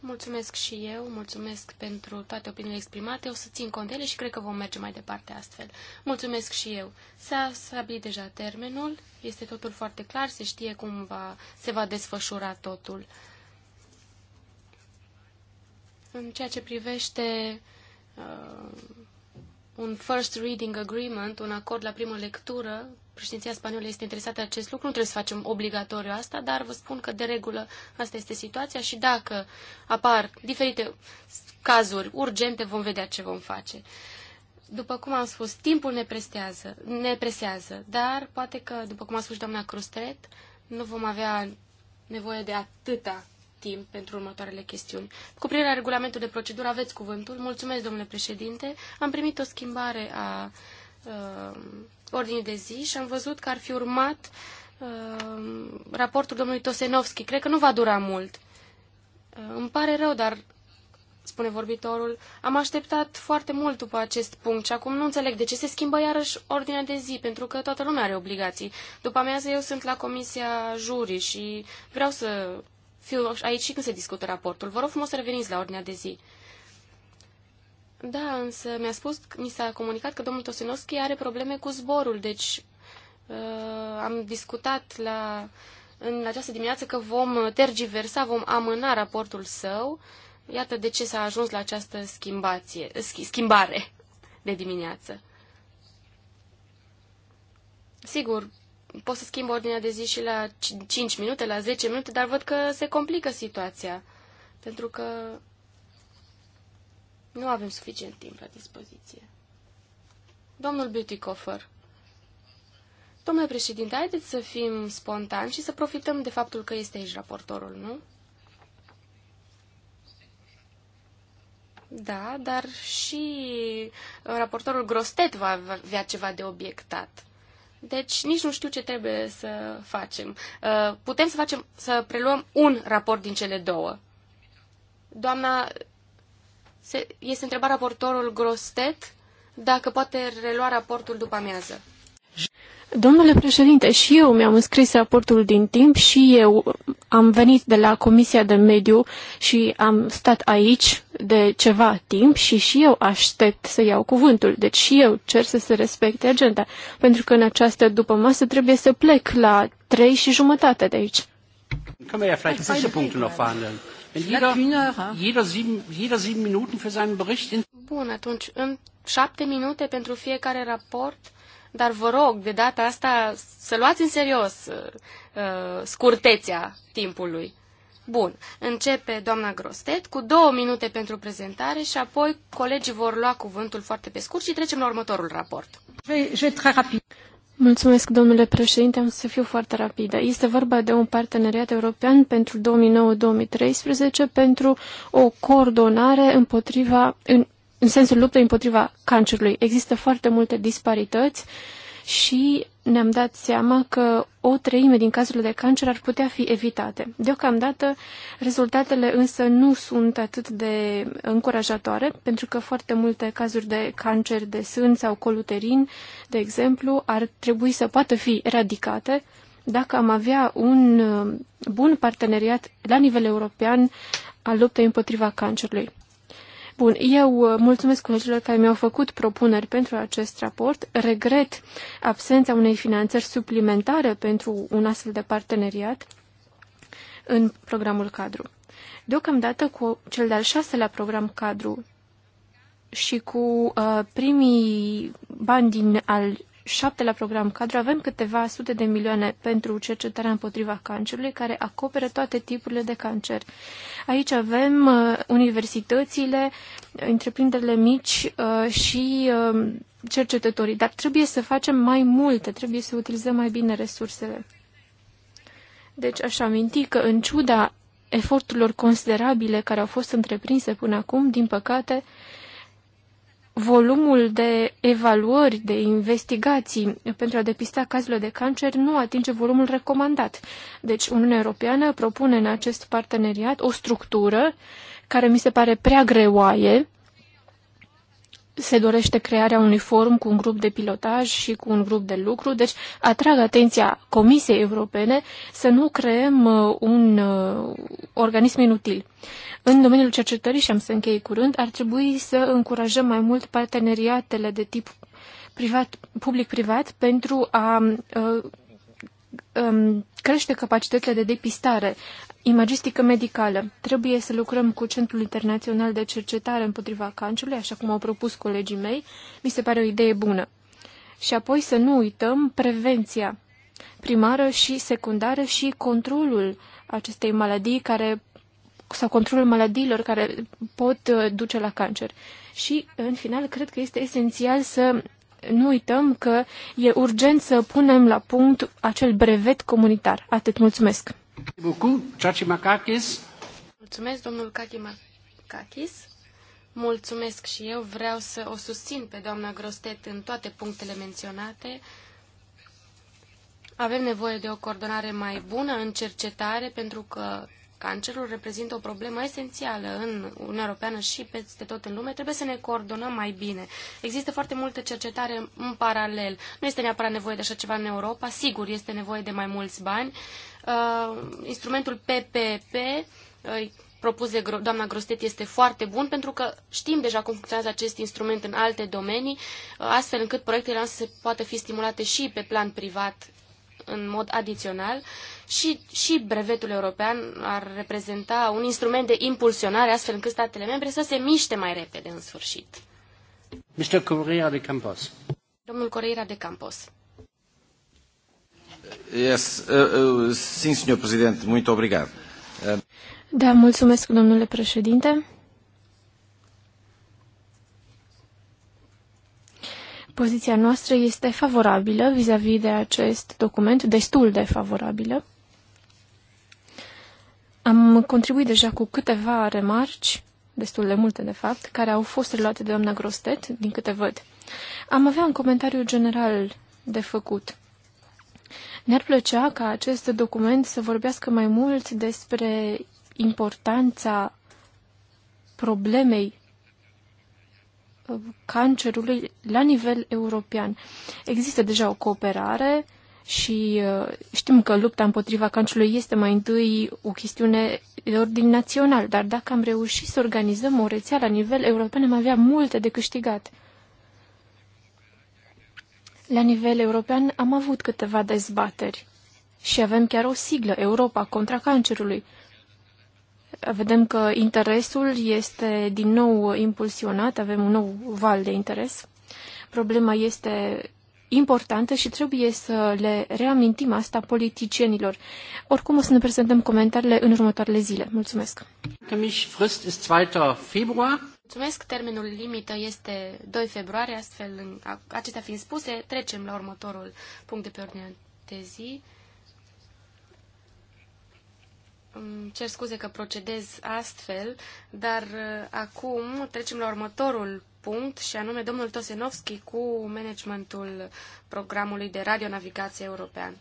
[SPEAKER 2] Mulțumesc
[SPEAKER 3] și eu, mulțumesc pentru toate opiniile exprimate, o să țin cont ele și cred că vom merge mai departe astfel. Mulțumesc și eu. S-a stabilit deja termenul, este totul foarte clar, se știe cum va, se va desfășura totul. În ceea ce privește uh, un first reading agreement, un acord la primă lectură. Președinția spaniolă este interesată de acest lucru, nu trebuie să facem obligatoriu asta, dar vă spun că de regulă asta este situația și dacă apar diferite cazuri urgente, vom vedea ce vom face. După cum am spus, timpul ne, prestează, ne presează, dar poate că, după cum a spus doamna Crustret, nu vom avea nevoie de atâta timp pentru următoarele chestiuni. Cu privire la regulamentul de procedură, aveți cuvântul. Mulțumesc, domnule președinte. Am primit o schimbare a uh, ordinii de zi și am văzut că ar fi urmat uh, raportul domnului Tosenovski. Cred că nu va dura mult. Uh, îmi pare rău, dar spune vorbitorul, am așteptat foarte mult după acest punct și acum nu înțeleg de ce se schimbă iarăși ordinea de zi, pentru că toată lumea are obligații. După amiază eu sunt la comisia juri și vreau să fiu aici și când se discută raportul. Vă rog frumos să reveniți la ordinea de zi. Da, însă mi-a spus, mi s-a comunicat că domnul Tosinovski are probleme cu zborul, deci uh, am discutat la, în această dimineață că vom tergiversa, vom amâna raportul său. Iată de ce s-a ajuns la această schimbație, schimbare de dimineață. Sigur, pot să schimb ordinea de zi și la 5 minute, la 10 minute, dar văd că se complică situația, pentru că nu avem suficient timp la dispoziție. Domnul Coffer. Domnule președinte, haideți să fim spontani și să profităm de faptul că este aici raportorul, nu? Da, dar și raportorul Grostet va avea ceva de obiectat. Deci nici nu știu ce trebuie să facem. Uh, putem să facem să preluăm un raport din cele două. Doamna, este întrebat raportorul Grostet dacă poate relua raportul după amiază.
[SPEAKER 4] Domnule președinte, și eu mi-am înscris raportul din timp și eu am venit de la Comisia de Mediu și am stat aici de ceva timp și și eu aștept să iau cuvântul. Deci și eu cer să se respecte agenda, pentru că în această după masă trebuie să plec la trei și jumătate de aici.
[SPEAKER 1] Können wir ja vielleicht zwischen Punkten noch verhandeln. Wenn jeder, jeder, sieben, jeder sieben Minuten für seinen Bericht.
[SPEAKER 3] Bun, atunci în șapte minute pentru fiecare raport dar vă rog, de data asta, să luați în serios uh, uh, scurtețea timpului. Bun, începe doamna Grostet cu două minute pentru prezentare și apoi colegii vor lua cuvântul foarte pe scurt și trecem la următorul raport.
[SPEAKER 4] Mulțumesc, domnule președinte, am să fiu foarte rapidă. Este vorba de un parteneriat european pentru 2009-2013 pentru o coordonare împotriva, în, în sensul luptei împotriva cancerului. Există foarte multe disparități și ne-am dat seama că o treime din cazurile de cancer ar putea fi evitate. Deocamdată, rezultatele însă nu sunt atât de încurajatoare, pentru că foarte multe cazuri de cancer de sân sau coluterin, de exemplu, ar trebui să poată fi eradicate dacă am avea un uh, bun parteneriat la nivel european al luptei împotriva cancerului. Bun, eu uh, mulțumesc colegilor care mi-au făcut propuneri pentru acest raport. Regret absența unei finanțări suplimentare pentru un astfel de parteneriat în programul cadru. Deocamdată cu cel de-al șaselea program cadru și cu uh, primii bani din al șapte la program cadru avem câteva sute de milioane pentru cercetarea împotriva cancerului, care acoperă toate tipurile de cancer. Aici avem uh, universitățile, întreprinderile mici uh, și uh, cercetătorii, dar trebuie să facem mai multe, trebuie să utilizăm mai bine resursele. Deci aș aminti că în ciuda eforturilor considerabile care au fost întreprinse până acum, din păcate, uh, volumul de evaluări, de investigații pentru a depista cazurile de cancer nu atinge volumul recomandat. Deci Uniunea Europeană propune în acest parteneriat o structură care mi se pare prea greoaie, se dorește crearea unui forum cu un grup de pilotaj și cu un grup de lucru, deci atrag atenția Comisiei Europene să nu creăm uh, un uh, organism inutil. În domeniul cercetării, și am să închei curând, ar trebui să încurajăm mai mult parteneriatele de tip privat, public-privat pentru a uh, um, crește capacitățile de depistare imagistică medicală. Trebuie să lucrăm cu Centrul Internațional de Cercetare împotriva cancerului, așa cum au propus colegii mei. Mi se pare o idee bună. Și apoi să nu uităm prevenția primară și secundară și controlul acestei maladii care sau controlul maladiilor care pot uh, duce la cancer. Și, în final, cred că este esențial să nu uităm că e urgent să punem la punct acel brevet comunitar. Atât,
[SPEAKER 1] mulțumesc!
[SPEAKER 3] Mulțumesc, domnul Kakimakakis. Mulțumesc și eu. Vreau să o susțin pe doamna Grostet în toate punctele menționate. Avem nevoie de o coordonare mai bună în cercetare, pentru că cancerul reprezintă o problemă esențială în Uniunea Europeană și peste tot în lume, trebuie să ne coordonăm mai bine. Există foarte multă cercetare în paralel. Nu este neapărat nevoie de așa ceva în Europa, sigur, este nevoie de mai mulți bani, Uh, instrumentul PPP uh, propus de doamna Grostet este foarte bun pentru că știm deja cum funcționează acest instrument în alte domenii, uh, astfel încât proiectele noastre se poate fi stimulate și pe plan privat în mod adițional și, și brevetul european ar reprezenta un instrument de impulsionare astfel încât statele membre să se miște mai repede în sfârșit.
[SPEAKER 1] Mr. Correa de Campos.
[SPEAKER 3] Domnul Correa de Campos.
[SPEAKER 1] Yes. Uh, uh, sim, senhor presidente, muito obrigado.
[SPEAKER 4] Da, mulțumesc, domnule președinte. Poziția noastră este favorabilă vis-a-vis -vis de acest document, destul de favorabilă. Am contribuit deja cu câteva remarci, destul de multe de fapt, care au fost reluate de doamna Grostet, din câte văd. Am avea un comentariu general de făcut. Ne-ar plăcea ca acest document să vorbească mai mult despre importanța problemei uh, cancerului la nivel european. Există deja o cooperare și uh, știm că lupta împotriva cancerului este mai întâi o chestiune de ordin național, dar dacă am reușit să organizăm o rețea la nivel european, am avea multe de câștigat. La nivel european am avut câteva dezbateri și avem chiar o siglă, Europa contra cancerului. Vedem că interesul este din nou impulsionat, avem un nou val de interes. Problema este importantă și trebuie să le reamintim asta politicienilor. Oricum o să ne prezentăm comentariile în următoarele zile. Mulțumesc!
[SPEAKER 3] Mulțumesc, termenul limită este 2 februarie, astfel, în, acestea fiind spuse, trecem la următorul punct de pe ordinea de zi. Îmi cer scuze că procedez astfel, dar uh, acum trecem la următorul punct și anume domnul Tosenovski cu managementul programului de radionavigație european.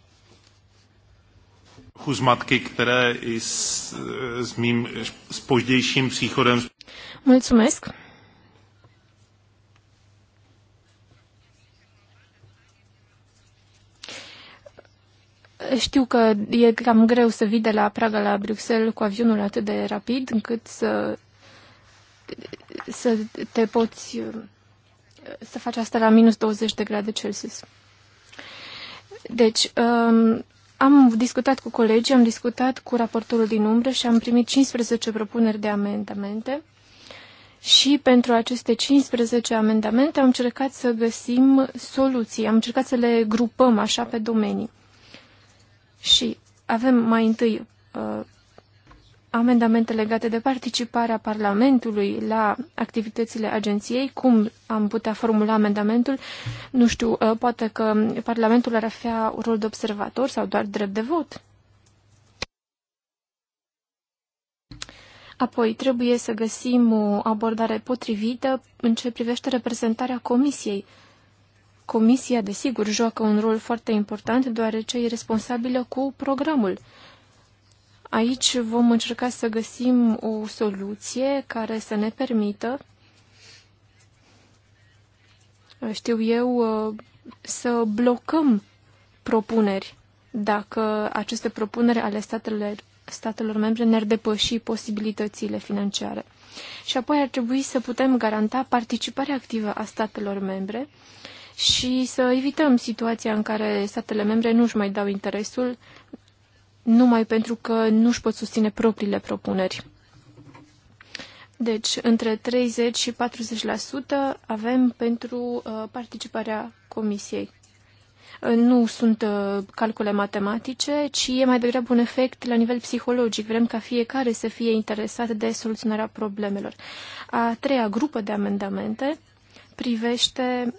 [SPEAKER 1] Chuzmatky, care is, s, s mým příchodem
[SPEAKER 4] Mulțumesc! Știu că e cam greu să vii de la Praga la Bruxelles cu avionul atât de rapid încât să, să te poți să faci asta la minus 20 de grade Celsius. Deci, um, am discutat cu colegii, am discutat cu raportorul din umbră și am primit 15 propuneri de amendamente și pentru aceste 15 amendamente am încercat să găsim soluții, am încercat să le grupăm așa pe domenii. Și avem mai întâi uh, amendamente legate de participarea Parlamentului la activitățile agenției, cum am putea formula amendamentul, nu știu, uh, poate că Parlamentul ar avea un rol de observator sau doar drept de vot. Apoi, trebuie să găsim o abordare potrivită în ce privește reprezentarea comisiei. Comisia, desigur, joacă un rol foarte important, deoarece e responsabilă cu programul. Aici vom încerca să găsim o soluție care să ne permită, știu eu, să blocăm propuneri dacă aceste propuneri ale statelor statelor membre ne-ar depăși posibilitățile financiare. Și apoi ar trebui să putem garanta participarea activă a statelor membre și să evităm situația în care statele membre nu își mai dau interesul numai pentru că nu își pot susține propriile propuneri. Deci, între 30 și 40% avem pentru uh, participarea comisiei nu sunt uh, calcule matematice, ci e mai degrabă un efect la nivel psihologic. Vrem ca fiecare să fie interesat de soluționarea problemelor. A treia grupă de amendamente privește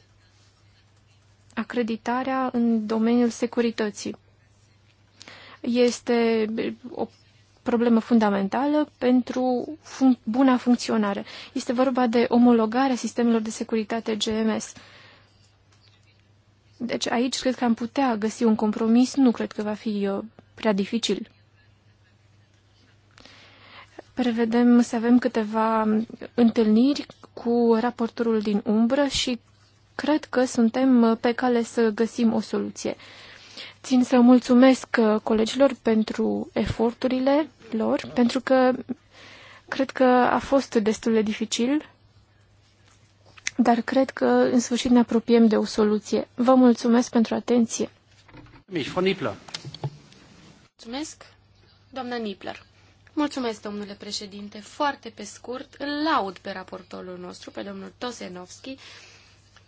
[SPEAKER 4] acreditarea în domeniul securității. Este uh, o problemă fundamentală pentru fun- buna funcționare. Este vorba de omologarea sistemelor de securitate GMS. Uh, deci aici cred că am putea găsi un compromis, nu cred că va fi uh, prea dificil. Prevedem să avem câteva um, întâlniri cu raportorul din umbră și cred că suntem uh, pe cale să găsim o soluție. Țin să mulțumesc uh, colegilor pentru eforturile lor, pentru că cred că a fost destul de dificil dar cred că în sfârșit ne apropiem de o soluție. Vă mulțumesc pentru atenție.
[SPEAKER 3] Mulțumesc, doamna Nipler. Mulțumesc, domnule președinte. Foarte pe scurt, îl laud pe raportorul nostru, pe domnul Tosenovski,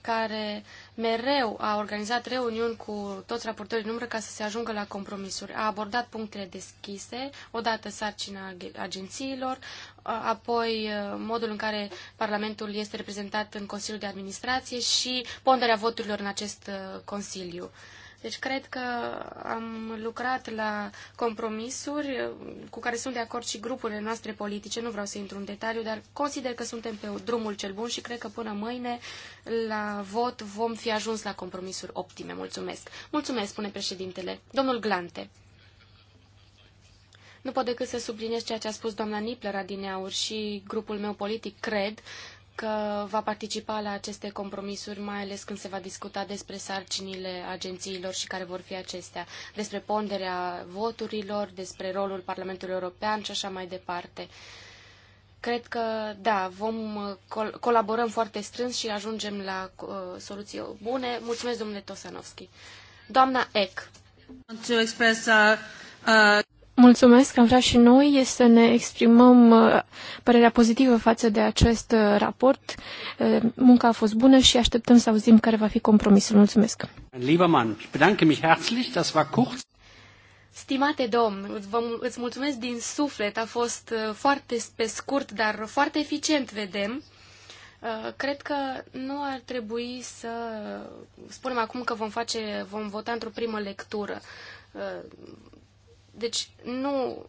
[SPEAKER 3] care mereu a organizat reuniuni cu toți raportorii număr ca să se ajungă la compromisuri. A abordat punctele deschise, odată sarcina agențiilor, apoi modul în care Parlamentul este reprezentat în Consiliul de Administrație și ponderea voturilor în acest Consiliu. Deci cred că am lucrat la compromisuri cu care sunt de acord și grupurile noastre politice, nu vreau să intru în detaliu, dar consider că suntem pe drumul cel bun și cred că până mâine la vot vom fi ajuns la compromisuri optime. Mulțumesc. Mulțumesc, spune președintele. Domnul Glante. Nu pot decât să subliniez ceea ce a spus doamna Nipler adineauri și grupul meu politic cred că va participa la aceste compromisuri, mai ales când se va discuta despre sarcinile agențiilor și care vor fi acestea, despre ponderea voturilor, despre rolul Parlamentului European și așa mai departe. Cred că, da, vom col colaborăm foarte strâns și ajungem la uh, soluții bune. Mulțumesc, domnule Tosanovski. Doamna Eck. Uh, uh,
[SPEAKER 4] Mulțumesc, am vrea și noi să ne exprimăm uh, părerea pozitivă față de acest uh, raport. Uh, munca a fost bună și așteptăm să auzim care va fi compromisul.
[SPEAKER 1] Mulțumesc.
[SPEAKER 3] Stimate domn, vă, îți mulțumesc din suflet, a fost foarte pe scurt, dar foarte eficient, vedem. Cred că nu ar trebui să spunem acum că vom, face, vom vota într-o primă lectură deci, nu,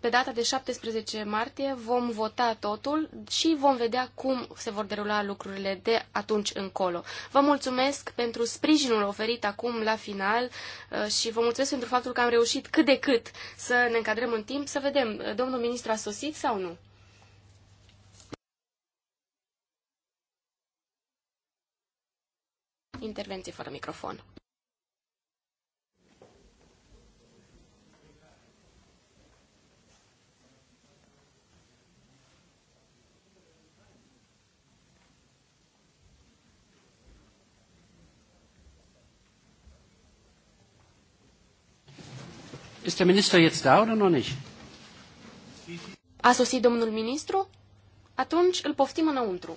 [SPEAKER 3] pe data de 17 martie vom vota totul și vom vedea cum se vor derula lucrurile de atunci încolo. Vă mulțumesc pentru sprijinul oferit acum la final uh, și vă mulțumesc pentru faptul că am reușit cât de cât să ne încadrăm în timp, să vedem, uh, domnul ministru a sosit sau nu? Intervenție fără microfon.
[SPEAKER 1] Ist der Minister jetzt da oder noch nicht?
[SPEAKER 3] A sosit domnul ministru? Atunci îl poftim înăuntru.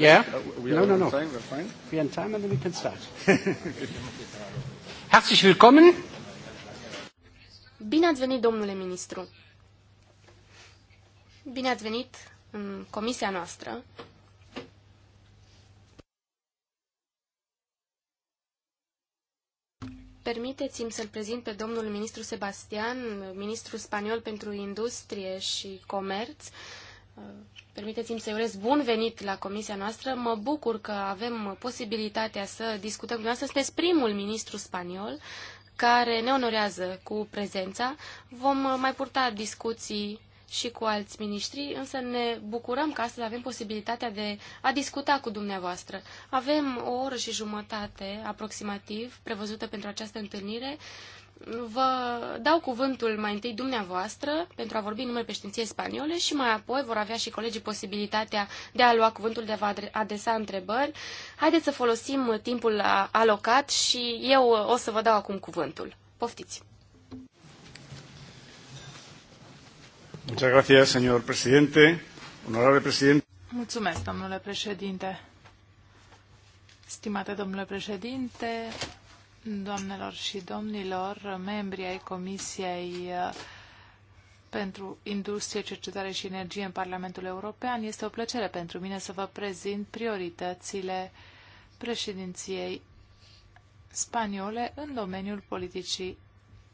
[SPEAKER 2] Yeah? Uh, we no, no, no. Time, we're fine.
[SPEAKER 1] We're in time and then we can start. Herzlich willkommen.
[SPEAKER 3] Bine ați venit, domnule ministru. Bine ați venit în comisia noastră. Permiteți-mi să-l prezint pe domnul ministru Sebastian, ministru spaniol pentru industrie și comerț, Permiteți-mi să-i urez bun venit la comisia noastră. Mă bucur că avem posibilitatea să discutăm cu dumneavoastră. Sunteți primul ministru spaniol care ne onorează cu prezența. Vom uh, mai purta discuții și cu alți miniștri, însă ne bucurăm că astăzi avem posibilitatea de a discuta cu dumneavoastră. Avem o oră și jumătate aproximativ prevăzută pentru această întâlnire vă dau cuvântul mai întâi dumneavoastră pentru a vorbi în numele președinției spaniole și mai apoi vor avea și colegii posibilitatea de a lua cuvântul, de a vă adresa întrebări. Haideți să folosim timpul alocat și eu o să vă dau acum
[SPEAKER 2] cuvântul. Poftiți! Mulțumesc, domnule președinte. Stimate domnule președinte, Doamnelor și domnilor, membri ai Comisiei uh, pentru Industrie, Cercetare și Energie în Parlamentul European, este o plăcere pentru mine să vă prezint prioritățile președinției spaniole în domeniul politicii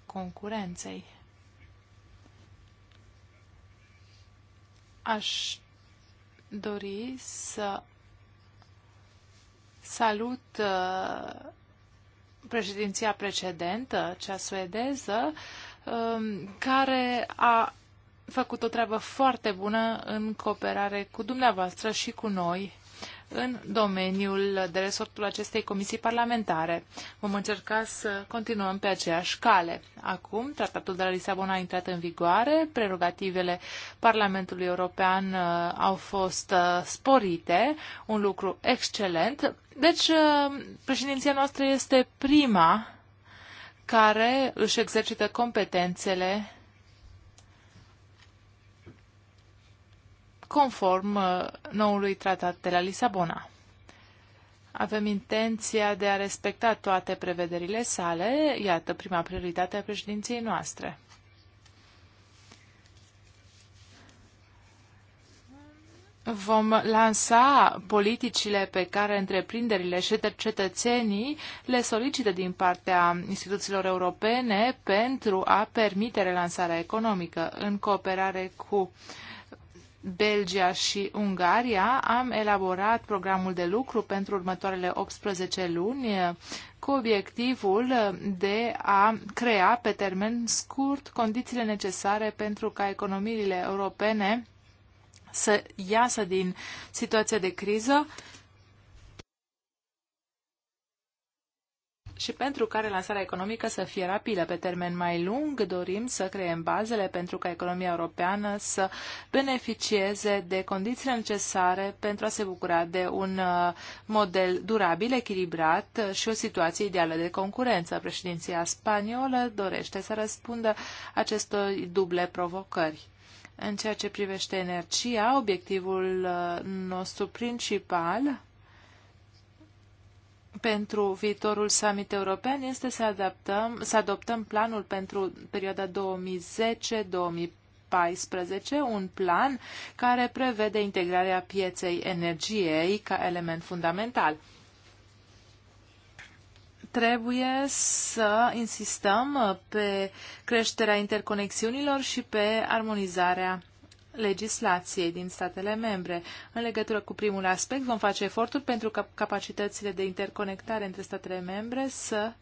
[SPEAKER 2] concurenței. Aș dori să salut uh, președinția precedentă, cea suedeză, um, care a făcut o treabă foarte bună în cooperare cu dumneavoastră și cu noi în domeniul de resortul acestei comisii parlamentare. Vom încerca să continuăm pe aceeași cale. Acum, tratatul de la Lisabona a intrat în vigoare, prerogativele Parlamentului European uh, au fost uh, sporite, un lucru excelent. Deci, uh, președinția noastră este prima care își exercită competențele conform uh, noului tratat de la Lisabona. Avem intenția de a respecta toate prevederile sale, iată prima prioritate a președinției noastre. Vom lansa politicile pe care întreprinderile și cetățenii le solicită din partea instituțiilor europene pentru a permite relansarea economică în cooperare cu uh, Belgia și Ungaria, am elaborat programul de lucru pentru următoarele 18 luni cu obiectivul de a crea pe termen scurt condițiile necesare pentru ca economiile europene să iasă din situația de criză și pentru care lansarea economică să fie rapidă. Pe termen mai lung dorim să creăm bazele pentru ca economia europeană să beneficieze de condițiile necesare pentru a se bucura de un uh, model durabil, echilibrat uh, și o situație ideală de concurență. Președinția spaniolă dorește să răspundă acestor duble provocări. În ceea ce privește energia, obiectivul uh, nostru principal pentru viitorul summit european este să, adaptăm, să adoptăm planul pentru perioada 2010-2014, un plan care prevede integrarea pieței energiei ca element fundamental. Trebuie să insistăm pe creșterea interconexiunilor și pe armonizarea legislației din statele membre. În legătură cu primul aspect, vom face eforturi pentru ca capacitățile de interconectare între statele membre să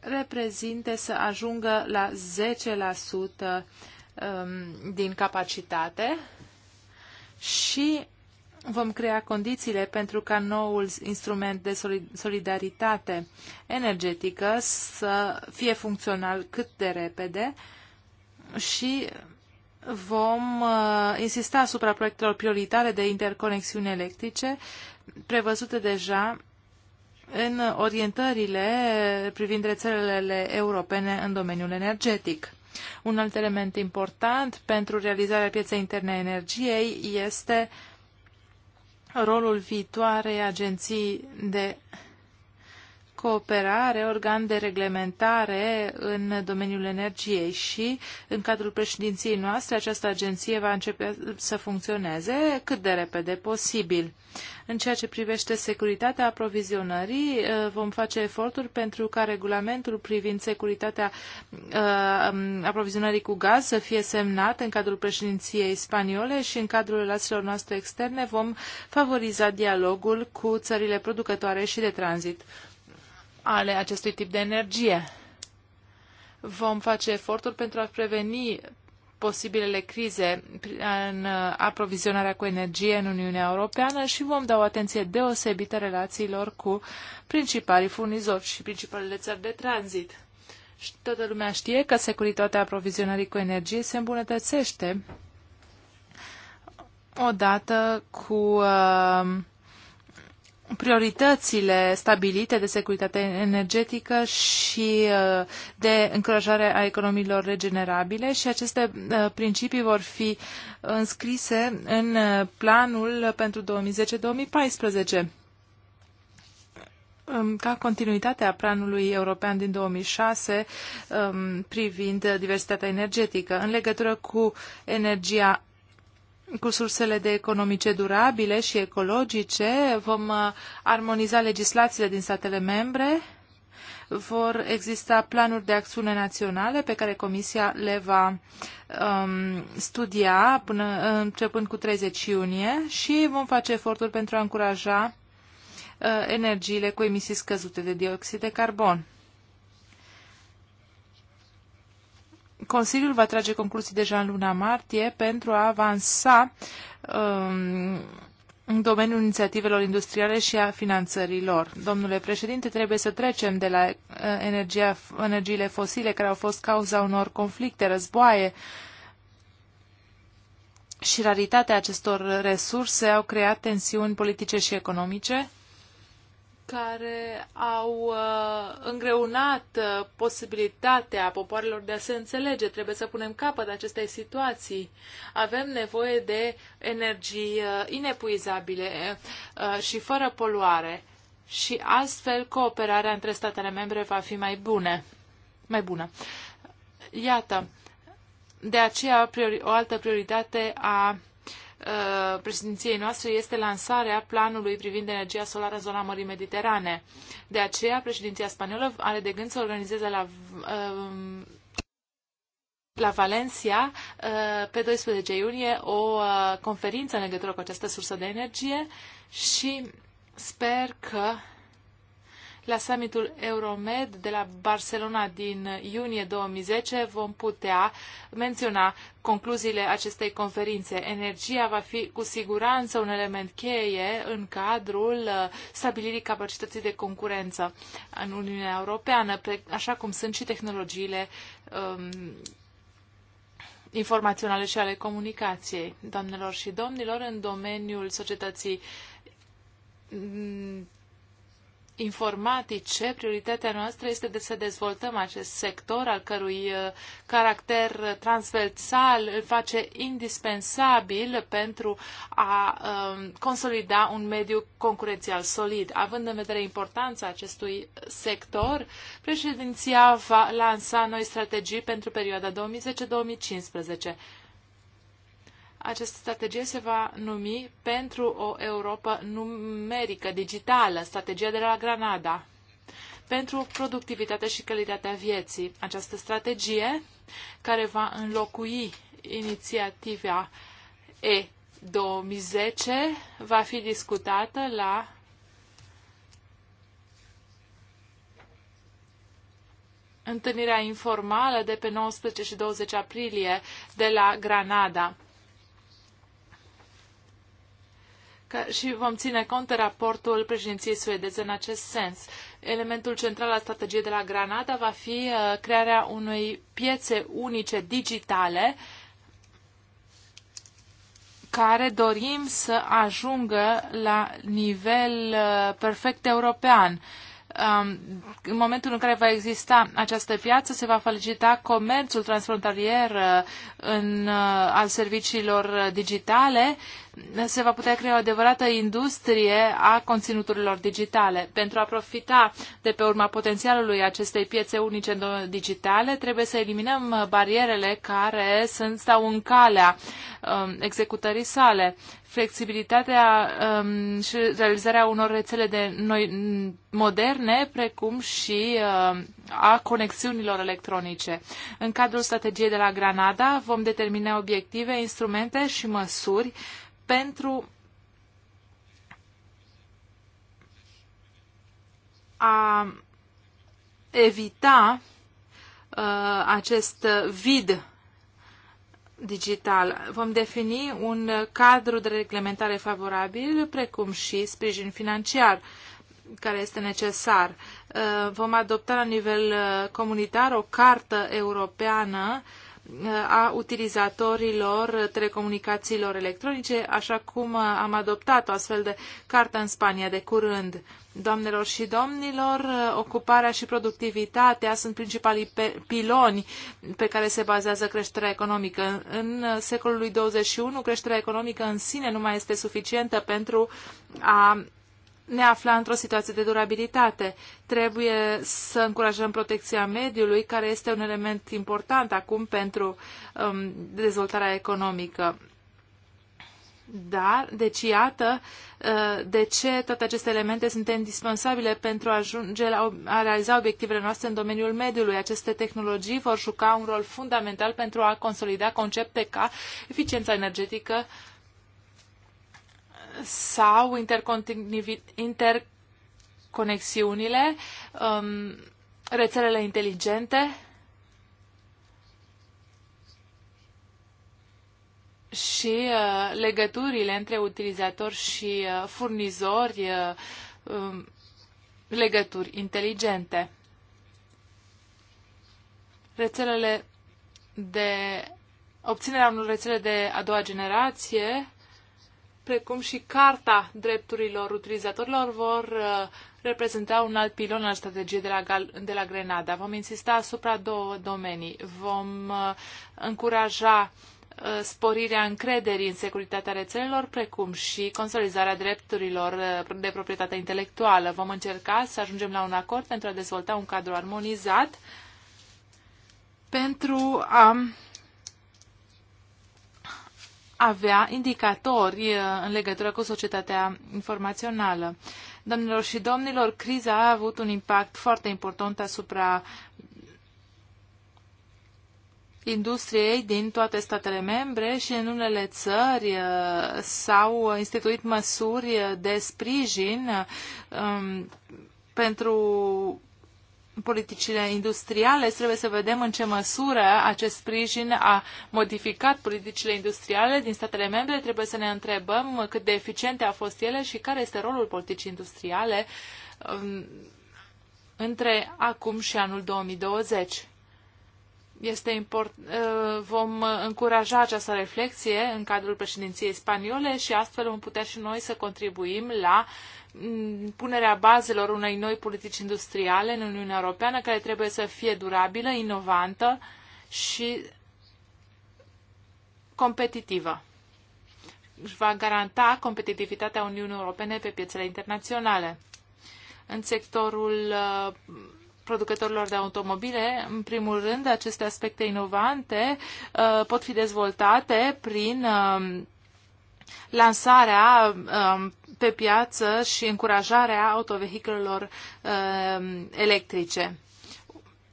[SPEAKER 2] reprezinte, să ajungă la 10% um, din capacitate și vom crea condițiile pentru ca noul instrument de solidaritate energetică să fie funcțional cât de repede și vom uh, insista asupra proiectelor prioritare de interconexiuni electrice prevăzute deja în orientările privind rețelele europene în domeniul energetic. Un alt element important pentru realizarea pieței interne a energiei este rolul viitoarei agenții de cooperare, organ de reglementare în domeniul energiei și în cadrul președinției noastre această agenție va începe să funcționeze cât de repede posibil. În ceea ce privește securitatea aprovizionării, uh, vom face eforturi pentru ca regulamentul privind securitatea uh, um, aprovizionării cu gaz să fie semnat în cadrul președinției spaniole și în cadrul relațiilor noastre externe vom favoriza dialogul cu țările producătoare și de tranzit ale acestui tip de energie. Vom face eforturi pentru a preveni posibilele crize în aprovizionarea cu energie în Uniunea Europeană și vom da o atenție deosebită relațiilor cu principalii furnizori și principalele țări de tranzit. Și toată lumea știe că securitatea aprovizionării cu energie se îmbunătățește odată cu uh, prioritățile stabilite de securitate energetică și uh, de încurajare a economiilor regenerabile și aceste uh, principii vor fi uh, înscrise în planul pentru 2010-2014. Um, ca continuitate a planului european din 2006 um, privind diversitatea energetică, în legătură cu energia cu sursele de economice durabile și ecologice, vom uh, armoniza legislațiile din statele membre, vor exista planuri de acțiune naționale pe care Comisia le va um, studia până, începând cu 30 iunie și vom face eforturi pentru a încuraja uh, energiile cu emisii scăzute de dioxid de carbon. Consiliul va trage concluzii deja în luna martie pentru a avansa um, în domeniul inițiativelor industriale și a finanțării lor. Domnule președinte, trebuie să trecem de la uh, energia, energiile fosile care au fost cauza unor conflicte, războaie și raritatea acestor resurse au creat tensiuni politice și economice care au uh, îngreunat uh, posibilitatea popoarelor de a se înțelege. Trebuie să punem capăt acestei situații. Avem nevoie de energii uh, inepuizabile uh, uh și fără poluare și astfel cooperarea între statele membre va fi mai bune. Mai bună. Iată, de aceea priori, o altă prioritate a Uh, președinției noastre este lansarea planului privind energia solară în zona Mării Mediterane. De aceea, președinția spaniolă are de gând să organizeze la, uh, la Valencia, uh, pe 12 iunie, o conferință în legătură cu această sursă de energie și sper că la summitul Euromed de la Barcelona din iunie 2010 vom putea menționa concluziile acestei conferințe. Energia va fi cu siguranță un element cheie în cadrul uh, stabilirii capacității de concurență în Uniunea Europeană, așa cum sunt și tehnologiile um, informaționale și ale comunicației. Doamnelor și domnilor, în domeniul societății mm, informatice, prioritatea noastră este de să dezvoltăm acest sector al cărui uh, caracter transversal îl face indispensabil pentru a um, consolida un mediu concurențial solid. Având în vedere importanța acestui sector, președinția va lansa noi strategii pentru perioada 2010-2015. Această strategie se va numi pentru o Europa numerică, digitală, strategia de la Granada, pentru productivitatea și calitatea vieții. Această strategie, care va înlocui inițiativa E2010, va fi discutată la întâlnirea informală de pe 19 și 20 aprilie de la Granada. și vom ține cont de raportul președinției suedeze în acest sens. Elementul central al strategiei de la Granada va fi uh, crearea unei piețe unice digitale care dorim să ajungă la nivel uh, perfect european Um, în momentul în care va exista această piață, se va facilita comerțul transfrontalier uh, în, uh, al serviciilor uh, digitale, se va putea crea o adevărată industrie a conținuturilor digitale. Pentru a profita de pe urma potențialului acestei piețe unice digitale, trebuie să eliminăm barierele care sunt stau în calea um, executării sale flexibilitatea um, și realizarea unor rețele de noi moderne, precum și uh, a conexiunilor electronice. În cadrul strategiei de la Granada vom determina obiective, instrumente și măsuri pentru a evita uh, acest vid digital. Vom defini un cadru de reglementare favorabil, precum și sprijin financiar care este necesar. Uh, vom adopta la nivel uh, comunitar o cartă europeană a utilizatorilor telecomunicațiilor electronice, așa cum uh, am adoptat o astfel de carte în Spania de curând. Doamnelor și domnilor, uh, ocuparea și productivitatea sunt principalii pe piloni pe care se bazează creșterea economică. În uh, secolul 21, creșterea economică în sine nu mai este suficientă pentru a ne afla într-o situație de durabilitate. Trebuie să încurajăm protecția mediului, care este un element important acum pentru um, dezvoltarea economică. Dar, deci iată uh, de ce toate aceste elemente sunt indispensabile pentru a ajunge la, a realiza obiectivele noastre în domeniul mediului. Aceste tehnologii vor juca un rol fundamental pentru a consolida concepte ca eficiența energetică, sau interconexiunile, um, rețelele inteligente și uh, legăturile între utilizatori și uh, furnizori, uh, um, legături inteligente. Rețelele de obținerea unor rețele de a doua generație precum și Carta Drepturilor Utilizatorilor vor uh, reprezenta un alt pilon al strategiei de la, Gal- de la Grenada. Vom insista asupra două domenii. Vom uh, încuraja uh, sporirea încrederii în securitatea rețelelor, precum și consolidarea drepturilor de proprietate intelectuală. Vom încerca să ajungem la un acord pentru a dezvolta un cadru armonizat pentru a avea indicatori uh, în legătură cu societatea informațională. Domnilor și domnilor, criza a avut un impact foarte important asupra industriei din toate statele membre și în unele țări uh, s-au instituit măsuri de sprijin um, pentru politicile industriale, trebuie să vedem în ce măsură acest sprijin a modificat politicile industriale din statele membre. Trebuie să ne întrebăm cât de eficiente au fost ele și care este rolul politicii industriale um, între acum și anul 2020. Este import, uh, vom încuraja această reflexie în cadrul președinției spaniole și astfel vom putea și noi să contribuim la uh, Mm, punerea bazelor unei noi politici industriale în Uniunea Europeană, care trebuie să fie durabilă, inovantă și competitivă. Își va garanta competitivitatea Uniunii Europene pe piețele internaționale. În sectorul uh, producătorilor de automobile, în primul rând, aceste aspecte inovante uh, pot fi dezvoltate prin uh, lansarea um, pe piață și încurajarea autovehiculelor um, electrice.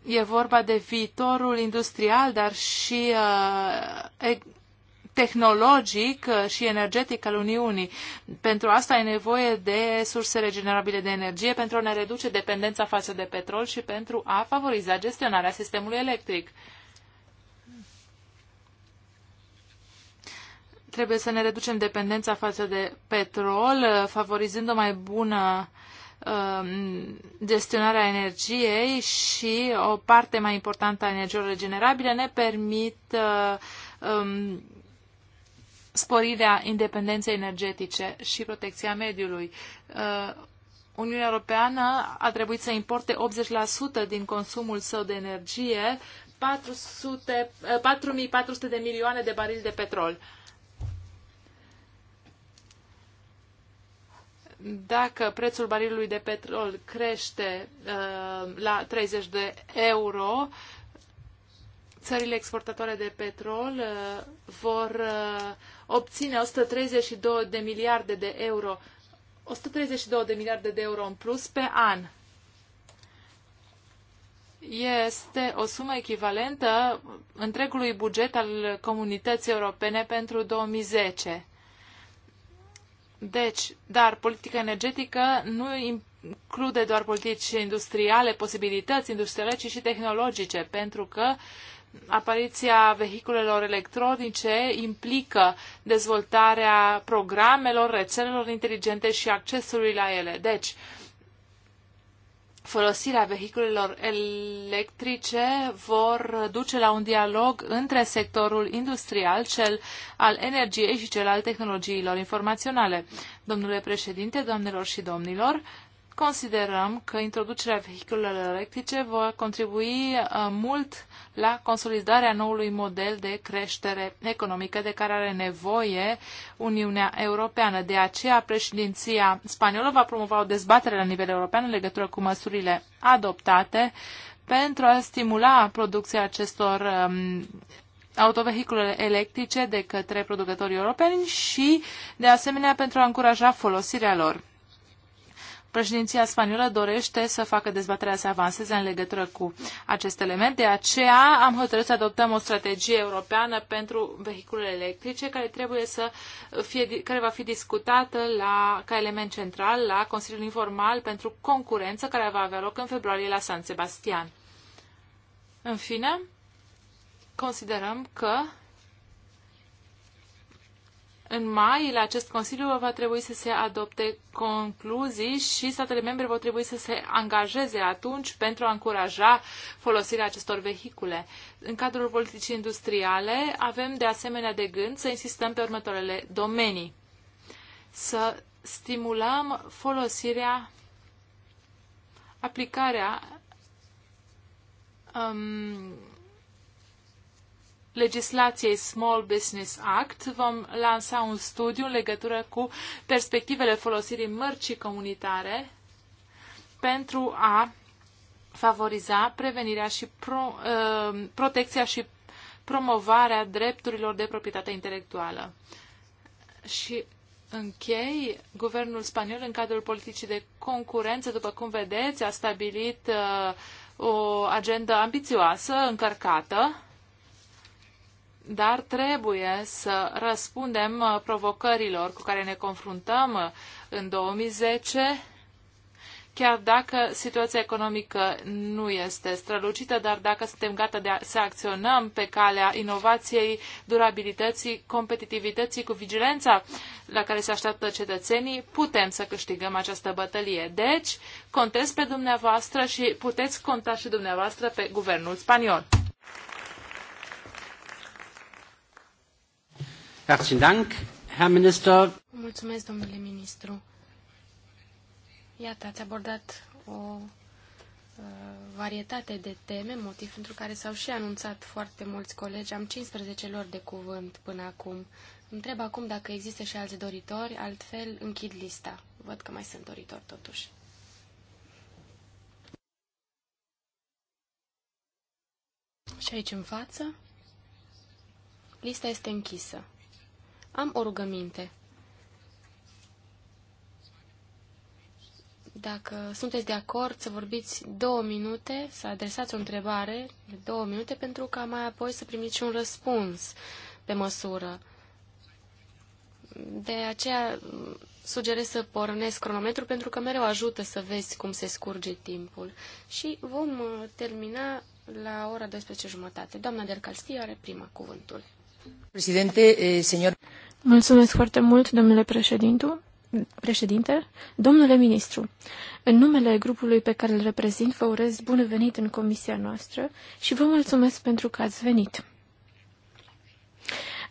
[SPEAKER 2] E vorba de viitorul industrial, dar și uh, tehnologic uh, și energetic al Uniunii. Pentru asta e nevoie de surse regenerabile de energie pentru a ne reduce dependența față de petrol și pentru a favoriza gestionarea sistemului electric. Trebuie să ne reducem dependența față de petrol, uh, favorizând o mai bună uh, gestionarea energiei și o parte mai importantă a energiilor regenerabile ne permit uh, um, sporirea independenței energetice și protecția mediului. Uniunea Europeană a trebuit să importe 80% din consumul său de energie, 400, 4400 de milioane de barili de petrol. dacă prețul barilului de petrol crește uh, la 30 de euro, țările exportatoare de petrol uh, vor uh, obține 132 de miliarde de euro, 132 de miliarde de euro în plus pe an. Este o sumă echivalentă întregului buget al comunității europene pentru 2010 deci, dar politica energetică nu include doar politici industriale, posibilități industriale, ci și tehnologice, pentru că apariția vehiculelor electronice implică dezvoltarea programelor, rețelelor inteligente și accesului la ele. Deci, uh, folosirea vehiculelor electrice vor duce la un dialog între sectorul industrial, cel al energiei și cel al tehnologiilor informaționale. Domnule președinte, doamnelor și domnilor, Considerăm că introducerea vehiculelor electrice va contribui uh, mult la consolidarea noului model de creștere economică de care are nevoie Uniunea Europeană. De aceea, președinția spaniolă va promova o dezbatere la nivel european în legătură cu măsurile adoptate pentru a stimula producția acestor um, autovehicule electrice de către producătorii europeni și, de asemenea, pentru a încuraja folosirea lor. Președinția spaniolă dorește să facă dezbaterea să avanseze în legătură cu acest element. De aceea am hotărât să adoptăm o strategie europeană pentru vehiculele electrice care trebuie să fie, care va fi discutată la, ca element central la Consiliul Informal pentru Concurență care va avea loc în februarie la San Sebastian. În fine, considerăm că în mai, la acest Consiliu va trebui să se adopte concluzii și statele membre vor trebui să se angajeze atunci pentru a încuraja folosirea acestor vehicule. În cadrul politicii industriale avem de asemenea de gând să insistăm pe următoarele domenii. Să stimulăm folosirea, aplicarea um, legislației Small Business Act, vom lansa un studiu în legătură cu perspectivele folosirii mărcii comunitare pentru a favoriza prevenirea și pro, uh, protecția și promovarea drepturilor de proprietate intelectuală. Și închei, guvernul spaniol, în cadrul politicii de concurență, după cum vedeți, a stabilit uh, o agendă ambițioasă, încărcată, dar trebuie să răspundem uh, provocărilor cu care ne confruntăm uh, în 2010, chiar dacă situația economică nu este strălucită, dar dacă suntem gata de a, să acționăm pe calea inovației, durabilității, competitivității cu vigilența la care se așteaptă cetățenii, putem să câștigăm această bătălie. Deci, contez pe dumneavoastră și puteți conta și dumneavoastră pe guvernul spaniol.
[SPEAKER 1] Herzlichen Dank, Herr Minister.
[SPEAKER 3] Mulțumesc, domnule ministru. Iată, ați abordat o uh, varietate de teme, motiv pentru care s-au și anunțat foarte mulți colegi. Am 15 lor de cuvânt până acum. Întreb acum dacă există și alți doritori, altfel închid lista. Văd că mai sunt doritori totuși. Și aici în față, lista este închisă. Am o rugăminte. Dacă sunteți de acord să vorbiți două minute, să adresați o întrebare de două minute, pentru ca mai apoi să primiți și un răspuns pe măsură. De aceea mm, sugerez să pornesc cronometrul pentru că mereu ajută să vezi cum se scurge timpul. Și vom uh, termina la ora 12.30. Doamna Del Castillo are prima cuvântul. Președinte, eh, senior...
[SPEAKER 4] Mulțumesc foarte mult, domnule președinte. Președinte, domnule ministru, în numele grupului pe care îl reprezint, vă urez bun venit în comisia noastră și vă mulțumesc pentru că ați venit.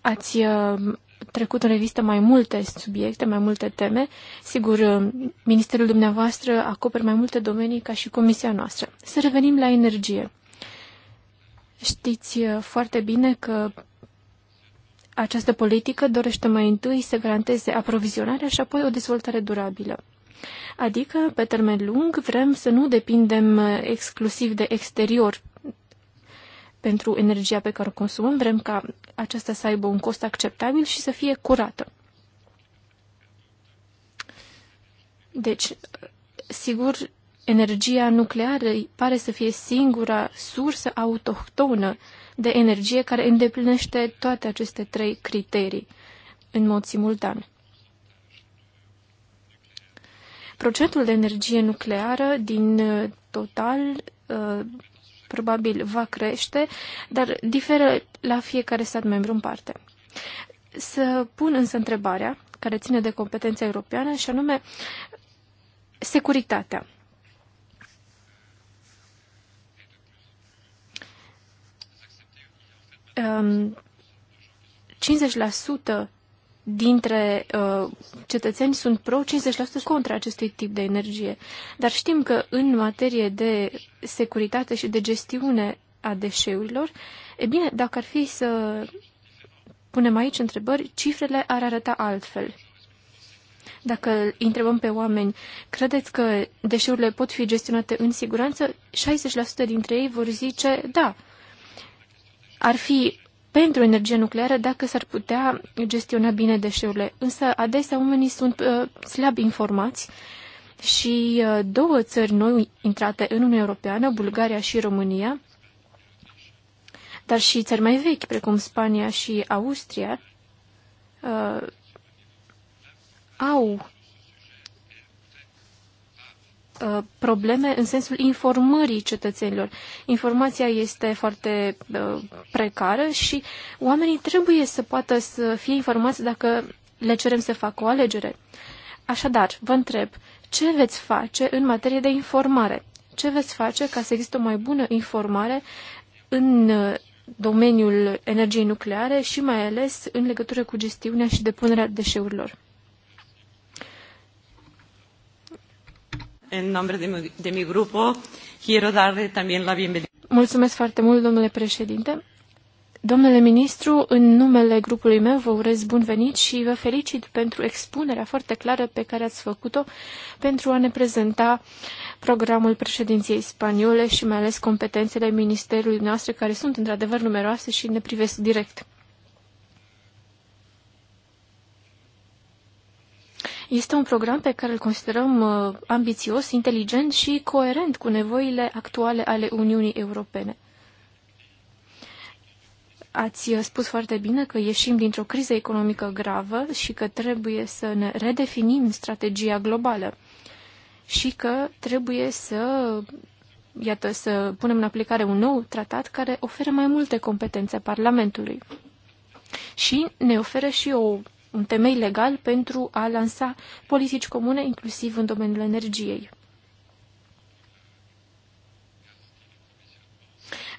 [SPEAKER 4] Ați uh, trecut în revistă mai multe subiecte, mai multe teme. Sigur, uh, ministerul dumneavoastră acoperă mai multe domenii ca și comisia noastră. Să revenim la energie. Știți uh, foarte bine că această politică dorește mai întâi să garanteze aprovizionarea și apoi o dezvoltare durabilă. Adică, pe termen lung, vrem să nu depindem uh, exclusiv de exterior pentru energia pe care o consumăm, vrem ca aceasta să aibă un cost acceptabil și să fie curată. Deci, sigur, energia nucleară pare să fie singura sursă autohtonă uh, de energie care îndeplinește toate aceste trei criterii în mod simultan. Procentul de energie nucleară din uh, total uh, probabil va crește, dar diferă la fiecare stat membru în parte. Să pun însă întrebarea care ține de competența europeană și anume securitatea. um, ehm, 50% dintre uh, cetățeni sunt pro, 50% contra acestui tip de energie. Dar știm că în materie de securitate și de gestiune a deșeurilor, e bine, dacă ar fi să punem aici întrebări, cifrele ar arăta altfel. Dacă întrebăm pe oameni, credeți că deșeurile pot fi gestionate în siguranță? 60% dintre ei vor zice da, ar fi pentru energie nucleară dacă s-ar putea gestiona bine deșeurile. Însă adesea oamenii sunt uh, slab informați și uh, două țări noi intrate în Uniunea Europeană, Bulgaria și România, dar și țări mai vechi, precum Spania și Austria, uh, au Uh, probleme în sensul informării cetățenilor. Informația este foarte uh, precară și oamenii trebuie să poată să fie informați dacă le cerem să facă o alegere. Așadar, vă întreb, ce veți face în materie de informare? Ce veți face ca să există o mai bună informare în uh, domeniul energiei nucleare și mai ales în legătură cu gestiunea și depunerea deșeurilor?
[SPEAKER 3] în nombre de de mi grupo, quiero darle también la bienvenida.
[SPEAKER 4] Mulțumesc foarte mult, domnule președinte. Domnule ministru, în numele grupului meu vă urez bun venit și vă felicit pentru expunerea foarte clară pe care ați făcut-o pentru a ne prezenta programul președinției spaniole și mai ales competențele ministerului noastre, care sunt într-adevăr numeroase și ne privesc direct. Este un program pe care îl considerăm uh, ambițios, inteligent și coerent cu nevoile actuale ale Uniunii Europene. Ați uh, spus foarte bine că ieșim dintr-o criză economică gravă și că trebuie să ne redefinim strategia globală și că trebuie să iată, să punem în aplicare un nou tratat care oferă mai multe competențe Parlamentului. Și ne oferă și o un temei legal pentru a lansa politici comune, inclusiv în domeniul energiei.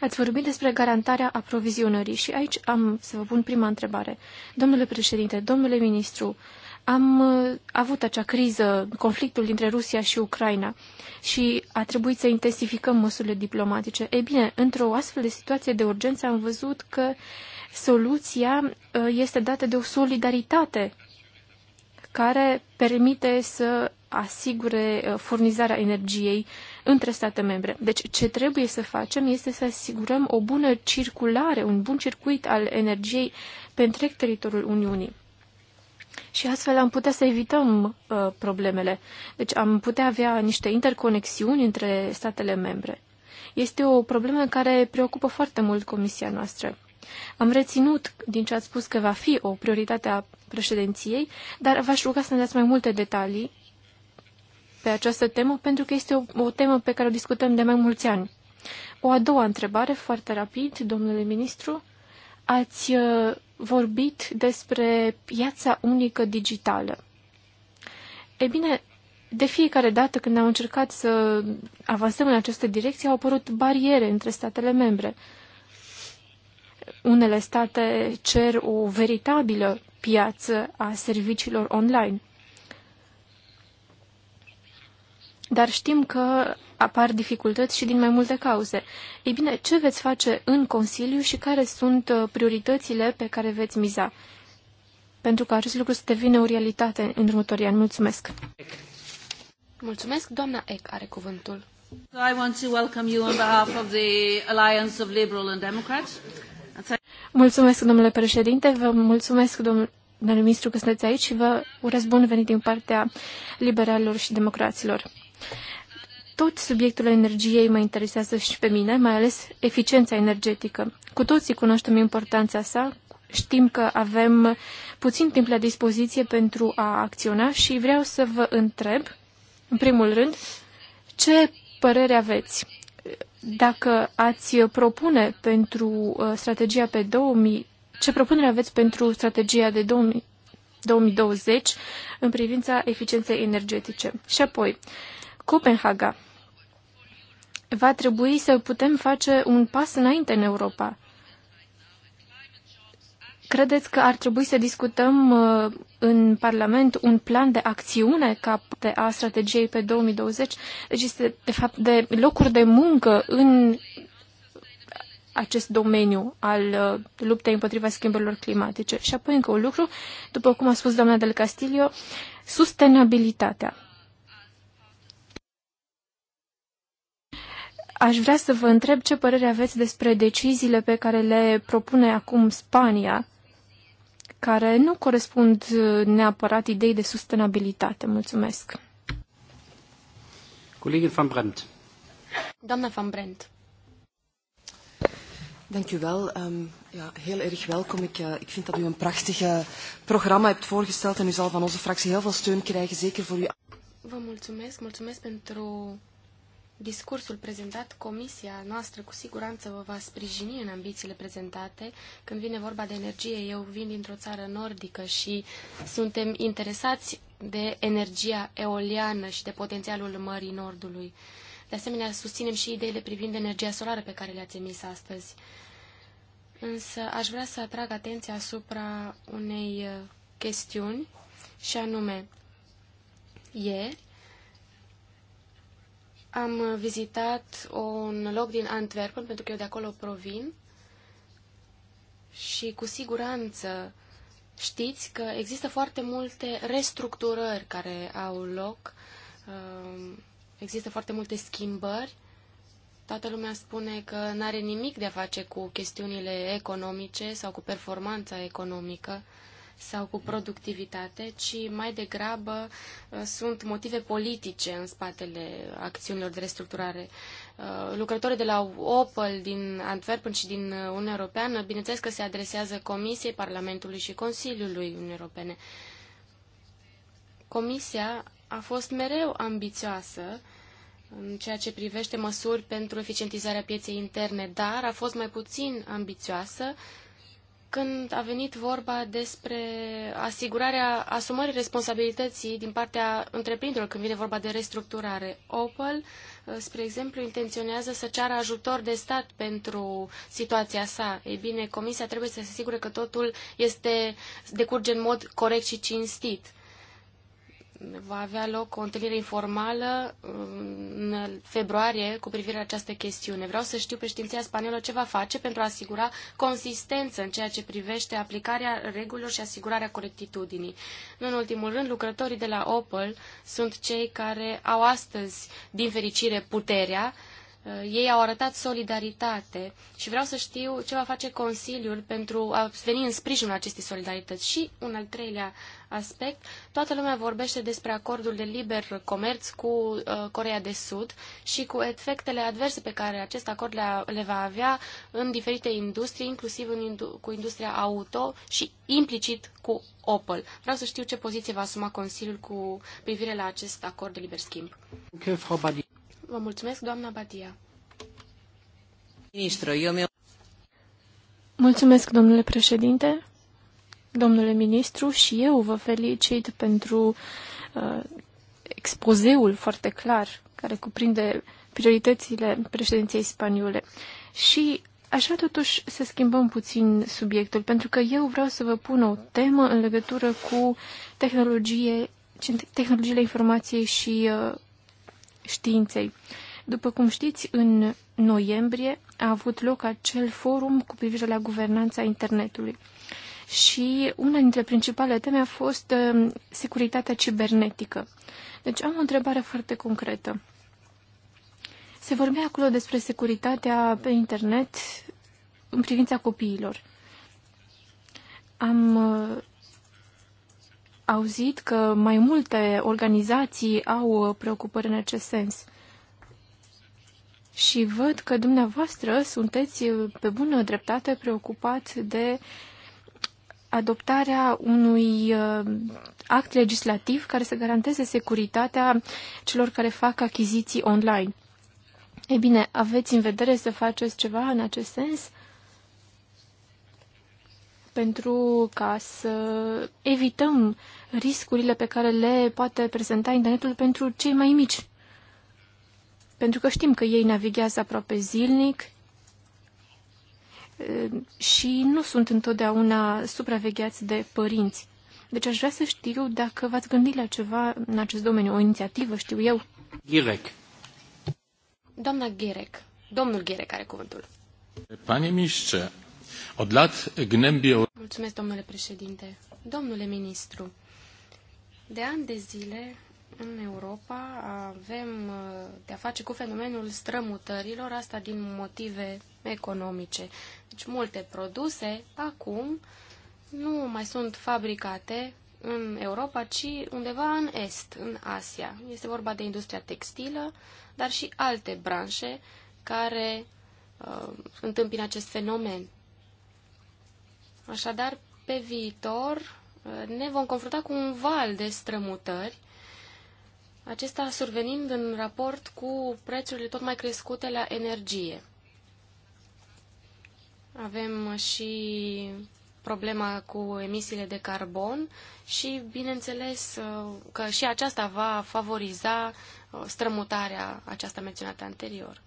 [SPEAKER 4] Ați vorbit despre garantarea aprovizionării și aici am să vă pun prima întrebare. Domnule președinte, domnule ministru, am uh, avut acea criză, conflictul dintre Rusia și Ucraina și a trebuit să intensificăm măsurile diplomatice. Ei bine, într-o astfel de situație de urgență am văzut că uh, Soluția uh, este dată de o solidaritate care permite să asigure uh, furnizarea energiei între state membre. Deci ce trebuie să facem este să asigurăm o bună circulare, un bun circuit al energiei pe întreg teritoriul Uniunii. Și astfel am putea să evităm uh, problemele. Deci am putea avea niște interconexiuni între statele membre. Este o problemă care preocupă foarte mult Comisia noastră. Am reținut din ce ați spus că va fi o prioritate a președinției, dar v-aș ruga să ne dați mai multe detalii pe această temă, pentru că este o, o temă pe care o discutăm de mai mulți ani. O a doua întrebare, foarte rapid, domnule ministru. Ați uh, vorbit despre piața unică digitală. E bine, de fiecare dată când am încercat să avansăm în această direcție, au apărut bariere între statele membre. Uh, unele state cer o veritabilă piață a serviciilor online. Dar știm că apar dificultăți și din mai multe cauze. Ei bine, ce veți face în Consiliu și care sunt uh, prioritățile pe care veți miza? Pentru că acest lucru să devină o realitate în următorii ani. Mulțumesc!
[SPEAKER 3] Mulțumesc, doamna Eck are cuvântul. I want to welcome you on behalf of the Alliance of Liberal and Democrats.
[SPEAKER 4] Mulțumesc, domnule președinte, vă mulțumesc, domnule ministru, că sunteți aici și vă urez bun venit din partea liberalilor și democraților. Tot subiectul energiei mă interesează și pe mine, mai ales eficiența energetică. Cu toții cunoaștem importanța sa, știm că avem puțin timp la dispoziție pentru a acționa și vreau să vă întreb, în primul rând, ce părere aveți? dacă ați propune pentru uh, strategia pe 2000, ce propunere aveți pentru strategia de 2000, 2020 în privința eficienței energetice. Și apoi, Copenhaga. Va trebui să putem face un pas înainte în Europa. Credeți că ar trebui să discutăm uh, în Parlament un plan de acțiune ca parte a strategiei pe 2020? Deci este, de fapt, de locuri de muncă în acest domeniu al uh, luptei împotriva schimbărilor climatice. Și apoi încă un lucru, după cum a spus doamna del Castillo, sustenabilitatea. Aș vrea să vă întreb ce părere aveți despre deciziile pe care le propune acum Spania care nu corespund uh, neapărat idei de sustenabilitate. Mulțumesc.
[SPEAKER 1] Colegul Van Brandt.
[SPEAKER 3] Doamna Van Brandt. Dank u wel. Um, ja, heel erg welkom. Ik, uh, ik vind dat u een prachtig eh, programma hebt
[SPEAKER 2] voorgesteld en u zal van onze fractie heel veel steun krijgen, zeker voor u.
[SPEAKER 3] Vă mulțumesc, mulțumesc pentru discursul prezentat, comisia noastră cu siguranță vă va sprijini în ambițiile prezentate. Când vine vorba de energie, eu vin dintr-o țară nordică și suntem interesați de energia eoliană și de potențialul Mării Nordului. De asemenea, susținem și ideile privind energia solară pe care le-ați emis astăzi. Însă aș vrea să atrag atenția asupra unei uh, chestiuni și anume, ieri am vizitat un loc din Antwerpen, pentru că eu de acolo provin, și cu siguranță știți că există foarte multe restructurări care au loc, um, există foarte multe schimbări. Toată lumea spune că nu are nimic de a face cu chestiunile economice sau cu performanța economică. Uh, sau cu productivitate, ci mai degrabă uh, sunt motive politice în spatele acțiunilor de restructurare. Uh, lucrătorii de la Opel din Antwerpen și din uh, Uniunea Europeană, bineînțeles că se adresează Comisiei, Parlamentului și Consiliului Uniunii Europene. Comisia a fost mereu ambițioasă în ceea ce privește măsuri pentru eficientizarea pieței interne, dar a fost mai puțin ambițioasă când a venit vorba despre asigurarea asumării responsabilității din partea întreprinderilor când vine vorba de restructurare. Opel, uh, spre exemplu, intenționează să ceară ajutor de stat pentru situația sa. Ei bine, comisia trebuie să se asigure că totul este decurge în mod corect și cinstit va avea loc o întâlnire informală în februarie cu privire la această chestiune. Vreau să știu președinția spaniolă ce va face pentru a asigura consistență în ceea ce privește aplicarea regulilor și asigurarea corectitudinii. Nu în ultimul rând, lucrătorii de la Opel sunt cei care au astăzi, din fericire, puterea Eh, ei au arătat solidaritate și vreau să știu ce va face Consiliul pentru a veni în sprijinul acestei solidarități. Și un al treilea aspect, toată lumea vorbește despre acordul de liber comerț cu eh, Corea de Sud și cu efectele adverse pe care acest acord le va avea în diferite industrie, inclusiv în, cu industria auto și implicit cu Opel. Vreau să știu ce poziție va asuma Consiliul cu privire la acest acord de liber schimb. Vă mulțumesc, doamna Batia.
[SPEAKER 1] Ministru, eu mi
[SPEAKER 4] Mulțumesc, domnule președinte, domnule ministru, și eu vă felicit pentru uh, expozeul foarte clar care cuprinde prioritățile președinției spaniole. Și aș vrea totuși să schimbăm puțin subiectul, pentru că eu vreau să vă pun o temă în legătură cu tehnologie, tehnologiile informației și uh, științei. După cum știți, în noiembrie a avut loc acel forum cu privire la guvernanța internetului. Și una dintre principalele teme a fost um, securitatea cibernetică. Deci am o întrebare foarte concretă. Se vorbea acolo despre securitatea pe internet în privința copiilor. Am uh, auzit că mai multe organizații au preocupări în acest sens. Și văd că dumneavoastră sunteți pe bună dreptate preocupat de adoptarea unui uh, act legislativ care să garanteze securitatea celor care fac achiziții online. Ei bine, aveți în vedere să faceți ceva în acest sens? pentru ca să evităm riscurile pe care le poate prezenta internetul pentru cei mai mici. Pentru că știm că ei navighează aproape zilnic și nu sunt întotdeauna supravegheați de părinți. Deci aș vrea să știu dacă v-ați gândit la ceva în acest domeniu, o inițiativă, știu eu.
[SPEAKER 1] Ghirec.
[SPEAKER 3] Doamna Ghirec. Domnul Ghirec are cuvântul.
[SPEAKER 1] Panie mistrze, Od lat gnębi...
[SPEAKER 3] Mulțumesc, domnule președinte. Domnule ministru, de ani de zile în Europa avem uh, de-a face cu fenomenul strămutărilor, asta din motive economice. Deci multe produse acum nu mai sunt fabricate în Europa, ci undeva în Est, în Asia. Este vorba de industria textilă, dar și alte branșe care uh, întâmpină acest fenomen. Așadar, pe viitor uh, ne vom confrunta cu un val de strămutări, acesta survenind în raport cu prețurile tot mai crescute la energie. Avem și problema cu emisiile de carbon și, bineînțeles, uh, că și aceasta va favoriza uh, strămutarea aceasta menționată anterior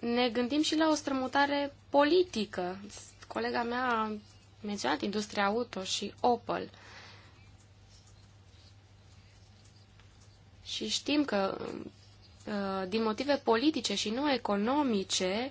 [SPEAKER 3] ne gândim și la o strămutare politică. Colega mea a menționat industria auto și Opel. Și știm că uh, din motive politice și nu economice, uh,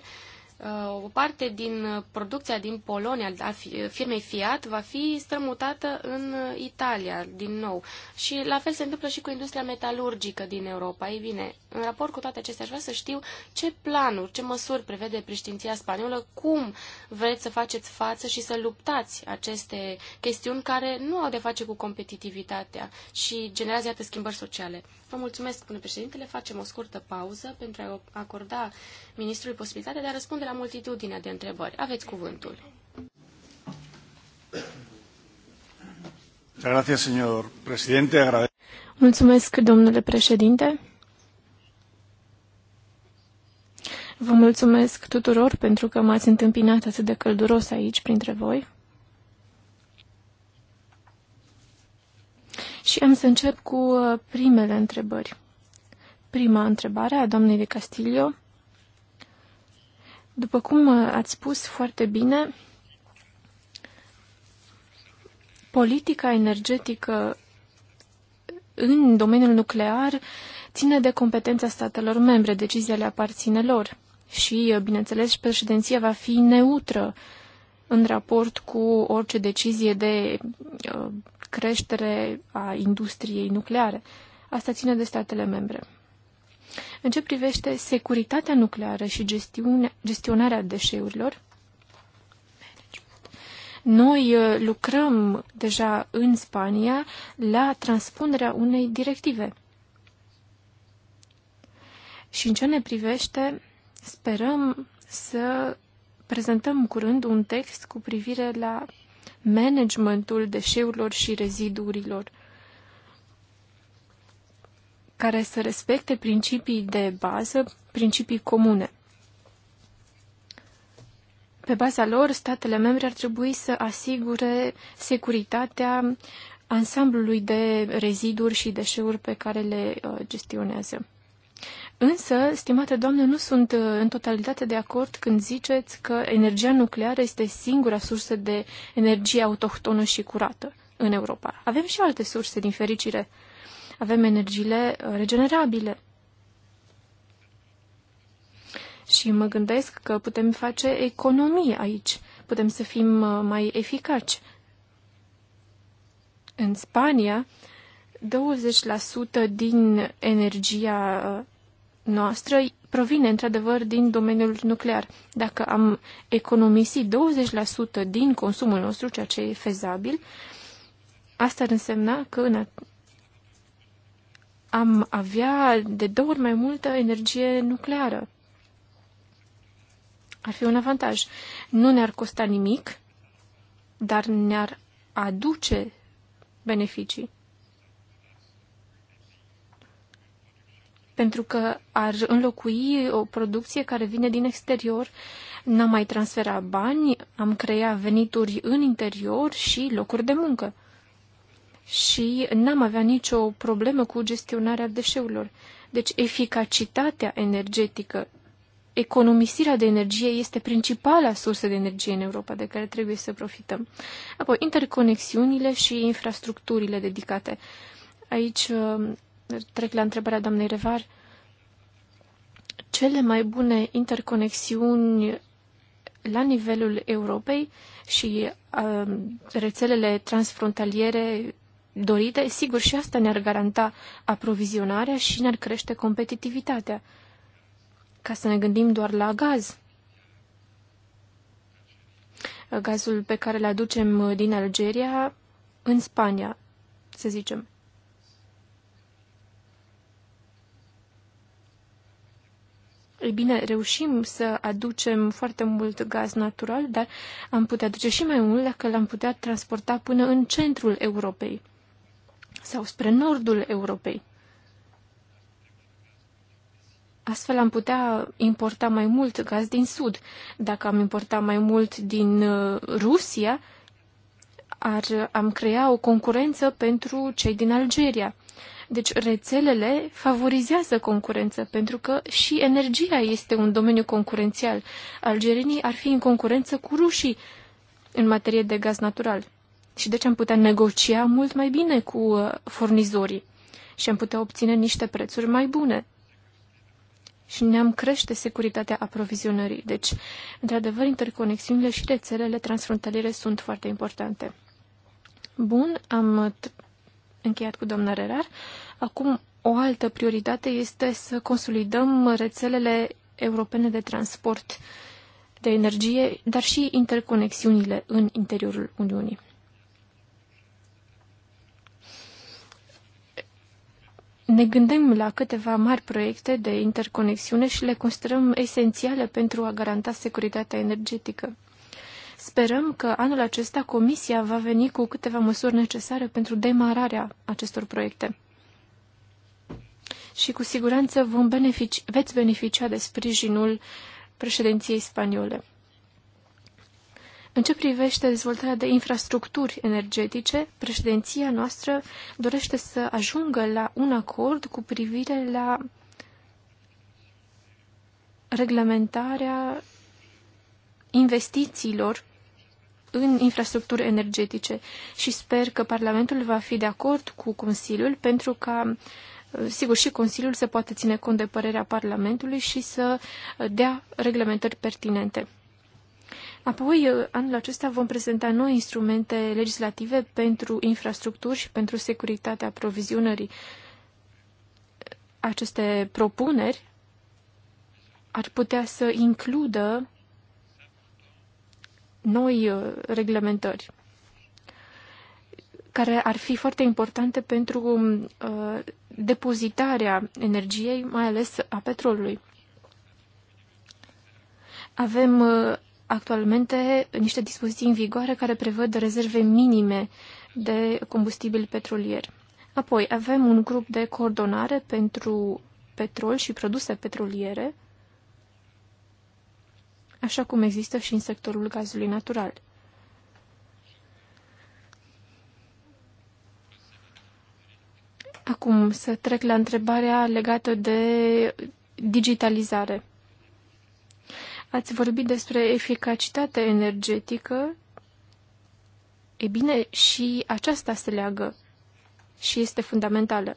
[SPEAKER 3] Uh, o parte din producția din Polonia a firmei Fiat va fi strămutată în Italia din nou. Și la fel se întâmplă și cu industria metalurgică din Europa. Ei bine, în raport cu toate acestea, aș vrea să știu ce planuri, ce măsuri prevede preștinția spaniolă, cum vreți să faceți față și să luptați aceste chestiuni care nu au de face cu competitivitatea și generează, iată, schimbări sociale. Vă mulțumesc, până președintele, facem o scurtă pauză pentru a acorda ministrului posibilitatea de a răspunde la la multitudine de întrebări. Aveți cuvântul.
[SPEAKER 4] Mulțumesc, domnule președinte. Vă mulțumesc tuturor pentru că m-ați întâmpinat atât de călduros aici printre voi. Și am să încep cu uh, primele întrebări. Prima întrebare a doamnei de Castilio după cum uh, ați spus foarte bine, politica energetică în domeniul nuclear ține de competența statelor membre, deciziile aparține lor. Și, uh, bineînțeles, președinția va fi neutră în raport cu orice decizie de uh, creștere a industriei nucleare. Asta ține de statele membre. În ce privește securitatea nucleară și gestionarea deșeurilor, noi uh, lucrăm deja în Spania la transpunerea unei directive. Și în ce ne privește, sperăm să prezentăm curând un text cu privire la managementul deșeurilor și reziduurilor care să respecte principii de bază, principii comune. Pe baza lor, statele membre ar trebui să asigure securitatea ansamblului de reziduri și deșeuri pe care le uh, gestionează. Însă, stimate doamne, nu sunt uh, în totalitate de acord când ziceți că energia nucleară este singura sursă de energie autohtonă și curată în Europa. Avem și alte surse, din fericire avem energiile uh, regenerabile. Și mă gândesc că putem face economii aici, putem să fim uh, mai eficaci. În Spania, 20% din energia uh, noastră provine într-adevăr din domeniul nuclear. Dacă am economisit 20% din consumul nostru, ceea ce e fezabil, asta ar însemna că am avea de două ori mai multă energie nucleară. Ar fi un avantaj. Nu ne-ar costa nimic, dar ne-ar aduce beneficii. Pentru că ar înlocui o producție care vine din exterior, n-am mai transfera bani, am creat venituri în interior și locuri de muncă și n-am avea nicio problemă cu gestionarea deșeurilor. Deci eficacitatea energetică, economisirea de energie este principala sursă de energie în Europa de care trebuie să profităm. Apoi, interconexiunile și infrastructurile dedicate. Aici uh, trec la întrebarea doamnei Revar. Cele mai bune interconexiuni la nivelul Europei și uh, rețelele transfrontaliere dorite, sigur și asta ne-ar garanta aprovizionarea și ne-ar crește competitivitatea. Ca să ne gândim doar la gaz. Gazul pe care le aducem din Algeria în Spania, să zicem. Ei bine, reușim să aducem foarte mult gaz natural, dar am putea aduce și mai mult dacă l-am putea transporta până în centrul Europei sau spre nordul Europei. Astfel am putea importa mai mult gaz din sud. Dacă am importa mai mult din uh, Rusia, ar, am crea o concurență pentru cei din Algeria. Deci rețelele favorizează concurență, pentru că și energia este un domeniu concurențial. Algerinii ar fi în concurență cu rușii în materie de gaz natural și deci am putea negocia mult mai bine cu uh, furnizorii și am putea obține niște prețuri mai bune. Și ne-am crește securitatea aprovizionării. Deci, într-adevăr, interconexiunile și rețelele transfrontaliere sunt foarte importante. Bun, am încheiat cu doamna Rerar. Acum, o altă prioritate este să consolidăm rețelele europene de transport de energie, dar și interconexiunile în interiorul Uniunii. ne gândim la câteva mari proiecte de interconexiune și le considerăm esențiale pentru a garanta securitatea energetică. Sperăm că anul acesta Comisia va veni cu câteva măsuri necesare pentru demararea acestor proiecte. Și cu siguranță vom benefici, veți beneficia de sprijinul președinției spaniole. În ce privește dezvoltarea de infrastructuri energetice, președinția noastră dorește să ajungă la un acord cu privire la reglementarea investițiilor în infrastructuri energetice și sper că Parlamentul va fi de acord cu Consiliul pentru ca, sigur, și Consiliul să poată ține cont de părerea Parlamentului și să dea reglementări pertinente. Apoi, uh, anul acesta vom prezenta noi instrumente legislative pentru infrastructuri și pentru securitatea aprovizionării. Aceste propuneri ar putea să includă noi uh, reglementări care ar fi foarte importante pentru uh, depozitarea energiei, mai ales a petrolului. Avem uh, actualmente niște dispoziții în vigoare care prevăd rezerve minime de combustibil petrolier. Apoi avem un grup de coordonare pentru petrol și produse petroliere, așa cum există și în sectorul gazului natural. Acum să trec la întrebarea legată de digitalizare. Ați vorbit despre eficacitate energetică. E bine, și aceasta se leagă și este fundamentală.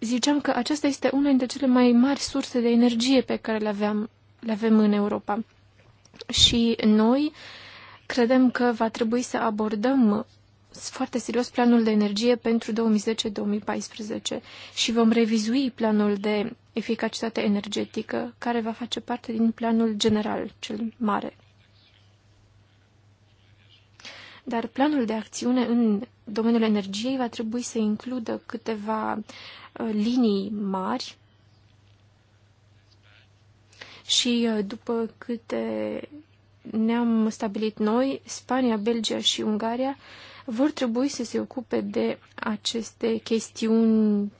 [SPEAKER 4] Ziceam că aceasta este una dintre cele mai mari surse de energie pe care le, aveam, le avem în Europa. Și noi credem că va trebui să abordăm foarte serios planul de energie pentru 2010-2014 și vom revizui planul de eficacitate energetică, care va face parte din planul general, cel mare. Dar planul de acțiune în domeniul energiei va trebui să includă câteva uh, linii mari și uh, după câte ne-am stabilit noi, Spania, Belgia și Ungaria vor trebui să se ocupe de aceste chestiuni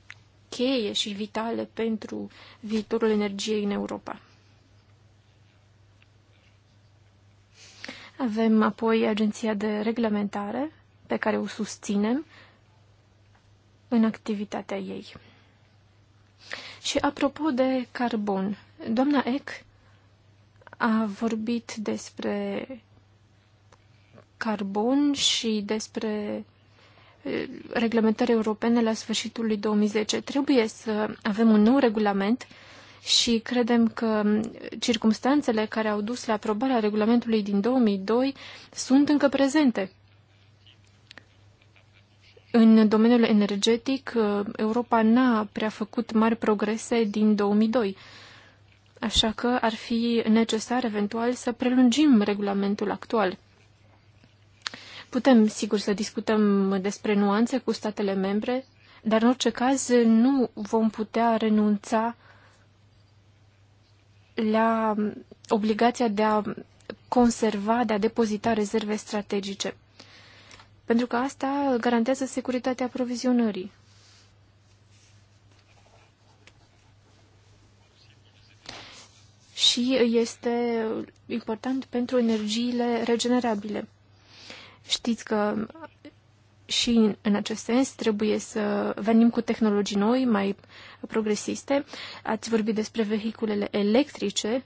[SPEAKER 4] cheie și vitale pentru viitorul energiei în Europa. Avem apoi agenția de reglementare pe care o susținem în activitatea ei. Și apropo de carbon, doamna Eck a vorbit despre carbon și despre reglementări europene la sfârșitul lui 2010. Trebuie să avem un nou regulament și credem că circumstanțele care au dus la aprobarea regulamentului din 2002 sunt încă prezente. În domeniul energetic, Europa n-a prea făcut mari progrese din 2002, așa că ar fi necesar eventual să prelungim regulamentul actual. Putem, sigur, să discutăm despre nuanțe cu statele membre, dar în orice caz nu vom putea renunța la obligația de a conserva, de a depozita rezerve strategice. Pentru că asta garantează securitatea aprovizionării. Și este important pentru energiile regenerabile. Știți că și în acest sens trebuie să venim cu tehnologii noi, mai progresiste. Ați vorbit despre vehiculele electrice,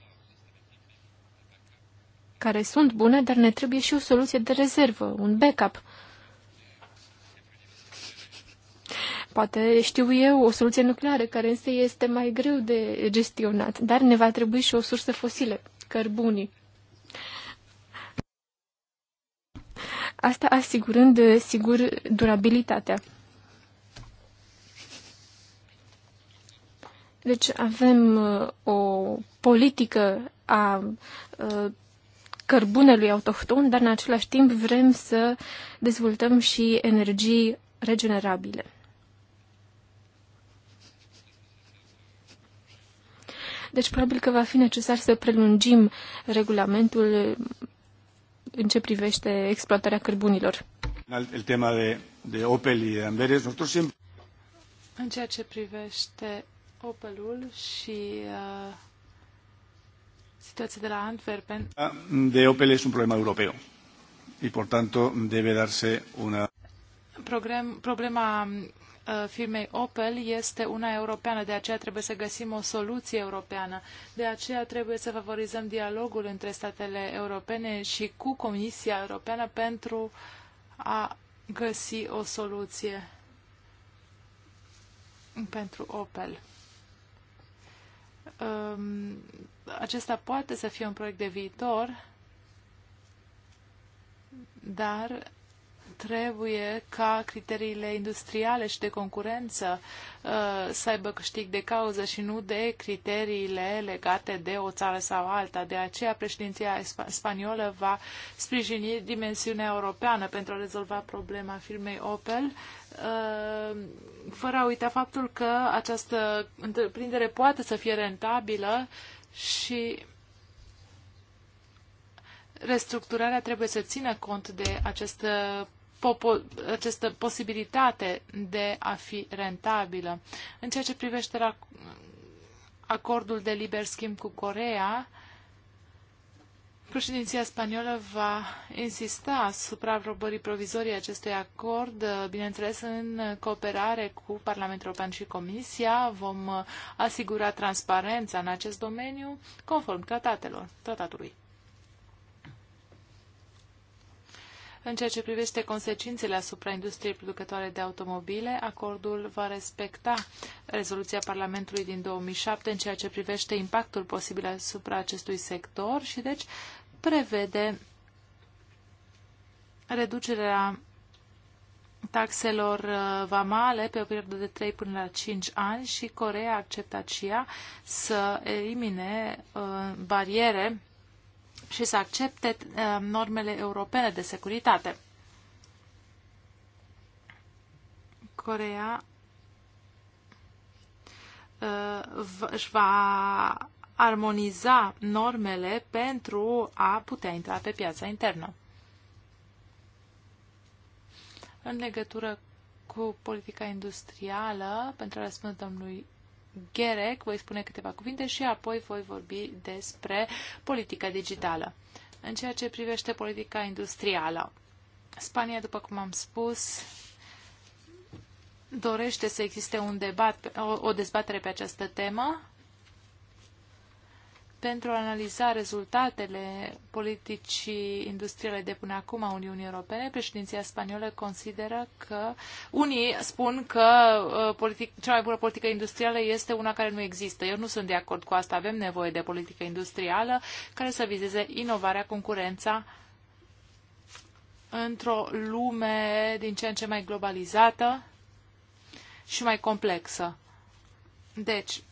[SPEAKER 4] care sunt bune, dar ne trebuie și o soluție de rezervă, un backup. Poate știu eu o soluție nucleară, care însă este mai greu de gestionat, dar ne va trebui și o sursă fosile, cărbunii. Asta asigurând, eh, sigur, durabilitatea. Deci avem eh, o politică a eh, cărbunelui autohton, dar în același timp vrem să dezvoltăm și energii regenerabile. Deci probabil că va fi necesar să prelungim regulamentul în ce privește exploatarea cărbunilor.
[SPEAKER 1] El tema de, de Opel y Amberes, nosotros siempre...
[SPEAKER 2] În ceea ce privește Opelul și uh, situația de la Antwerpen...
[SPEAKER 1] De Opel este un problema europeo și, por tanto debe darse una...
[SPEAKER 2] problema Uh, firmei Opel este una europeană, de aceea trebuie să găsim o soluție europeană. De aceea trebuie să favorizăm dialogul între statele europene și cu Comisia Europeană pentru a găsi o soluție pentru Opel. Um, acesta poate să fie un proiect de viitor, dar trebuie ca criteriile industriale și de concurență uh, să aibă câștig de cauză și nu de criteriile legate de o țară sau alta. De aceea președinția spaniolă va sprijini dimensiunea europeană pentru a rezolva problema firmei Opel, uh, fără a uita faptul că această întreprindere poate să fie rentabilă și restructurarea trebuie să țină cont de această această posibilitate de a fi rentabilă. În ceea ce privește acordul de liber schimb cu Corea, Președinția spaniolă va insista asupra aprobării provizorii acestui acord, bineînțeles în cooperare cu Parlamentul European și Comisia. Vom asigura transparența în acest domeniu conform tratatelor, tratatului. În ceea ce privește consecințele asupra industriei producătoare de automobile, acordul va respecta rezoluția Parlamentului din 2007 în ceea ce privește impactul posibil asupra acestui sector și deci prevede reducerea taxelor uh, vamale pe o perioadă de 3 până la 5 ani și Corea a acceptat și ea să elimine uh, bariere și să accepte uh, normele europene de securitate. Corea uh, își va armoniza normele pentru a putea intra pe piața internă. În legătură cu politica industrială, pentru a răspunde domnului Gerec, voi spune câteva cuvinte și apoi voi vorbi despre politica digitală. În ceea ce privește politica industrială, Spania, după cum am spus, dorește să existe un debat, o, o dezbatere pe această temă pentru a analiza rezultatele politicii industriale de până acum a Uniunii Europene, președinția spaniolă consideră că unii spun că uh, politic, cea mai bună politică industrială este una care nu există. Eu nu sunt de acord cu asta. Avem nevoie de politică industrială care să vizeze inovarea, concurența într-o lume din ce în ce mai globalizată și mai complexă. Deci,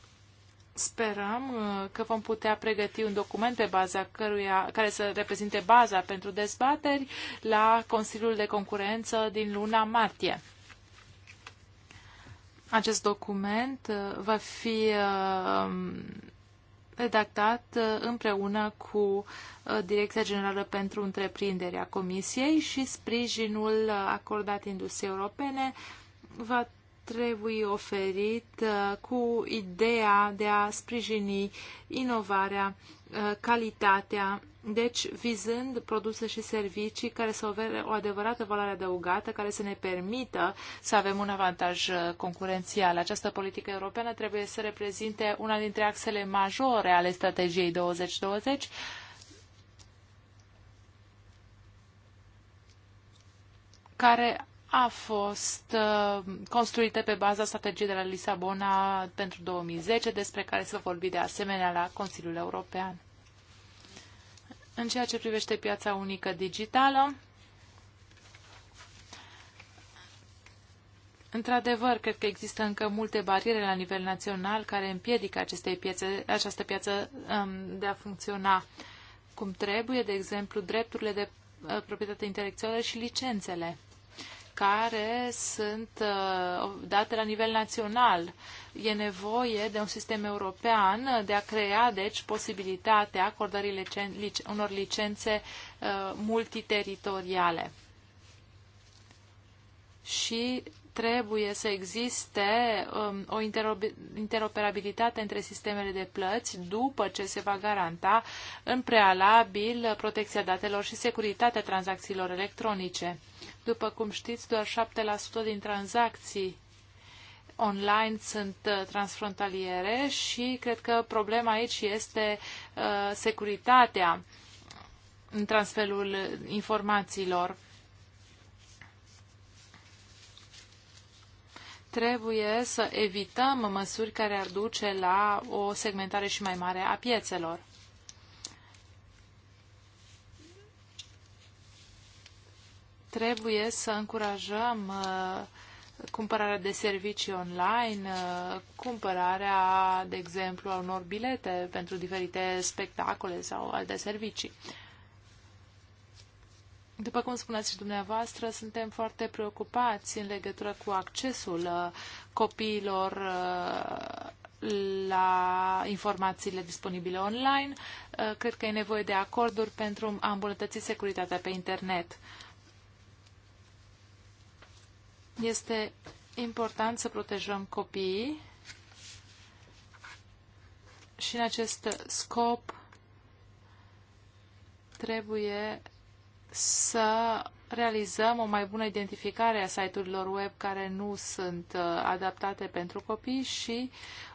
[SPEAKER 2] Sperăm uh, că vom putea pregăti un document pe baza căruia, care să reprezinte baza pentru dezbateri la Consiliul de Concurență din luna martie. Acest document uh, va fi uh, redactat împreună cu Direcția Generală pentru Întreprindere a Comisiei și sprijinul acordat industriei europene va trebuie oferit uh, cu ideea de a sprijini inovarea, uh, calitatea, deci vizând produse și servicii care să ofere o adevărată valoare adăugată, care să ne permită să avem un avantaj uh, concurențial. Această politică europeană trebuie să reprezinte una dintre axele majore ale strategiei 2020, care a fost uh, construită pe baza strategiei de la Lisabona pentru 2010, despre care se va vorbi de asemenea la Consiliul European. În ceea ce privește piața unică digitală, Într-adevăr, cred că există încă multe bariere la nivel național care împiedică aceste piețe, această piață um, de a funcționa cum trebuie, de exemplu, drepturile de uh, proprietate intelectuală și licențele care sunt uh, date la nivel național. E nevoie de un sistem european de a crea, deci, posibilitatea acordării licen unor licențe uh, multiteritoriale. Și trebuie să existe um, o interoperabilitate între sistemele de plăți după ce se va garanta în prealabil protecția datelor și securitatea tranzacțiilor electronice. După cum știți, doar 7% din tranzacții online sunt uh, transfrontaliere și cred că problema aici este uh, securitatea în transferul informațiilor trebuie să evităm măsuri care ar duce la o segmentare și mai mare a piețelor. Trebuie să încurajăm uh, cumpărarea de servicii online, uh, cumpărarea, de exemplu, a unor bilete pentru diferite spectacole sau alte servicii. După cum spuneați și dumneavoastră, suntem foarte preocupați în legătură cu accesul uh, copiilor uh, la informațiile disponibile online. Uh, cred că e nevoie de acorduri pentru a îmbunătăți securitatea pe internet. Este important să protejăm copiii și în acest scop trebuie să realizăm o mai bună identificare a site-urilor web care nu sunt uh, adaptate pentru copii și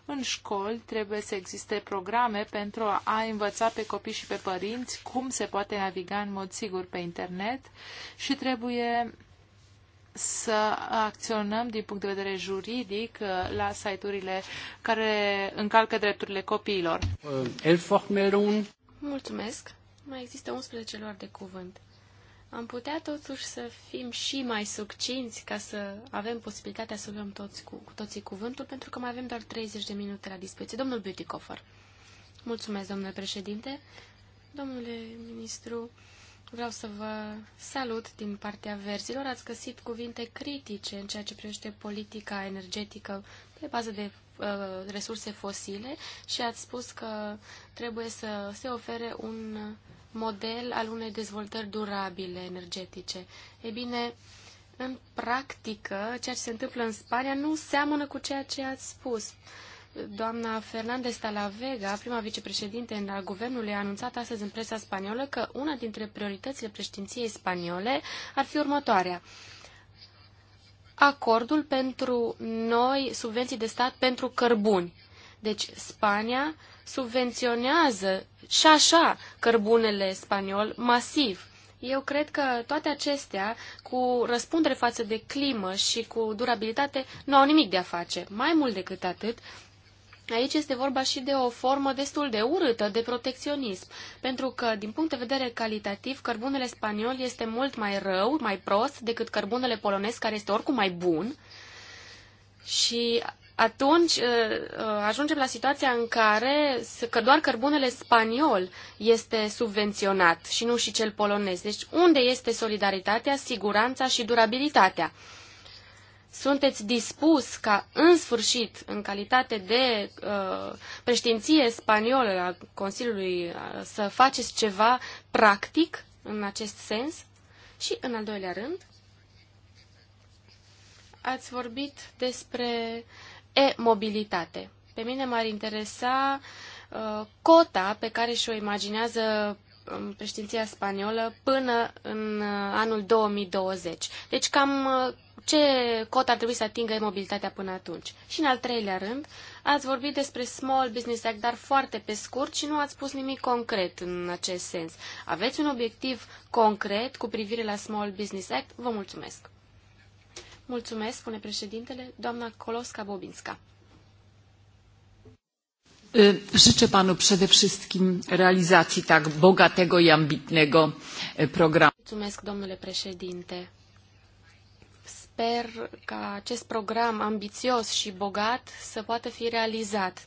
[SPEAKER 2] în școli trebuie să existe programe pentru a învăța pe copii și pe părinți cum se poate naviga în mod sigur pe internet și trebuie să acționăm din punct de vedere juridic uh, la site-urile care încalcă drepturile copiilor.
[SPEAKER 1] Mulțumesc!
[SPEAKER 3] Mai există 11 luări de cuvânt. Am putea totuși să fim și mai succinți ca să avem posibilitatea să luăm toți cu, cu toții cuvântul, pentru că mai avem doar 30 de minute la dispoziție. Domnul Beautycofer. Mulțumesc, domnule președinte. Domnule ministru, vreau să vă salut din partea verzilor. Ați găsit cuvinte critice în ceea ce privește politica energetică pe bază de uh, resurse fosile și ați spus că trebuie să se ofere un uh, model al unei dezvoltări durabile energetice. E bine, în practică, ceea ce se întâmplă în Spania nu seamănă cu ceea ce ați spus. Doamna Fernández Talavega, prima vicepreședinte al guvernului, a anunțat astăzi în presa spaniolă că una dintre prioritățile președinției spaniole ar fi următoarea. Acordul pentru noi subvenții de stat pentru cărbuni. Deci Spania subvenționează și așa cărbunele spaniol masiv. Eu cred că toate acestea, cu răspundere față de climă și cu durabilitate, nu au nimic de a face. Mai mult decât atât, Aici este vorba și de o formă destul de urâtă de protecționism, pentru că, din punct de vedere calitativ, cărbunele spaniol este mult mai rău, mai prost, decât cărbunele polonez, care este oricum mai bun. Și atunci ă, ă, ajungem la situația în care că doar cărbunele spaniol este subvenționat și nu și cel polonez. Deci unde este solidaritatea, siguranța și durabilitatea? Sunteți dispus ca în sfârșit, în calitate de uh, ă, președinție spaniolă a Consiliului, uh, să faceți ceva practic în acest sens? Și în al doilea rând, ați vorbit despre uh, e-mobilitate. Pe mine m-ar interesa uh, cota pe care și-o imaginează um, preștinția spaniolă până în uh, anul 2020. Deci cam uh, ce cota ar trebui să atingă mobilitatea până atunci. Și în al treilea rând, ați vorbit despre Small Business Act, dar foarte pe scurt și nu ați spus nimic concret în acest sens. Aveți un obiectiv concret cu privire la Small Business Act? Vă mulțumesc! Mulțumesc, spune președintele, doamna Koloska-Bobinska.
[SPEAKER 2] Życzę panu przede wszystkim realizacji tak bogatego i ambitnego programu.
[SPEAKER 3] Mulțumesc, domnule președinte. Sper ca acest program ambițios și bogat să poată fi realizat.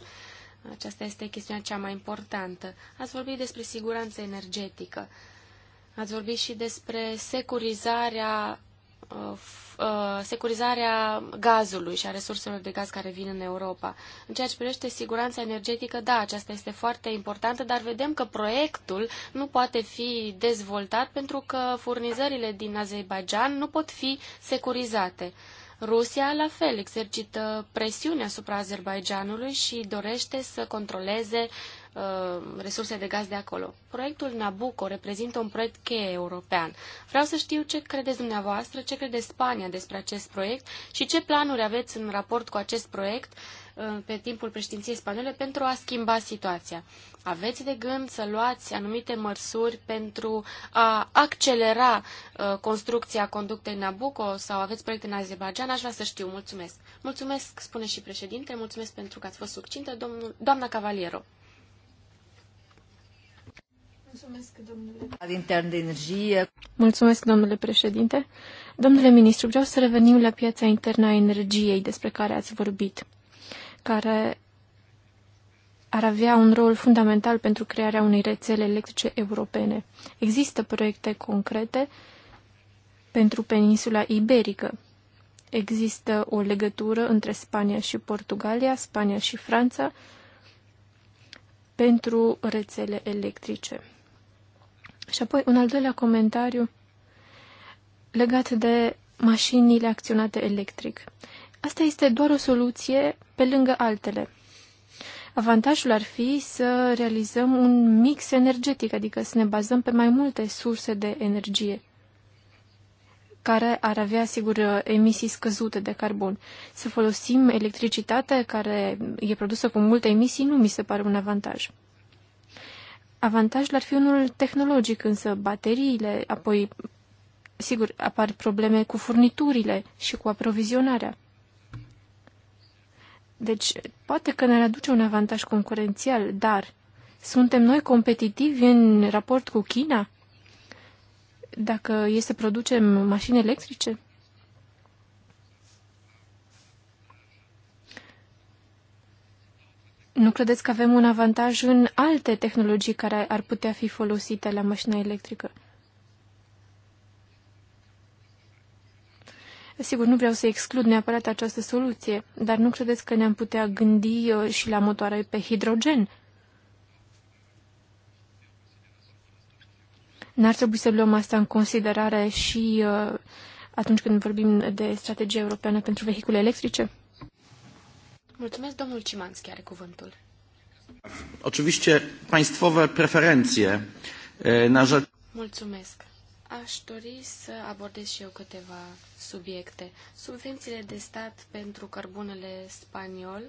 [SPEAKER 3] Aceasta este chestiunea cea mai importantă. Ați vorbit despre siguranță energetică. Ați vorbit și despre securizarea Uh, securizarea gazului și a resurselor de gaz care vin în Europa. În ceea ce privește siguranța energetică, da, aceasta este foarte importantă, dar vedem că proiectul nu poate fi dezvoltat pentru că furnizările din Azerbaijan nu pot fi securizate. Rusia, la fel, exercită presiune asupra Azerbaijanului și dorește să controleze Uh, resurse de gaz de acolo. Proiectul Nabucco reprezintă un proiect cheie european. Vreau să știu ce credeți dumneavoastră, ce crede Spania despre acest proiect și ce planuri aveți în raport cu acest proiect uh, pe timpul președinției spaniole pentru a schimba situația. Aveți de gând să luați anumite măsuri pentru a accelera uh, construcția conductei Nabucco sau aveți proiecte în Azerbaijan? Aș vrea să știu. Mulțumesc. Mulțumesc, spune și președinte, mulțumesc pentru că ați fost succintă, domnul, doamna Cavaliero. Mulțumesc, domnule.
[SPEAKER 4] Intern de energie. Mulțumesc, domnule președinte. Domnule ministru, vreau să revenim la piața internă a energiei despre care ați vorbit, care ar avea un rol fundamental pentru crearea unei rețele electrice europene. Există proiecte concrete pentru peninsula iberică. Există o legătură între Spania și Portugalia, Spania și Franța pentru rețele electrice. Și apoi un al doilea comentariu legat de mașinile acționate electric. Asta este doar o soluție pe lângă altele. Avantajul ar fi să realizăm un mix energetic, adică să ne bazăm pe mai multe surse de energie care ar avea, sigur, emisii scăzute de carbon. Să folosim electricitate care e produsă cu multe emisii nu mi se pare un avantaj. Avantajul ar fi unul tehnologic, însă bateriile, apoi, sigur, apar probleme cu furniturile și cu aprovizionarea. Deci, poate că ne aduce un avantaj concurențial, dar suntem noi competitivi în raport cu China? Dacă e să producem mașini electrice? Nu credeți că avem un avantaj în alte tehnologii care ar putea fi folosite la mașina electrică? Sigur, nu vreau să exclud neapărat această soluție, dar nu credeți că ne-am putea gândi uh, și la motoare pe hidrogen? N-ar trebui să luăm asta în considerare și uh, atunci când vorbim de strategia europeană pentru vehicule electrice?
[SPEAKER 3] Mulțumesc, domnul Cimanski are cuvântul.
[SPEAKER 1] Oczywiście państwowe preferencje na rzecz...
[SPEAKER 3] Mulțumesc. Aș dori să abordez și eu câteva subiecte. Subvențiile de stat pentru cărbunele spaniol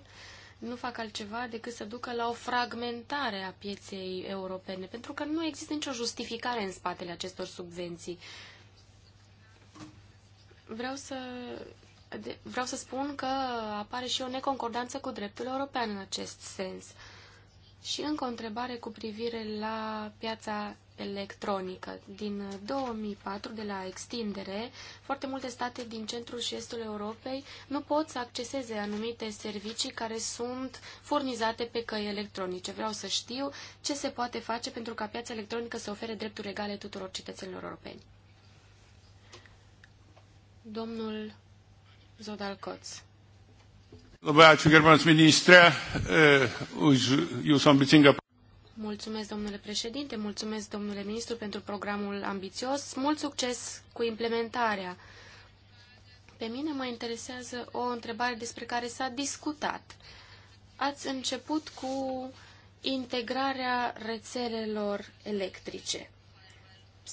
[SPEAKER 3] nu fac altceva decât să ducă la o fragmentare a pieței europene, pentru că nu există nicio justificare în spatele acestor subvenții. Vreau să vreau să spun că apare și o neconcordanță cu dreptul european în acest sens. Și încă o întrebare cu privire la piața electronică. Din 2004, de la extindere, foarte multe state din centrul și estul Europei nu pot să acceseze anumite servicii care sunt furnizate pe căi electronice. Vreau să știu ce se poate face pentru ca piața electronică să ofere drepturi egale tuturor cetățenilor europeni. Domnul Zodal Koc.
[SPEAKER 1] Labai ačiū, gerbiamas ministrė, eh, už jūsų ambicingą.
[SPEAKER 3] Mulțumesc, domnule președinte, mulțumesc, domnule ministru, pentru programul ambițios. Mult succes cu implementarea. Pe mine mă interesează o întrebare despre care s-a discutat. Ați început cu integrarea rețelelor electrice.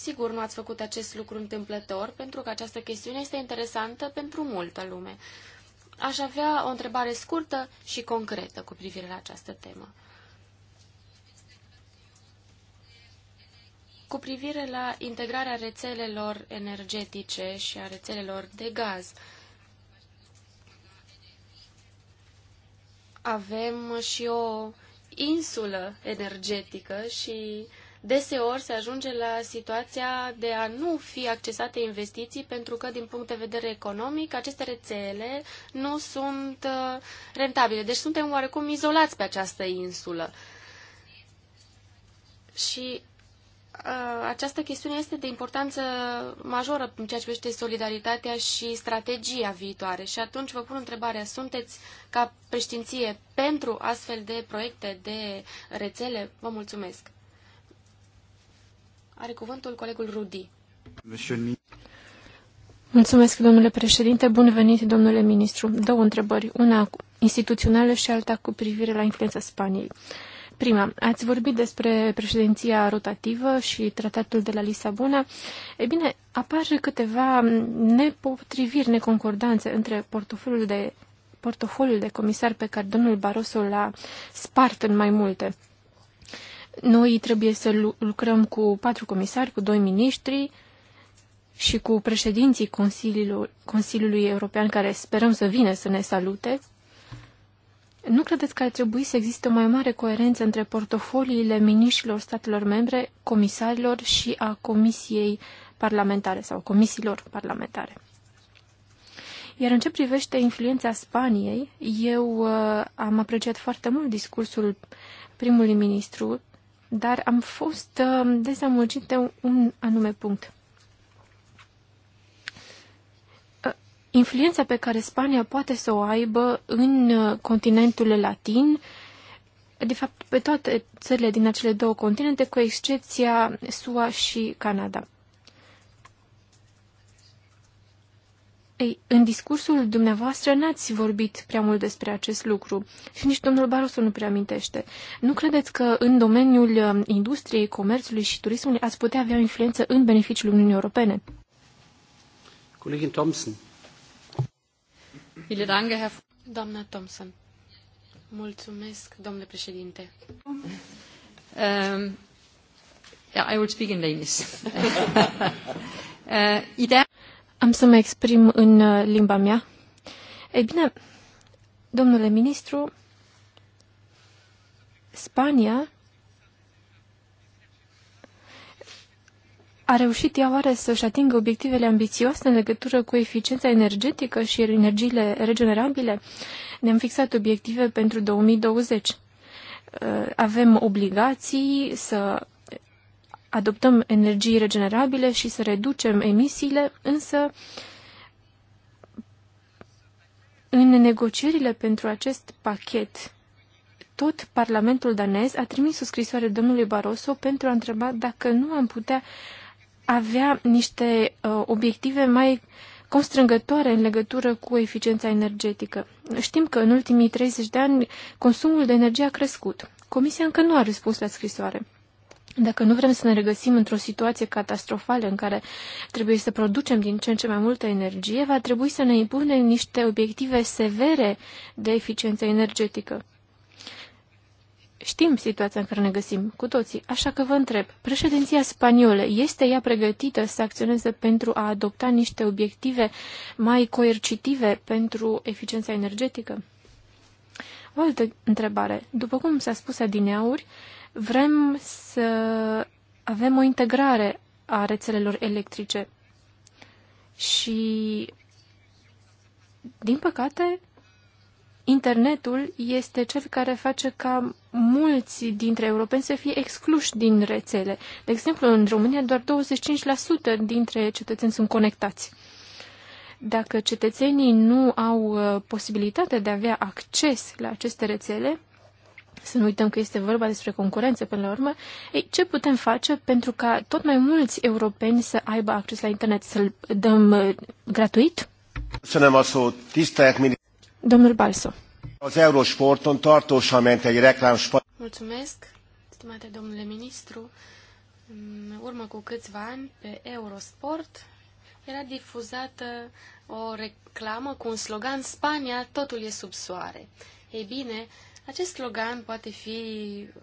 [SPEAKER 3] Sigur, nu ați făcut acest lucru întâmplător, pentru că această chestiune este interesantă pentru multă lume. Aș avea o întrebare scurtă și concretă cu privire la această temă. Cu privire la integrarea rețelelor energetice și a rețelelor de gaz, avem și o insulă energetică și uh, deseori se ajunge la situația de a nu fi accesate investiții pentru că, din punct de vedere economic, aceste rețele nu sunt uh, rentabile. Deci suntem oarecum izolați pe această insulă. Și uh, această chestiune este de importanță majoră în ceea ce privește solidaritatea și strategia viitoare. Și atunci vă pun întrebarea, sunteți ca preștinție pentru astfel de proiecte de rețele? Vă mulțumesc! Are cuvântul colegul Rudi. Mulțumesc,
[SPEAKER 4] domnule președinte. Bun venit, domnule ministru. Două întrebări, una instituțională și alta cu privire la influența Spaniei. Prima, ați vorbit despre președinția rotativă și tratatul de la Lisabona. E bine, apar câteva nepotriviri, neconcordanțe între portofoliul de, portofoliul de comisar pe care domnul Barroso l-a spart în mai multe. Noi trebuie să lucrăm cu patru comisari, cu doi miniștri și cu președinții Consiliului, Consiliului European, care sperăm să vină să ne salute. Nu credeți că ar trebui să existe o mai mare coerență între portofoliile miniștrilor statelor membre, comisarilor și a Comisiei Parlamentare sau Comisiilor Parlamentare? Iar în ce privește influența Spaniei, eu uh, am apreciat foarte mult discursul primului ministru dar am fost uh, dezamăgit de un anume punct. Uh, influența pe care Spania poate să o aibă în uh, continentul latin, de fapt pe toate țările din acele două continente, cu excepția SUA și Canada. Ei, în discursul dumneavoastră n-ați vorbit prea mult despre acest lucru și nici domnul Barroso nu prea amintește. Nu credeți că în domeniul uh, industriei, comerțului și turismului ați putea avea o influență în beneficiul Uniunii Europene?
[SPEAKER 1] Colegin Thompson. Doamna Thompson.
[SPEAKER 3] Mulțumesc, domnule președinte. Um, yeah, I will speak in Danish. uh, ideea
[SPEAKER 4] am să mă exprim în uh, limba mea. Ei bine, domnule ministru, Spania a reușit ea oare să-și atingă obiectivele ambițioase în legătură cu eficiența energetică și energiile regenerabile? Ne-am fixat obiective pentru 2020. Uh, avem obligații să adoptăm energii regenerabile și să reducem emisiile, însă în negocierile pentru acest pachet, tot Parlamentul danez a trimis o scrisoare domnului Barroso pentru a întreba dacă nu am putea avea niște uh, obiective mai constrângătoare în legătură cu eficiența energetică. Știm că în ultimii 30 de ani consumul de energie a crescut. Comisia încă nu a răspuns la scrisoare. Dacă nu vrem să ne regăsim într-o situație catastrofală în care trebuie să producem din ce în ce mai multă energie, va trebui să ne impunem niște obiective severe de eficiență energetică. Știm situația în care ne găsim cu toții, așa că vă întreb, președinția spaniolă este ea pregătită să acționeze pentru a adopta niște obiective mai coercitive pentru eficiența energetică? O altă întrebare. După cum s-a spus adineauri, Vrem să avem o integrare a rețelelor electrice și, din păcate, internetul este cel care face ca mulți dintre europeni să fie excluși din rețele. De exemplu, în România doar 25% dintre cetățeni sunt conectați. Dacă cetățenii nu au uh, posibilitatea de a avea acces la aceste rețele, să nu uităm că este vorba despre concurență până la urmă, ei, ce putem face pentru ca tot mai mulți europeni să aibă acces la internet, să-l dăm uh, gratuit?
[SPEAKER 1] Domnul Balso.
[SPEAKER 3] Mulțumesc, stimate domnule ministru. În urmă cu câțiva ani, pe Eurosport, era difuzată o reclamă cu un slogan Spania, totul e sub soare. Ei bine, acest slogan poate fi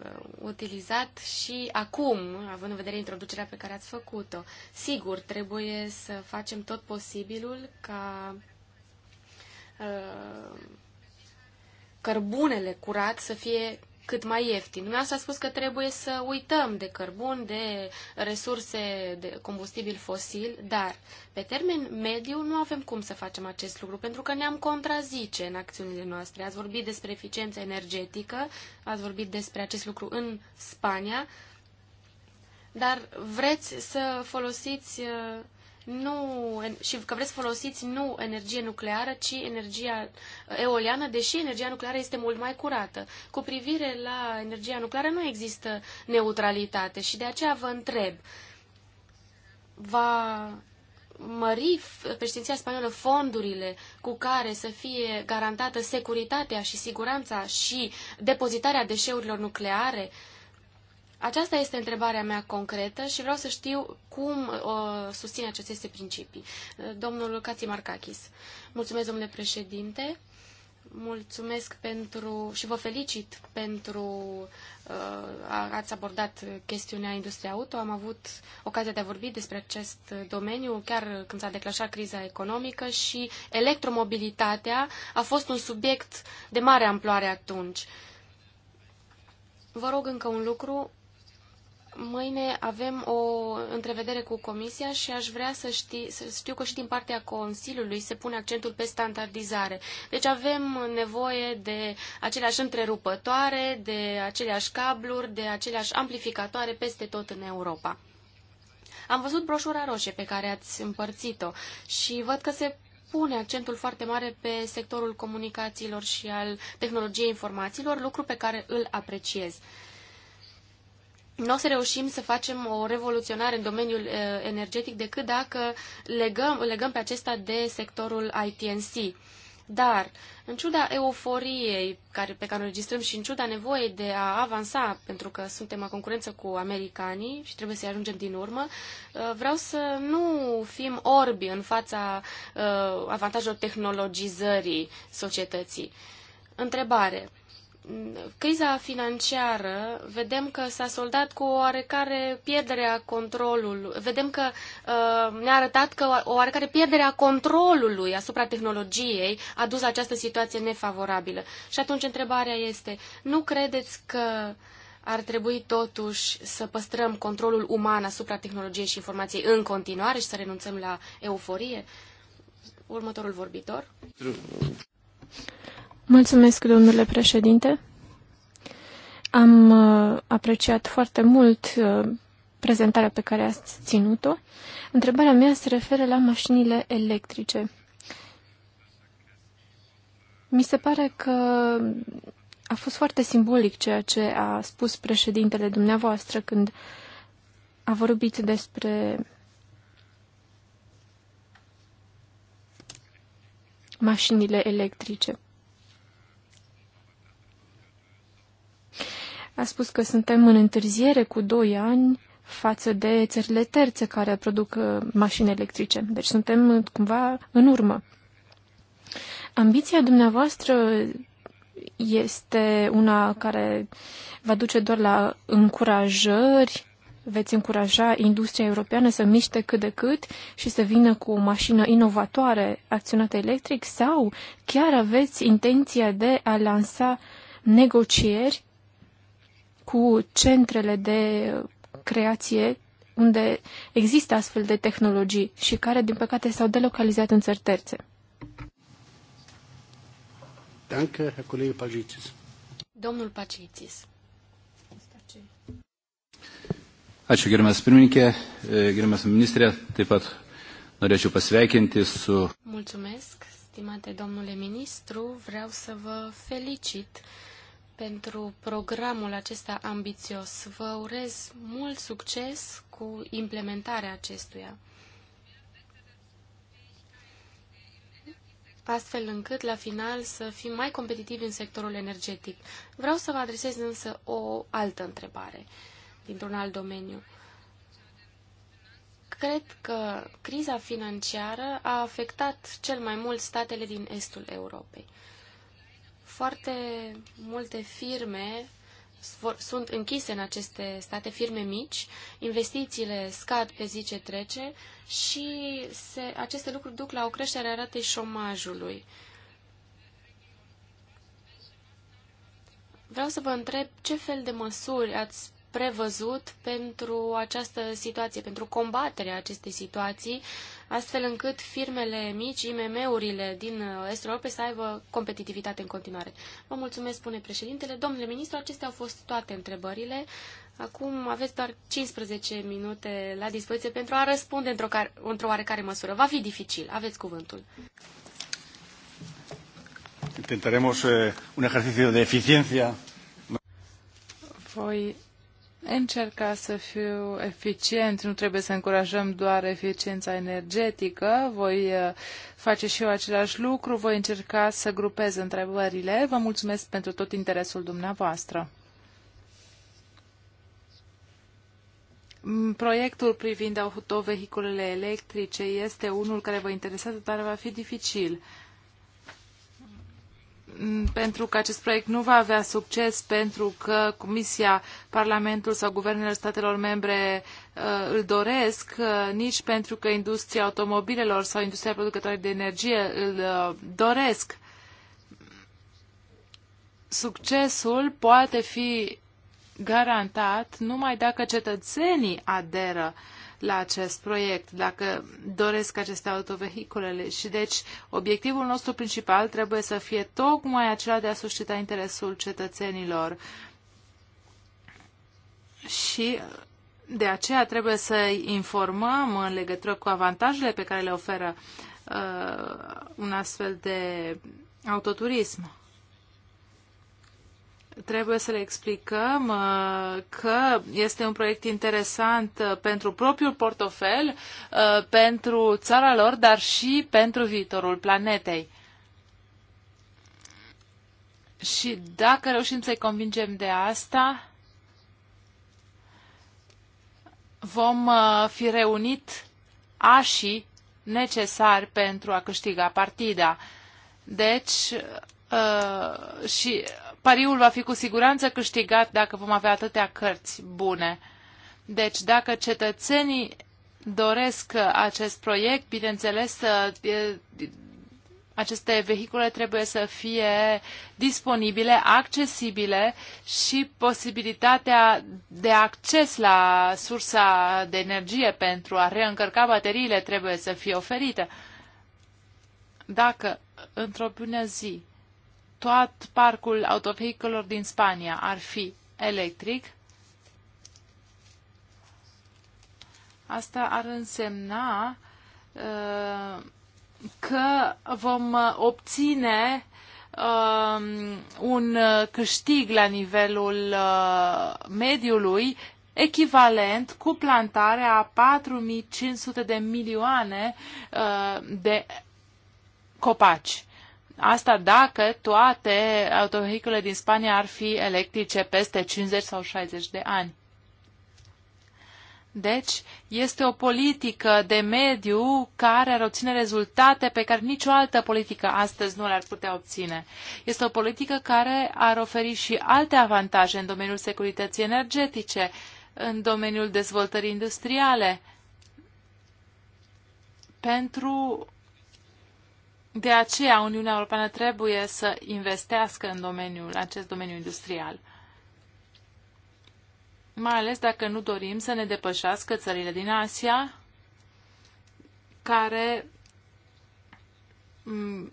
[SPEAKER 3] uh, utilizat și acum, având în vedere introducerea pe care ați făcut-o. Sigur, trebuie să facem tot posibilul ca uh, cărbunele curat să fie cât mai ieftin. Dumneavoastră a spus că trebuie să uităm de cărbun, de resurse de combustibil fosil, dar pe termen mediu nu avem cum să facem acest lucru, pentru că ne-am contrazice în acțiunile noastre. Ați vorbit despre eficiență energetică, ați vorbit despre acest lucru în Spania, dar vreți să folosiți uh, nu, și că vreți să folosiți nu energie nucleară, ci energia eoliană, deși energia nucleară este mult mai curată. Cu privire la energia nucleară nu există neutralitate și de aceea vă întreb, va mări președinția spaniolă fondurile cu care să fie garantată securitatea și siguranța și depozitarea deșeurilor nucleare? Uh, aceasta este întrebarea mea concretă și vreau să știu cum uh, susține aceste principii. Domnul Cații Marcachis. Mulțumesc, domnule președinte. Mulțumesc pentru și vă felicit pentru uh, ați abordat chestiunea industriei auto. Am avut ocazia de a vorbi despre acest domeniu chiar când s-a declanșat criza economică și electromobilitatea a fost un subiect de mare amploare atunci. Vă rog încă un lucru, Mâine avem o întrevedere cu Comisia și aș vrea să, ști, să știu că și din partea Consiliului se pune accentul pe standardizare. Deci avem nevoie de aceleași întrerupătoare, de aceleași cabluri, de aceleași amplificatoare peste tot în Europa. Am văzut broșura roșie pe care ați împărțit-o și văd că se pune accentul foarte mare pe sectorul comunicațiilor și al tehnologiei informațiilor, lucru pe care îl apreciez nu o să reușim să facem o revoluționare în domeniul eh, energetic decât dacă legăm, legăm pe acesta de sectorul ITNC. Dar, în ciuda euforiei care, pe care o registrăm și în ciuda nevoii de a avansa, pentru că suntem în concurență cu americanii și trebuie să-i ajungem din urmă, eh, vreau să nu fim orbi în fața eh, avantajelor tehnologizării societății. Întrebare criza financiară, vedem că s-a soldat cu o oarecare pierdere a controlului, vedem că uh, ne-a arătat că o oarecare pierdere a controlului asupra tehnologiei a dus la această situație nefavorabilă. Și atunci întrebarea este, nu credeți că ar trebui totuși să păstrăm controlul uman asupra tehnologiei și informației în continuare și să renunțăm la euforie? Următorul vorbitor.
[SPEAKER 4] Mulțumesc, domnule președinte. Am uh, apreciat foarte mult uh, prezentarea pe care ați ținut-o. Întrebarea mea se referă la mașinile electrice. Mi se pare că a fost foarte simbolic ceea ce a spus președintele dumneavoastră când a vorbit despre mașinile electrice. A spus că suntem în întârziere cu 2 ani față de țările terțe care produc uh, mașini electrice. Deci suntem uh, cumva în urmă. Ambiția dumneavoastră este una care va duce doar la încurajări, veți încuraja industria europeană să miște cât de cât și să vină cu o mașină inovatoare acționată electric sau chiar aveți intenția de a lansa negocieri cu centrele de creație unde există astfel de tehnologii și care, din păcate, s-au delocalizat în țări terțe.
[SPEAKER 1] Danke, colegul Pagitis.
[SPEAKER 3] Domnul Pagitis.
[SPEAKER 1] Ačiū, gerbiamas pirmininkė, gerbiamas ministrė, taip pat norėčiau pasveikinti su...
[SPEAKER 3] Mulțumesc, stimate domnule ministru, vreau să vă felicit uh, pentru programul acesta ambițios. Vă urez mult succes cu implementarea acestuia. astfel încât la final să fim mai competitivi în sectorul energetic. Vreau să vă adresez însă o altă întrebare dintr-un alt domeniu. Cred că criza financiară a afectat cel mai mult statele din estul Europei. Foarte multe firme sunt închise în aceste state, firme mici, investițiile scad pe zi ce trece și se, aceste lucruri duc la o creștere a ratei șomajului. Vreau să vă întreb ce fel de măsuri ați prevăzut pentru această situație, pentru combaterea acestei situații, astfel încât firmele mici, IMM-urile din Estul Europei să aibă competitivitate în continuare. Vă mulțumesc, spune președintele. Domnule ministru, acestea au fost toate întrebările. Acum aveți doar 15 minute la dispoziție pentru a răspunde într-o, într, -o, într -o oarecare măsură. Va fi dificil. Aveți cuvântul.
[SPEAKER 1] Intentaremos eh, un ejercicio de eficiencia.
[SPEAKER 2] Voi încerca să fiu eficient, nu trebuie să încurajăm doar eficiența energetică, voi uh, face și eu același lucru, voi încerca să grupez întrebările. Vă mulțumesc pentru tot interesul dumneavoastră. Mm, proiectul privind autovehiculele electrice este unul care vă interesează, dar va fi dificil pentru că acest proiect nu va avea succes pentru că Comisia, Parlamentul sau guvernele statelor membre uh, îl doresc, uh, nici pentru că industria automobilelor sau industria producătoare de energie îl uh, doresc. Succesul poate fi garantat numai dacă cetățenii aderă uh, la acest proiect, dacă doresc aceste autovehiculele. Și deci obiectivul nostru principal trebuie să fie tocmai acela de a suscita interesul cetățenilor. Și de aceea trebuie să informăm în legătură cu avantajele pe care le oferă uh, un astfel de autoturism trebuie să le explicăm uh, că este un proiect interesant uh, pentru propriul portofel, uh, pentru țara lor, dar și pentru viitorul planetei. Și dacă reușim să-i convingem de asta, vom fi reunit așii necesari pentru a câștiga partida. Deci, și pariul va fi cu siguranță câștigat dacă vom avea atâtea cărți bune. Deci, dacă cetățenii doresc acest proiect, bineînțeles, aceste vehicule trebuie să fie disponibile, accesibile și posibilitatea de acces la sursa de energie pentru a reîncărca bateriile trebuie să fie oferită. Dacă într-o bună zi tot parcul autovehiculor din Spania ar fi electric, asta ar însemna uh, că vom uh, obține um, un uh, câștig la nivelul mediului echivalent cu plantarea a 4500 de milioane de copaci. Asta dacă toate autovehicule din Spania ar fi electrice peste 50 sau 60 de ani. Deci, este o politică de mediu care ar obține rezultate pe care nicio altă politică astăzi nu le-ar putea obține. Este o politică care ar oferi și alte avantaje în domeniul securității energetice, în domeniul dezvoltării industriale, pentru de aceea Uniunea Europeană trebuie să investească în domeniul, acest domeniu industrial. Mai ales dacă nu dorim să ne depășească țările din Asia, care mm,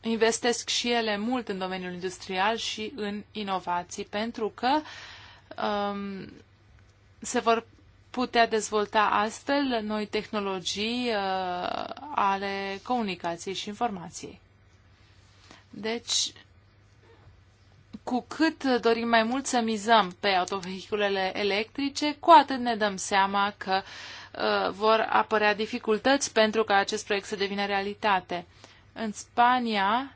[SPEAKER 2] investesc și ele mult în domeniul industrial și în inovații, pentru că um, se vor putea dezvolta astfel noi tehnologii uh, ale comunicației și informației. Deci, cu cât dorim mai mult să mizăm pe autovehiculele electrice, cu atât ne dăm seama că uh, vor apărea dificultăți pentru ca acest proiect să devină realitate. În Spania,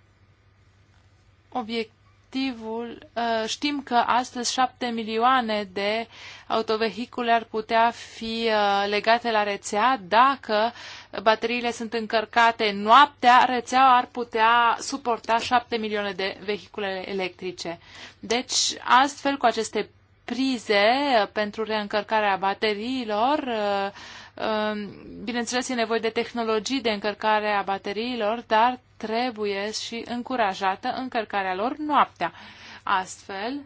[SPEAKER 2] obiect obiectivul, uh, știm că astăzi șapte milioane de autovehicule ar putea fi uh, legate la rețea dacă bateriile sunt încărcate noaptea, rețeaua ar putea suporta șapte milioane de vehicule electrice. Deci, astfel, cu aceste prize uh, pentru reîncărcarea bateriilor, bineînțeles e nevoie de tehnologii de încărcare a bateriilor, dar trebuie și încurajată încărcarea lor noaptea. Astfel,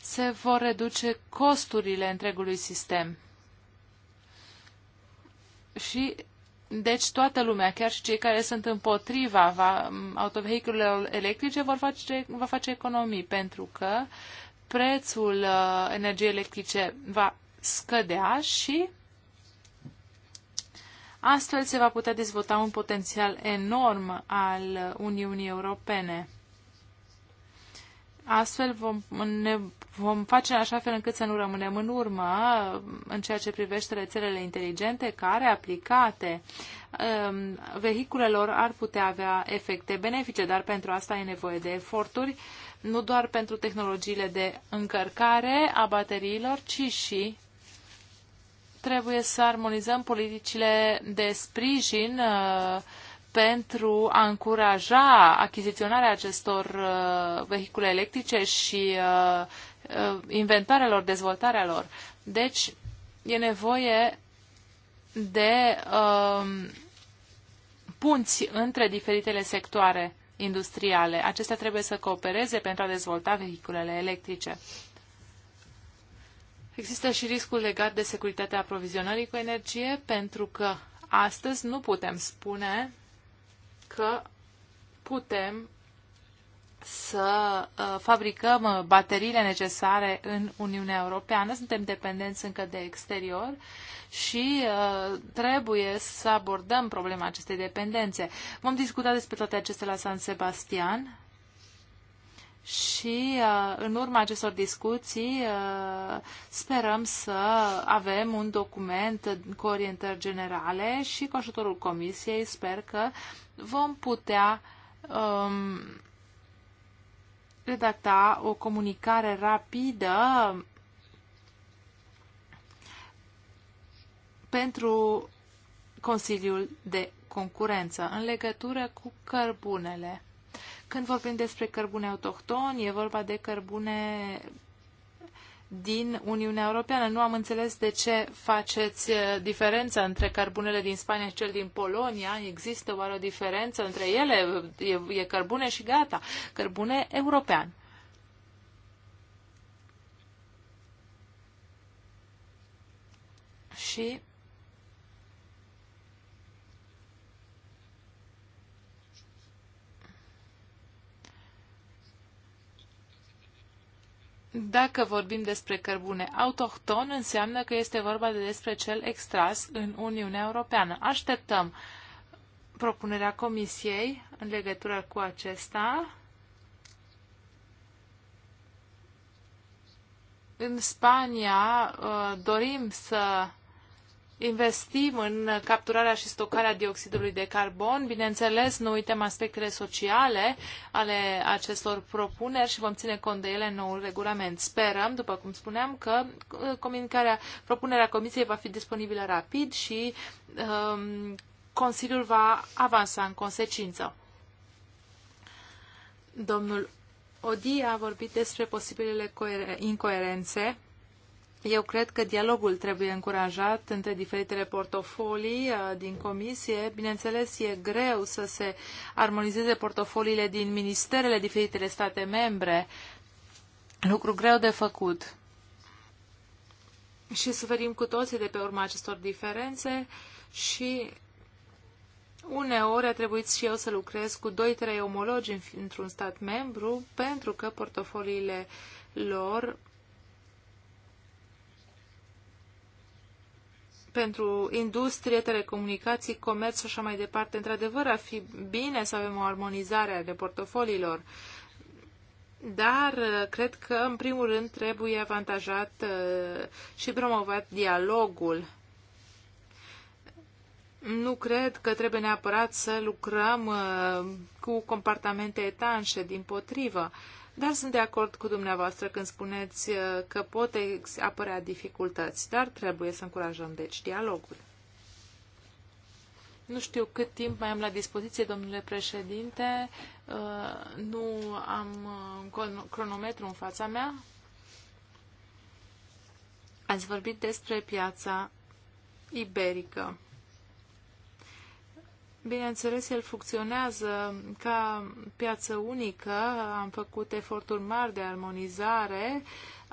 [SPEAKER 2] se vor reduce costurile întregului sistem. Și, deci, toată lumea, chiar și cei care sunt împotriva va, autovehiculelor electrice, vor face, va face economii, pentru că prețul uh, energiei electrice va scădea și Astfel se va putea dezvolta un potențial enorm al Uniunii Europene. Astfel vom, ne vom face în așa fel încât să nu rămânem în urmă în ceea ce privește rețelele inteligente care, aplicate um, vehiculelor, ar putea avea efecte benefice, dar pentru asta e nevoie de eforturi, nu doar pentru tehnologiile de încărcare a bateriilor, ci și trebuie să armonizăm politicile de sprijin uh, pentru a încuraja achiziționarea acestor uh, vehicule electrice și uh, inventarea lor, dezvoltarea lor. Deci, e nevoie de um, punți între diferitele sectoare industriale. Acestea trebuie să coopereze pentru a dezvolta vehiculele electrice. Există și riscul legat de securitatea aprovizionării cu energie, pentru că astăzi nu putem spune că putem să uh, fabricăm uh, bateriile necesare în Uniunea Europeană. Suntem dependenți încă de exterior și uh, trebuie să abordăm problema acestei dependențe. Vom discuta despre toate acestea la San Sebastian și uh, în urma acestor discuții uh, sperăm să avem un document cu orientări generale și cu ajutorul Comisiei sper că vom putea um, redacta o comunicare rapidă pentru Consiliul de Concurență în legătură cu cărbunele. Când vorbim despre cărbune autohton, e vorba de cărbune din Uniunea Europeană. Nu am înțeles de ce faceți eh, diferența între cărbunele din Spania și cel din Polonia. Există oare o diferență între ele? E, e cărbune și gata. Cărbune european. Și Dacă vorbim despre cărbune autohton, înseamnă că este vorba de despre cel extras în Uniunea Europeană. Așteptăm propunerea Comisiei în legătură cu acesta. În Spania uh, dorim să investim în capturarea și stocarea dioxidului de carbon. Bineînțeles, nu uităm aspectele sociale ale acestor propuneri și vom ține cont de ele în noul regulament. Sperăm, după cum spuneam, că uh, comunicarea, propunerea Comisiei va fi disponibilă rapid și um, Consiliul va avansa în consecință. Domnul Odi a vorbit despre posibilele incoerențe eu cred că dialogul trebuie încurajat între diferitele portofolii uh, din comisie. Bineînțeles, e greu să se armonizeze portofoliile din ministerele diferitele state membre. Lucru greu de făcut. Și suferim cu toții de pe urma acestor diferențe și uneori a trebuit și eu să lucrez cu 2-3 omologi într-un stat membru pentru că portofoliile lor pentru industrie, telecomunicații, comerț și așa mai departe. Într-adevăr, ar fi bine să avem o armonizare ale portofoliilor, dar uh, cred că, în primul rând, trebuie avantajat uh, și promovat dialogul. Nu cred că trebuie neapărat să lucrăm uh, cu compartamente etanșe, din potrivă. Dar sunt de acord cu dumneavoastră când spuneți uh, că pot apărea dificultăți, dar trebuie să încurajăm, deci, dialogul. Nu știu cât timp mai am la dispoziție, domnule președinte. Uh, nu am uh, un cronometru în fața mea. Ați vorbit despre piața iberică. Bineînțeles, el funcționează ca piață unică. Am făcut eforturi mari de armonizare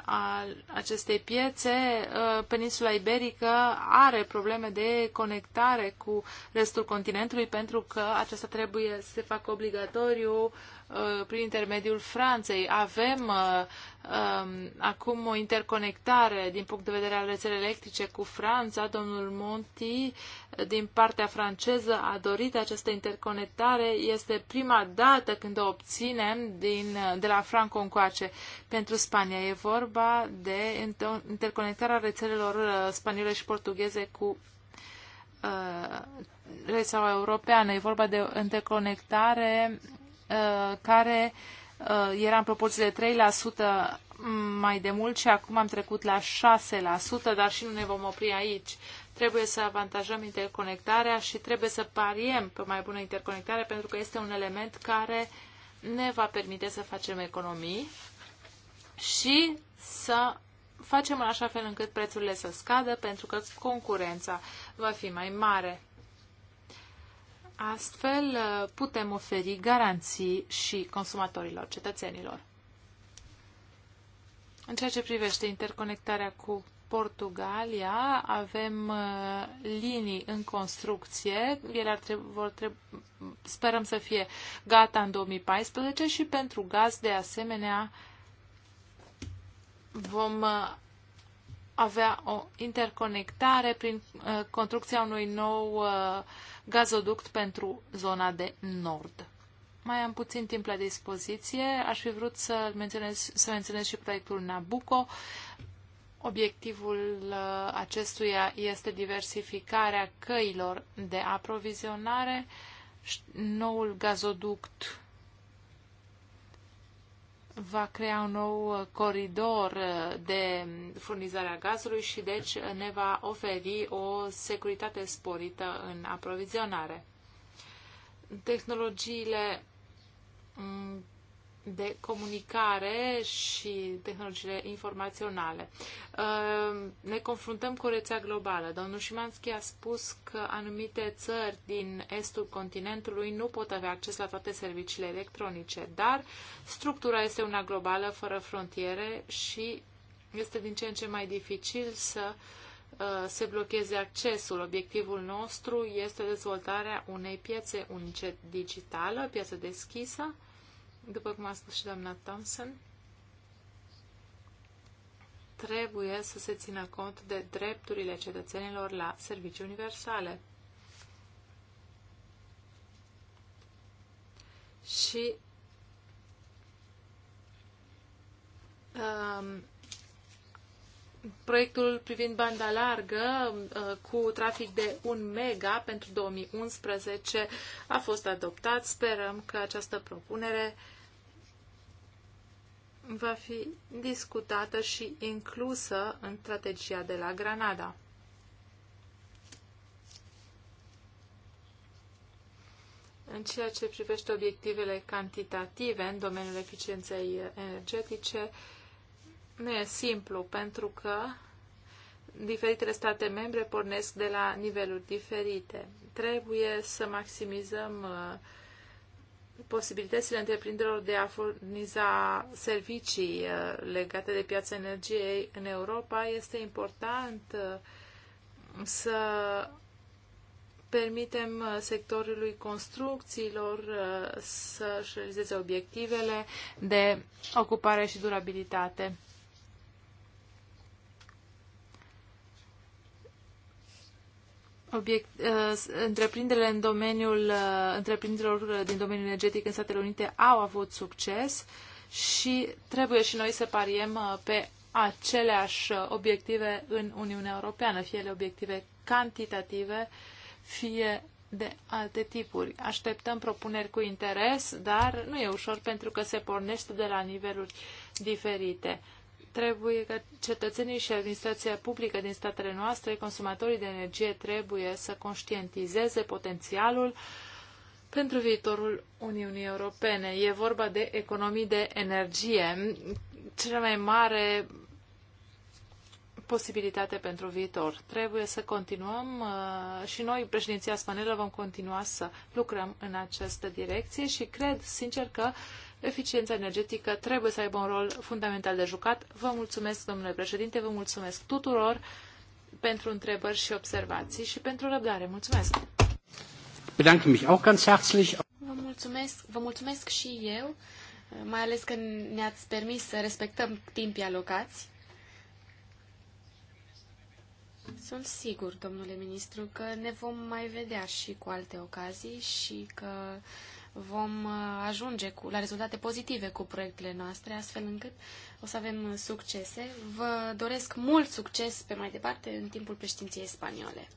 [SPEAKER 2] a acestei piețe. Uh, Peninsula Iberică are probleme de conectare cu restul continentului pentru că aceasta trebuie să se facă obligatoriu uh, prin intermediul Franței. Avem uh, um, acum o interconectare din punct de vedere al rețelei electrice cu Franța. Domnul Monti, din partea franceză, a dorit această interconectare. Este prima dată când o obținem din, de la Franco încoace pentru Spania. E vorba de interconectarea rețelelor uh, spaniole și portugheze cu uh, rețeaua europeană. E vorba de interconectare uh, care uh, Uh, era în proporție de 3% mai de mult și acum am trecut la 6%, dar și nu ne vom opri aici. Trebuie să avantajăm interconectarea și trebuie să pariem pe mai bună interconectare pentru că este un element care ne va permite să facem economii și să facem în așa fel încât prețurile să scadă pentru că concurența va fi mai mare. Astfel uh, putem oferi garanții și consumatorilor, cetățenilor. În ceea ce privește interconectarea cu Portugalia, avem uh, linii în construcție. Ele ar trebui, vor trebui, sperăm să fie gata în 2014 și pentru gaz, de asemenea, vom uh, avea o interconectare prin construcția unui nou uh, gazoduct pentru zona de nord. Mai am puțin timp la dispoziție. Aș fi vrut să menționez, să menționez și proiectul Nabucco. Obiectivul uh, acestuia este diversificarea căilor de aprovizionare. Noul gazoduct va crea un nou uh, coridor uh, de furnizare a gazului și deci uh, ne va oferi o securitate sporită în aprovizionare. Tehnologiile mm, de comunicare și tehnologiile informaționale. Ehm, ne confruntăm cu o rețea globală. Domnul Șimanski a spus că anumite țări din estul continentului nu pot avea acces la toate serviciile electronice, dar structura este una globală, fără frontiere și este din ce în ce mai dificil să ehm, se blocheze accesul. Obiectivul nostru este dezvoltarea unei piețe unice digitală, piață deschisă, după cum a spus și doamna Thompson, trebuie să se țină cont de drepturile cetățenilor la servicii universale. Și um, proiectul privind banda largă uh, cu trafic de 1 mega pentru 2011 a fost adoptat. Sperăm că această propunere va fi discutată și inclusă în strategia de la Granada. În ceea ce privește obiectivele cantitative în domeniul eficienței energetice, nu e simplu, pentru că diferitele state membre pornesc de la niveluri diferite. Trebuie să maximizăm uh, posibilitățile întreprinderilor de a furniza servicii uh, legate de piața energiei în Europa, este important uh, să permitem uh, sectorului construcțiilor să-și realizeze obiectivele de ocupare și durabilitate. Obiect, uh, întreprinderile în domeniul uh, întreprinderilor uh, din domeniul energetic în Statele Unite au avut succes și trebuie și noi să pariem uh, pe aceleași uh, obiective în Uniunea Europeană, fie ele obiective cantitative, fie de alte tipuri. Așteptăm propuneri cu interes, dar nu e ușor pentru că se pornește de la niveluri diferite. Trebuie ca cetățenii și administrația publică din statele noastre, consumatorii de energie, trebuie să conștientizeze potențialul pentru viitorul Uniunii Europene. E vorba de economii de energie, cea mai mare posibilitate pentru viitor. Trebuie să continuăm uh, și noi, președinția spaniolă, vom continua să lucrăm în această direcție și cred sincer că eficiența energetică trebuie să aibă un rol fundamental de jucat. Vă mulțumesc, domnule președinte, vă mulțumesc tuturor pentru întrebări și observații și pentru răbdare. Mulțumesc!
[SPEAKER 1] Vă
[SPEAKER 2] mulțumesc,
[SPEAKER 3] vă mulțumesc și eu, mai ales că ne-ați permis să respectăm timpii alocați. Sunt sigur, domnule ministru, că ne vom mai vedea și cu alte ocazii și că vom uh, ajunge cu, la rezultate pozitive cu proiectele noastre, astfel încât o să avem uh, succese. Vă doresc mult succes pe mai departe în timpul preștinției spaniole.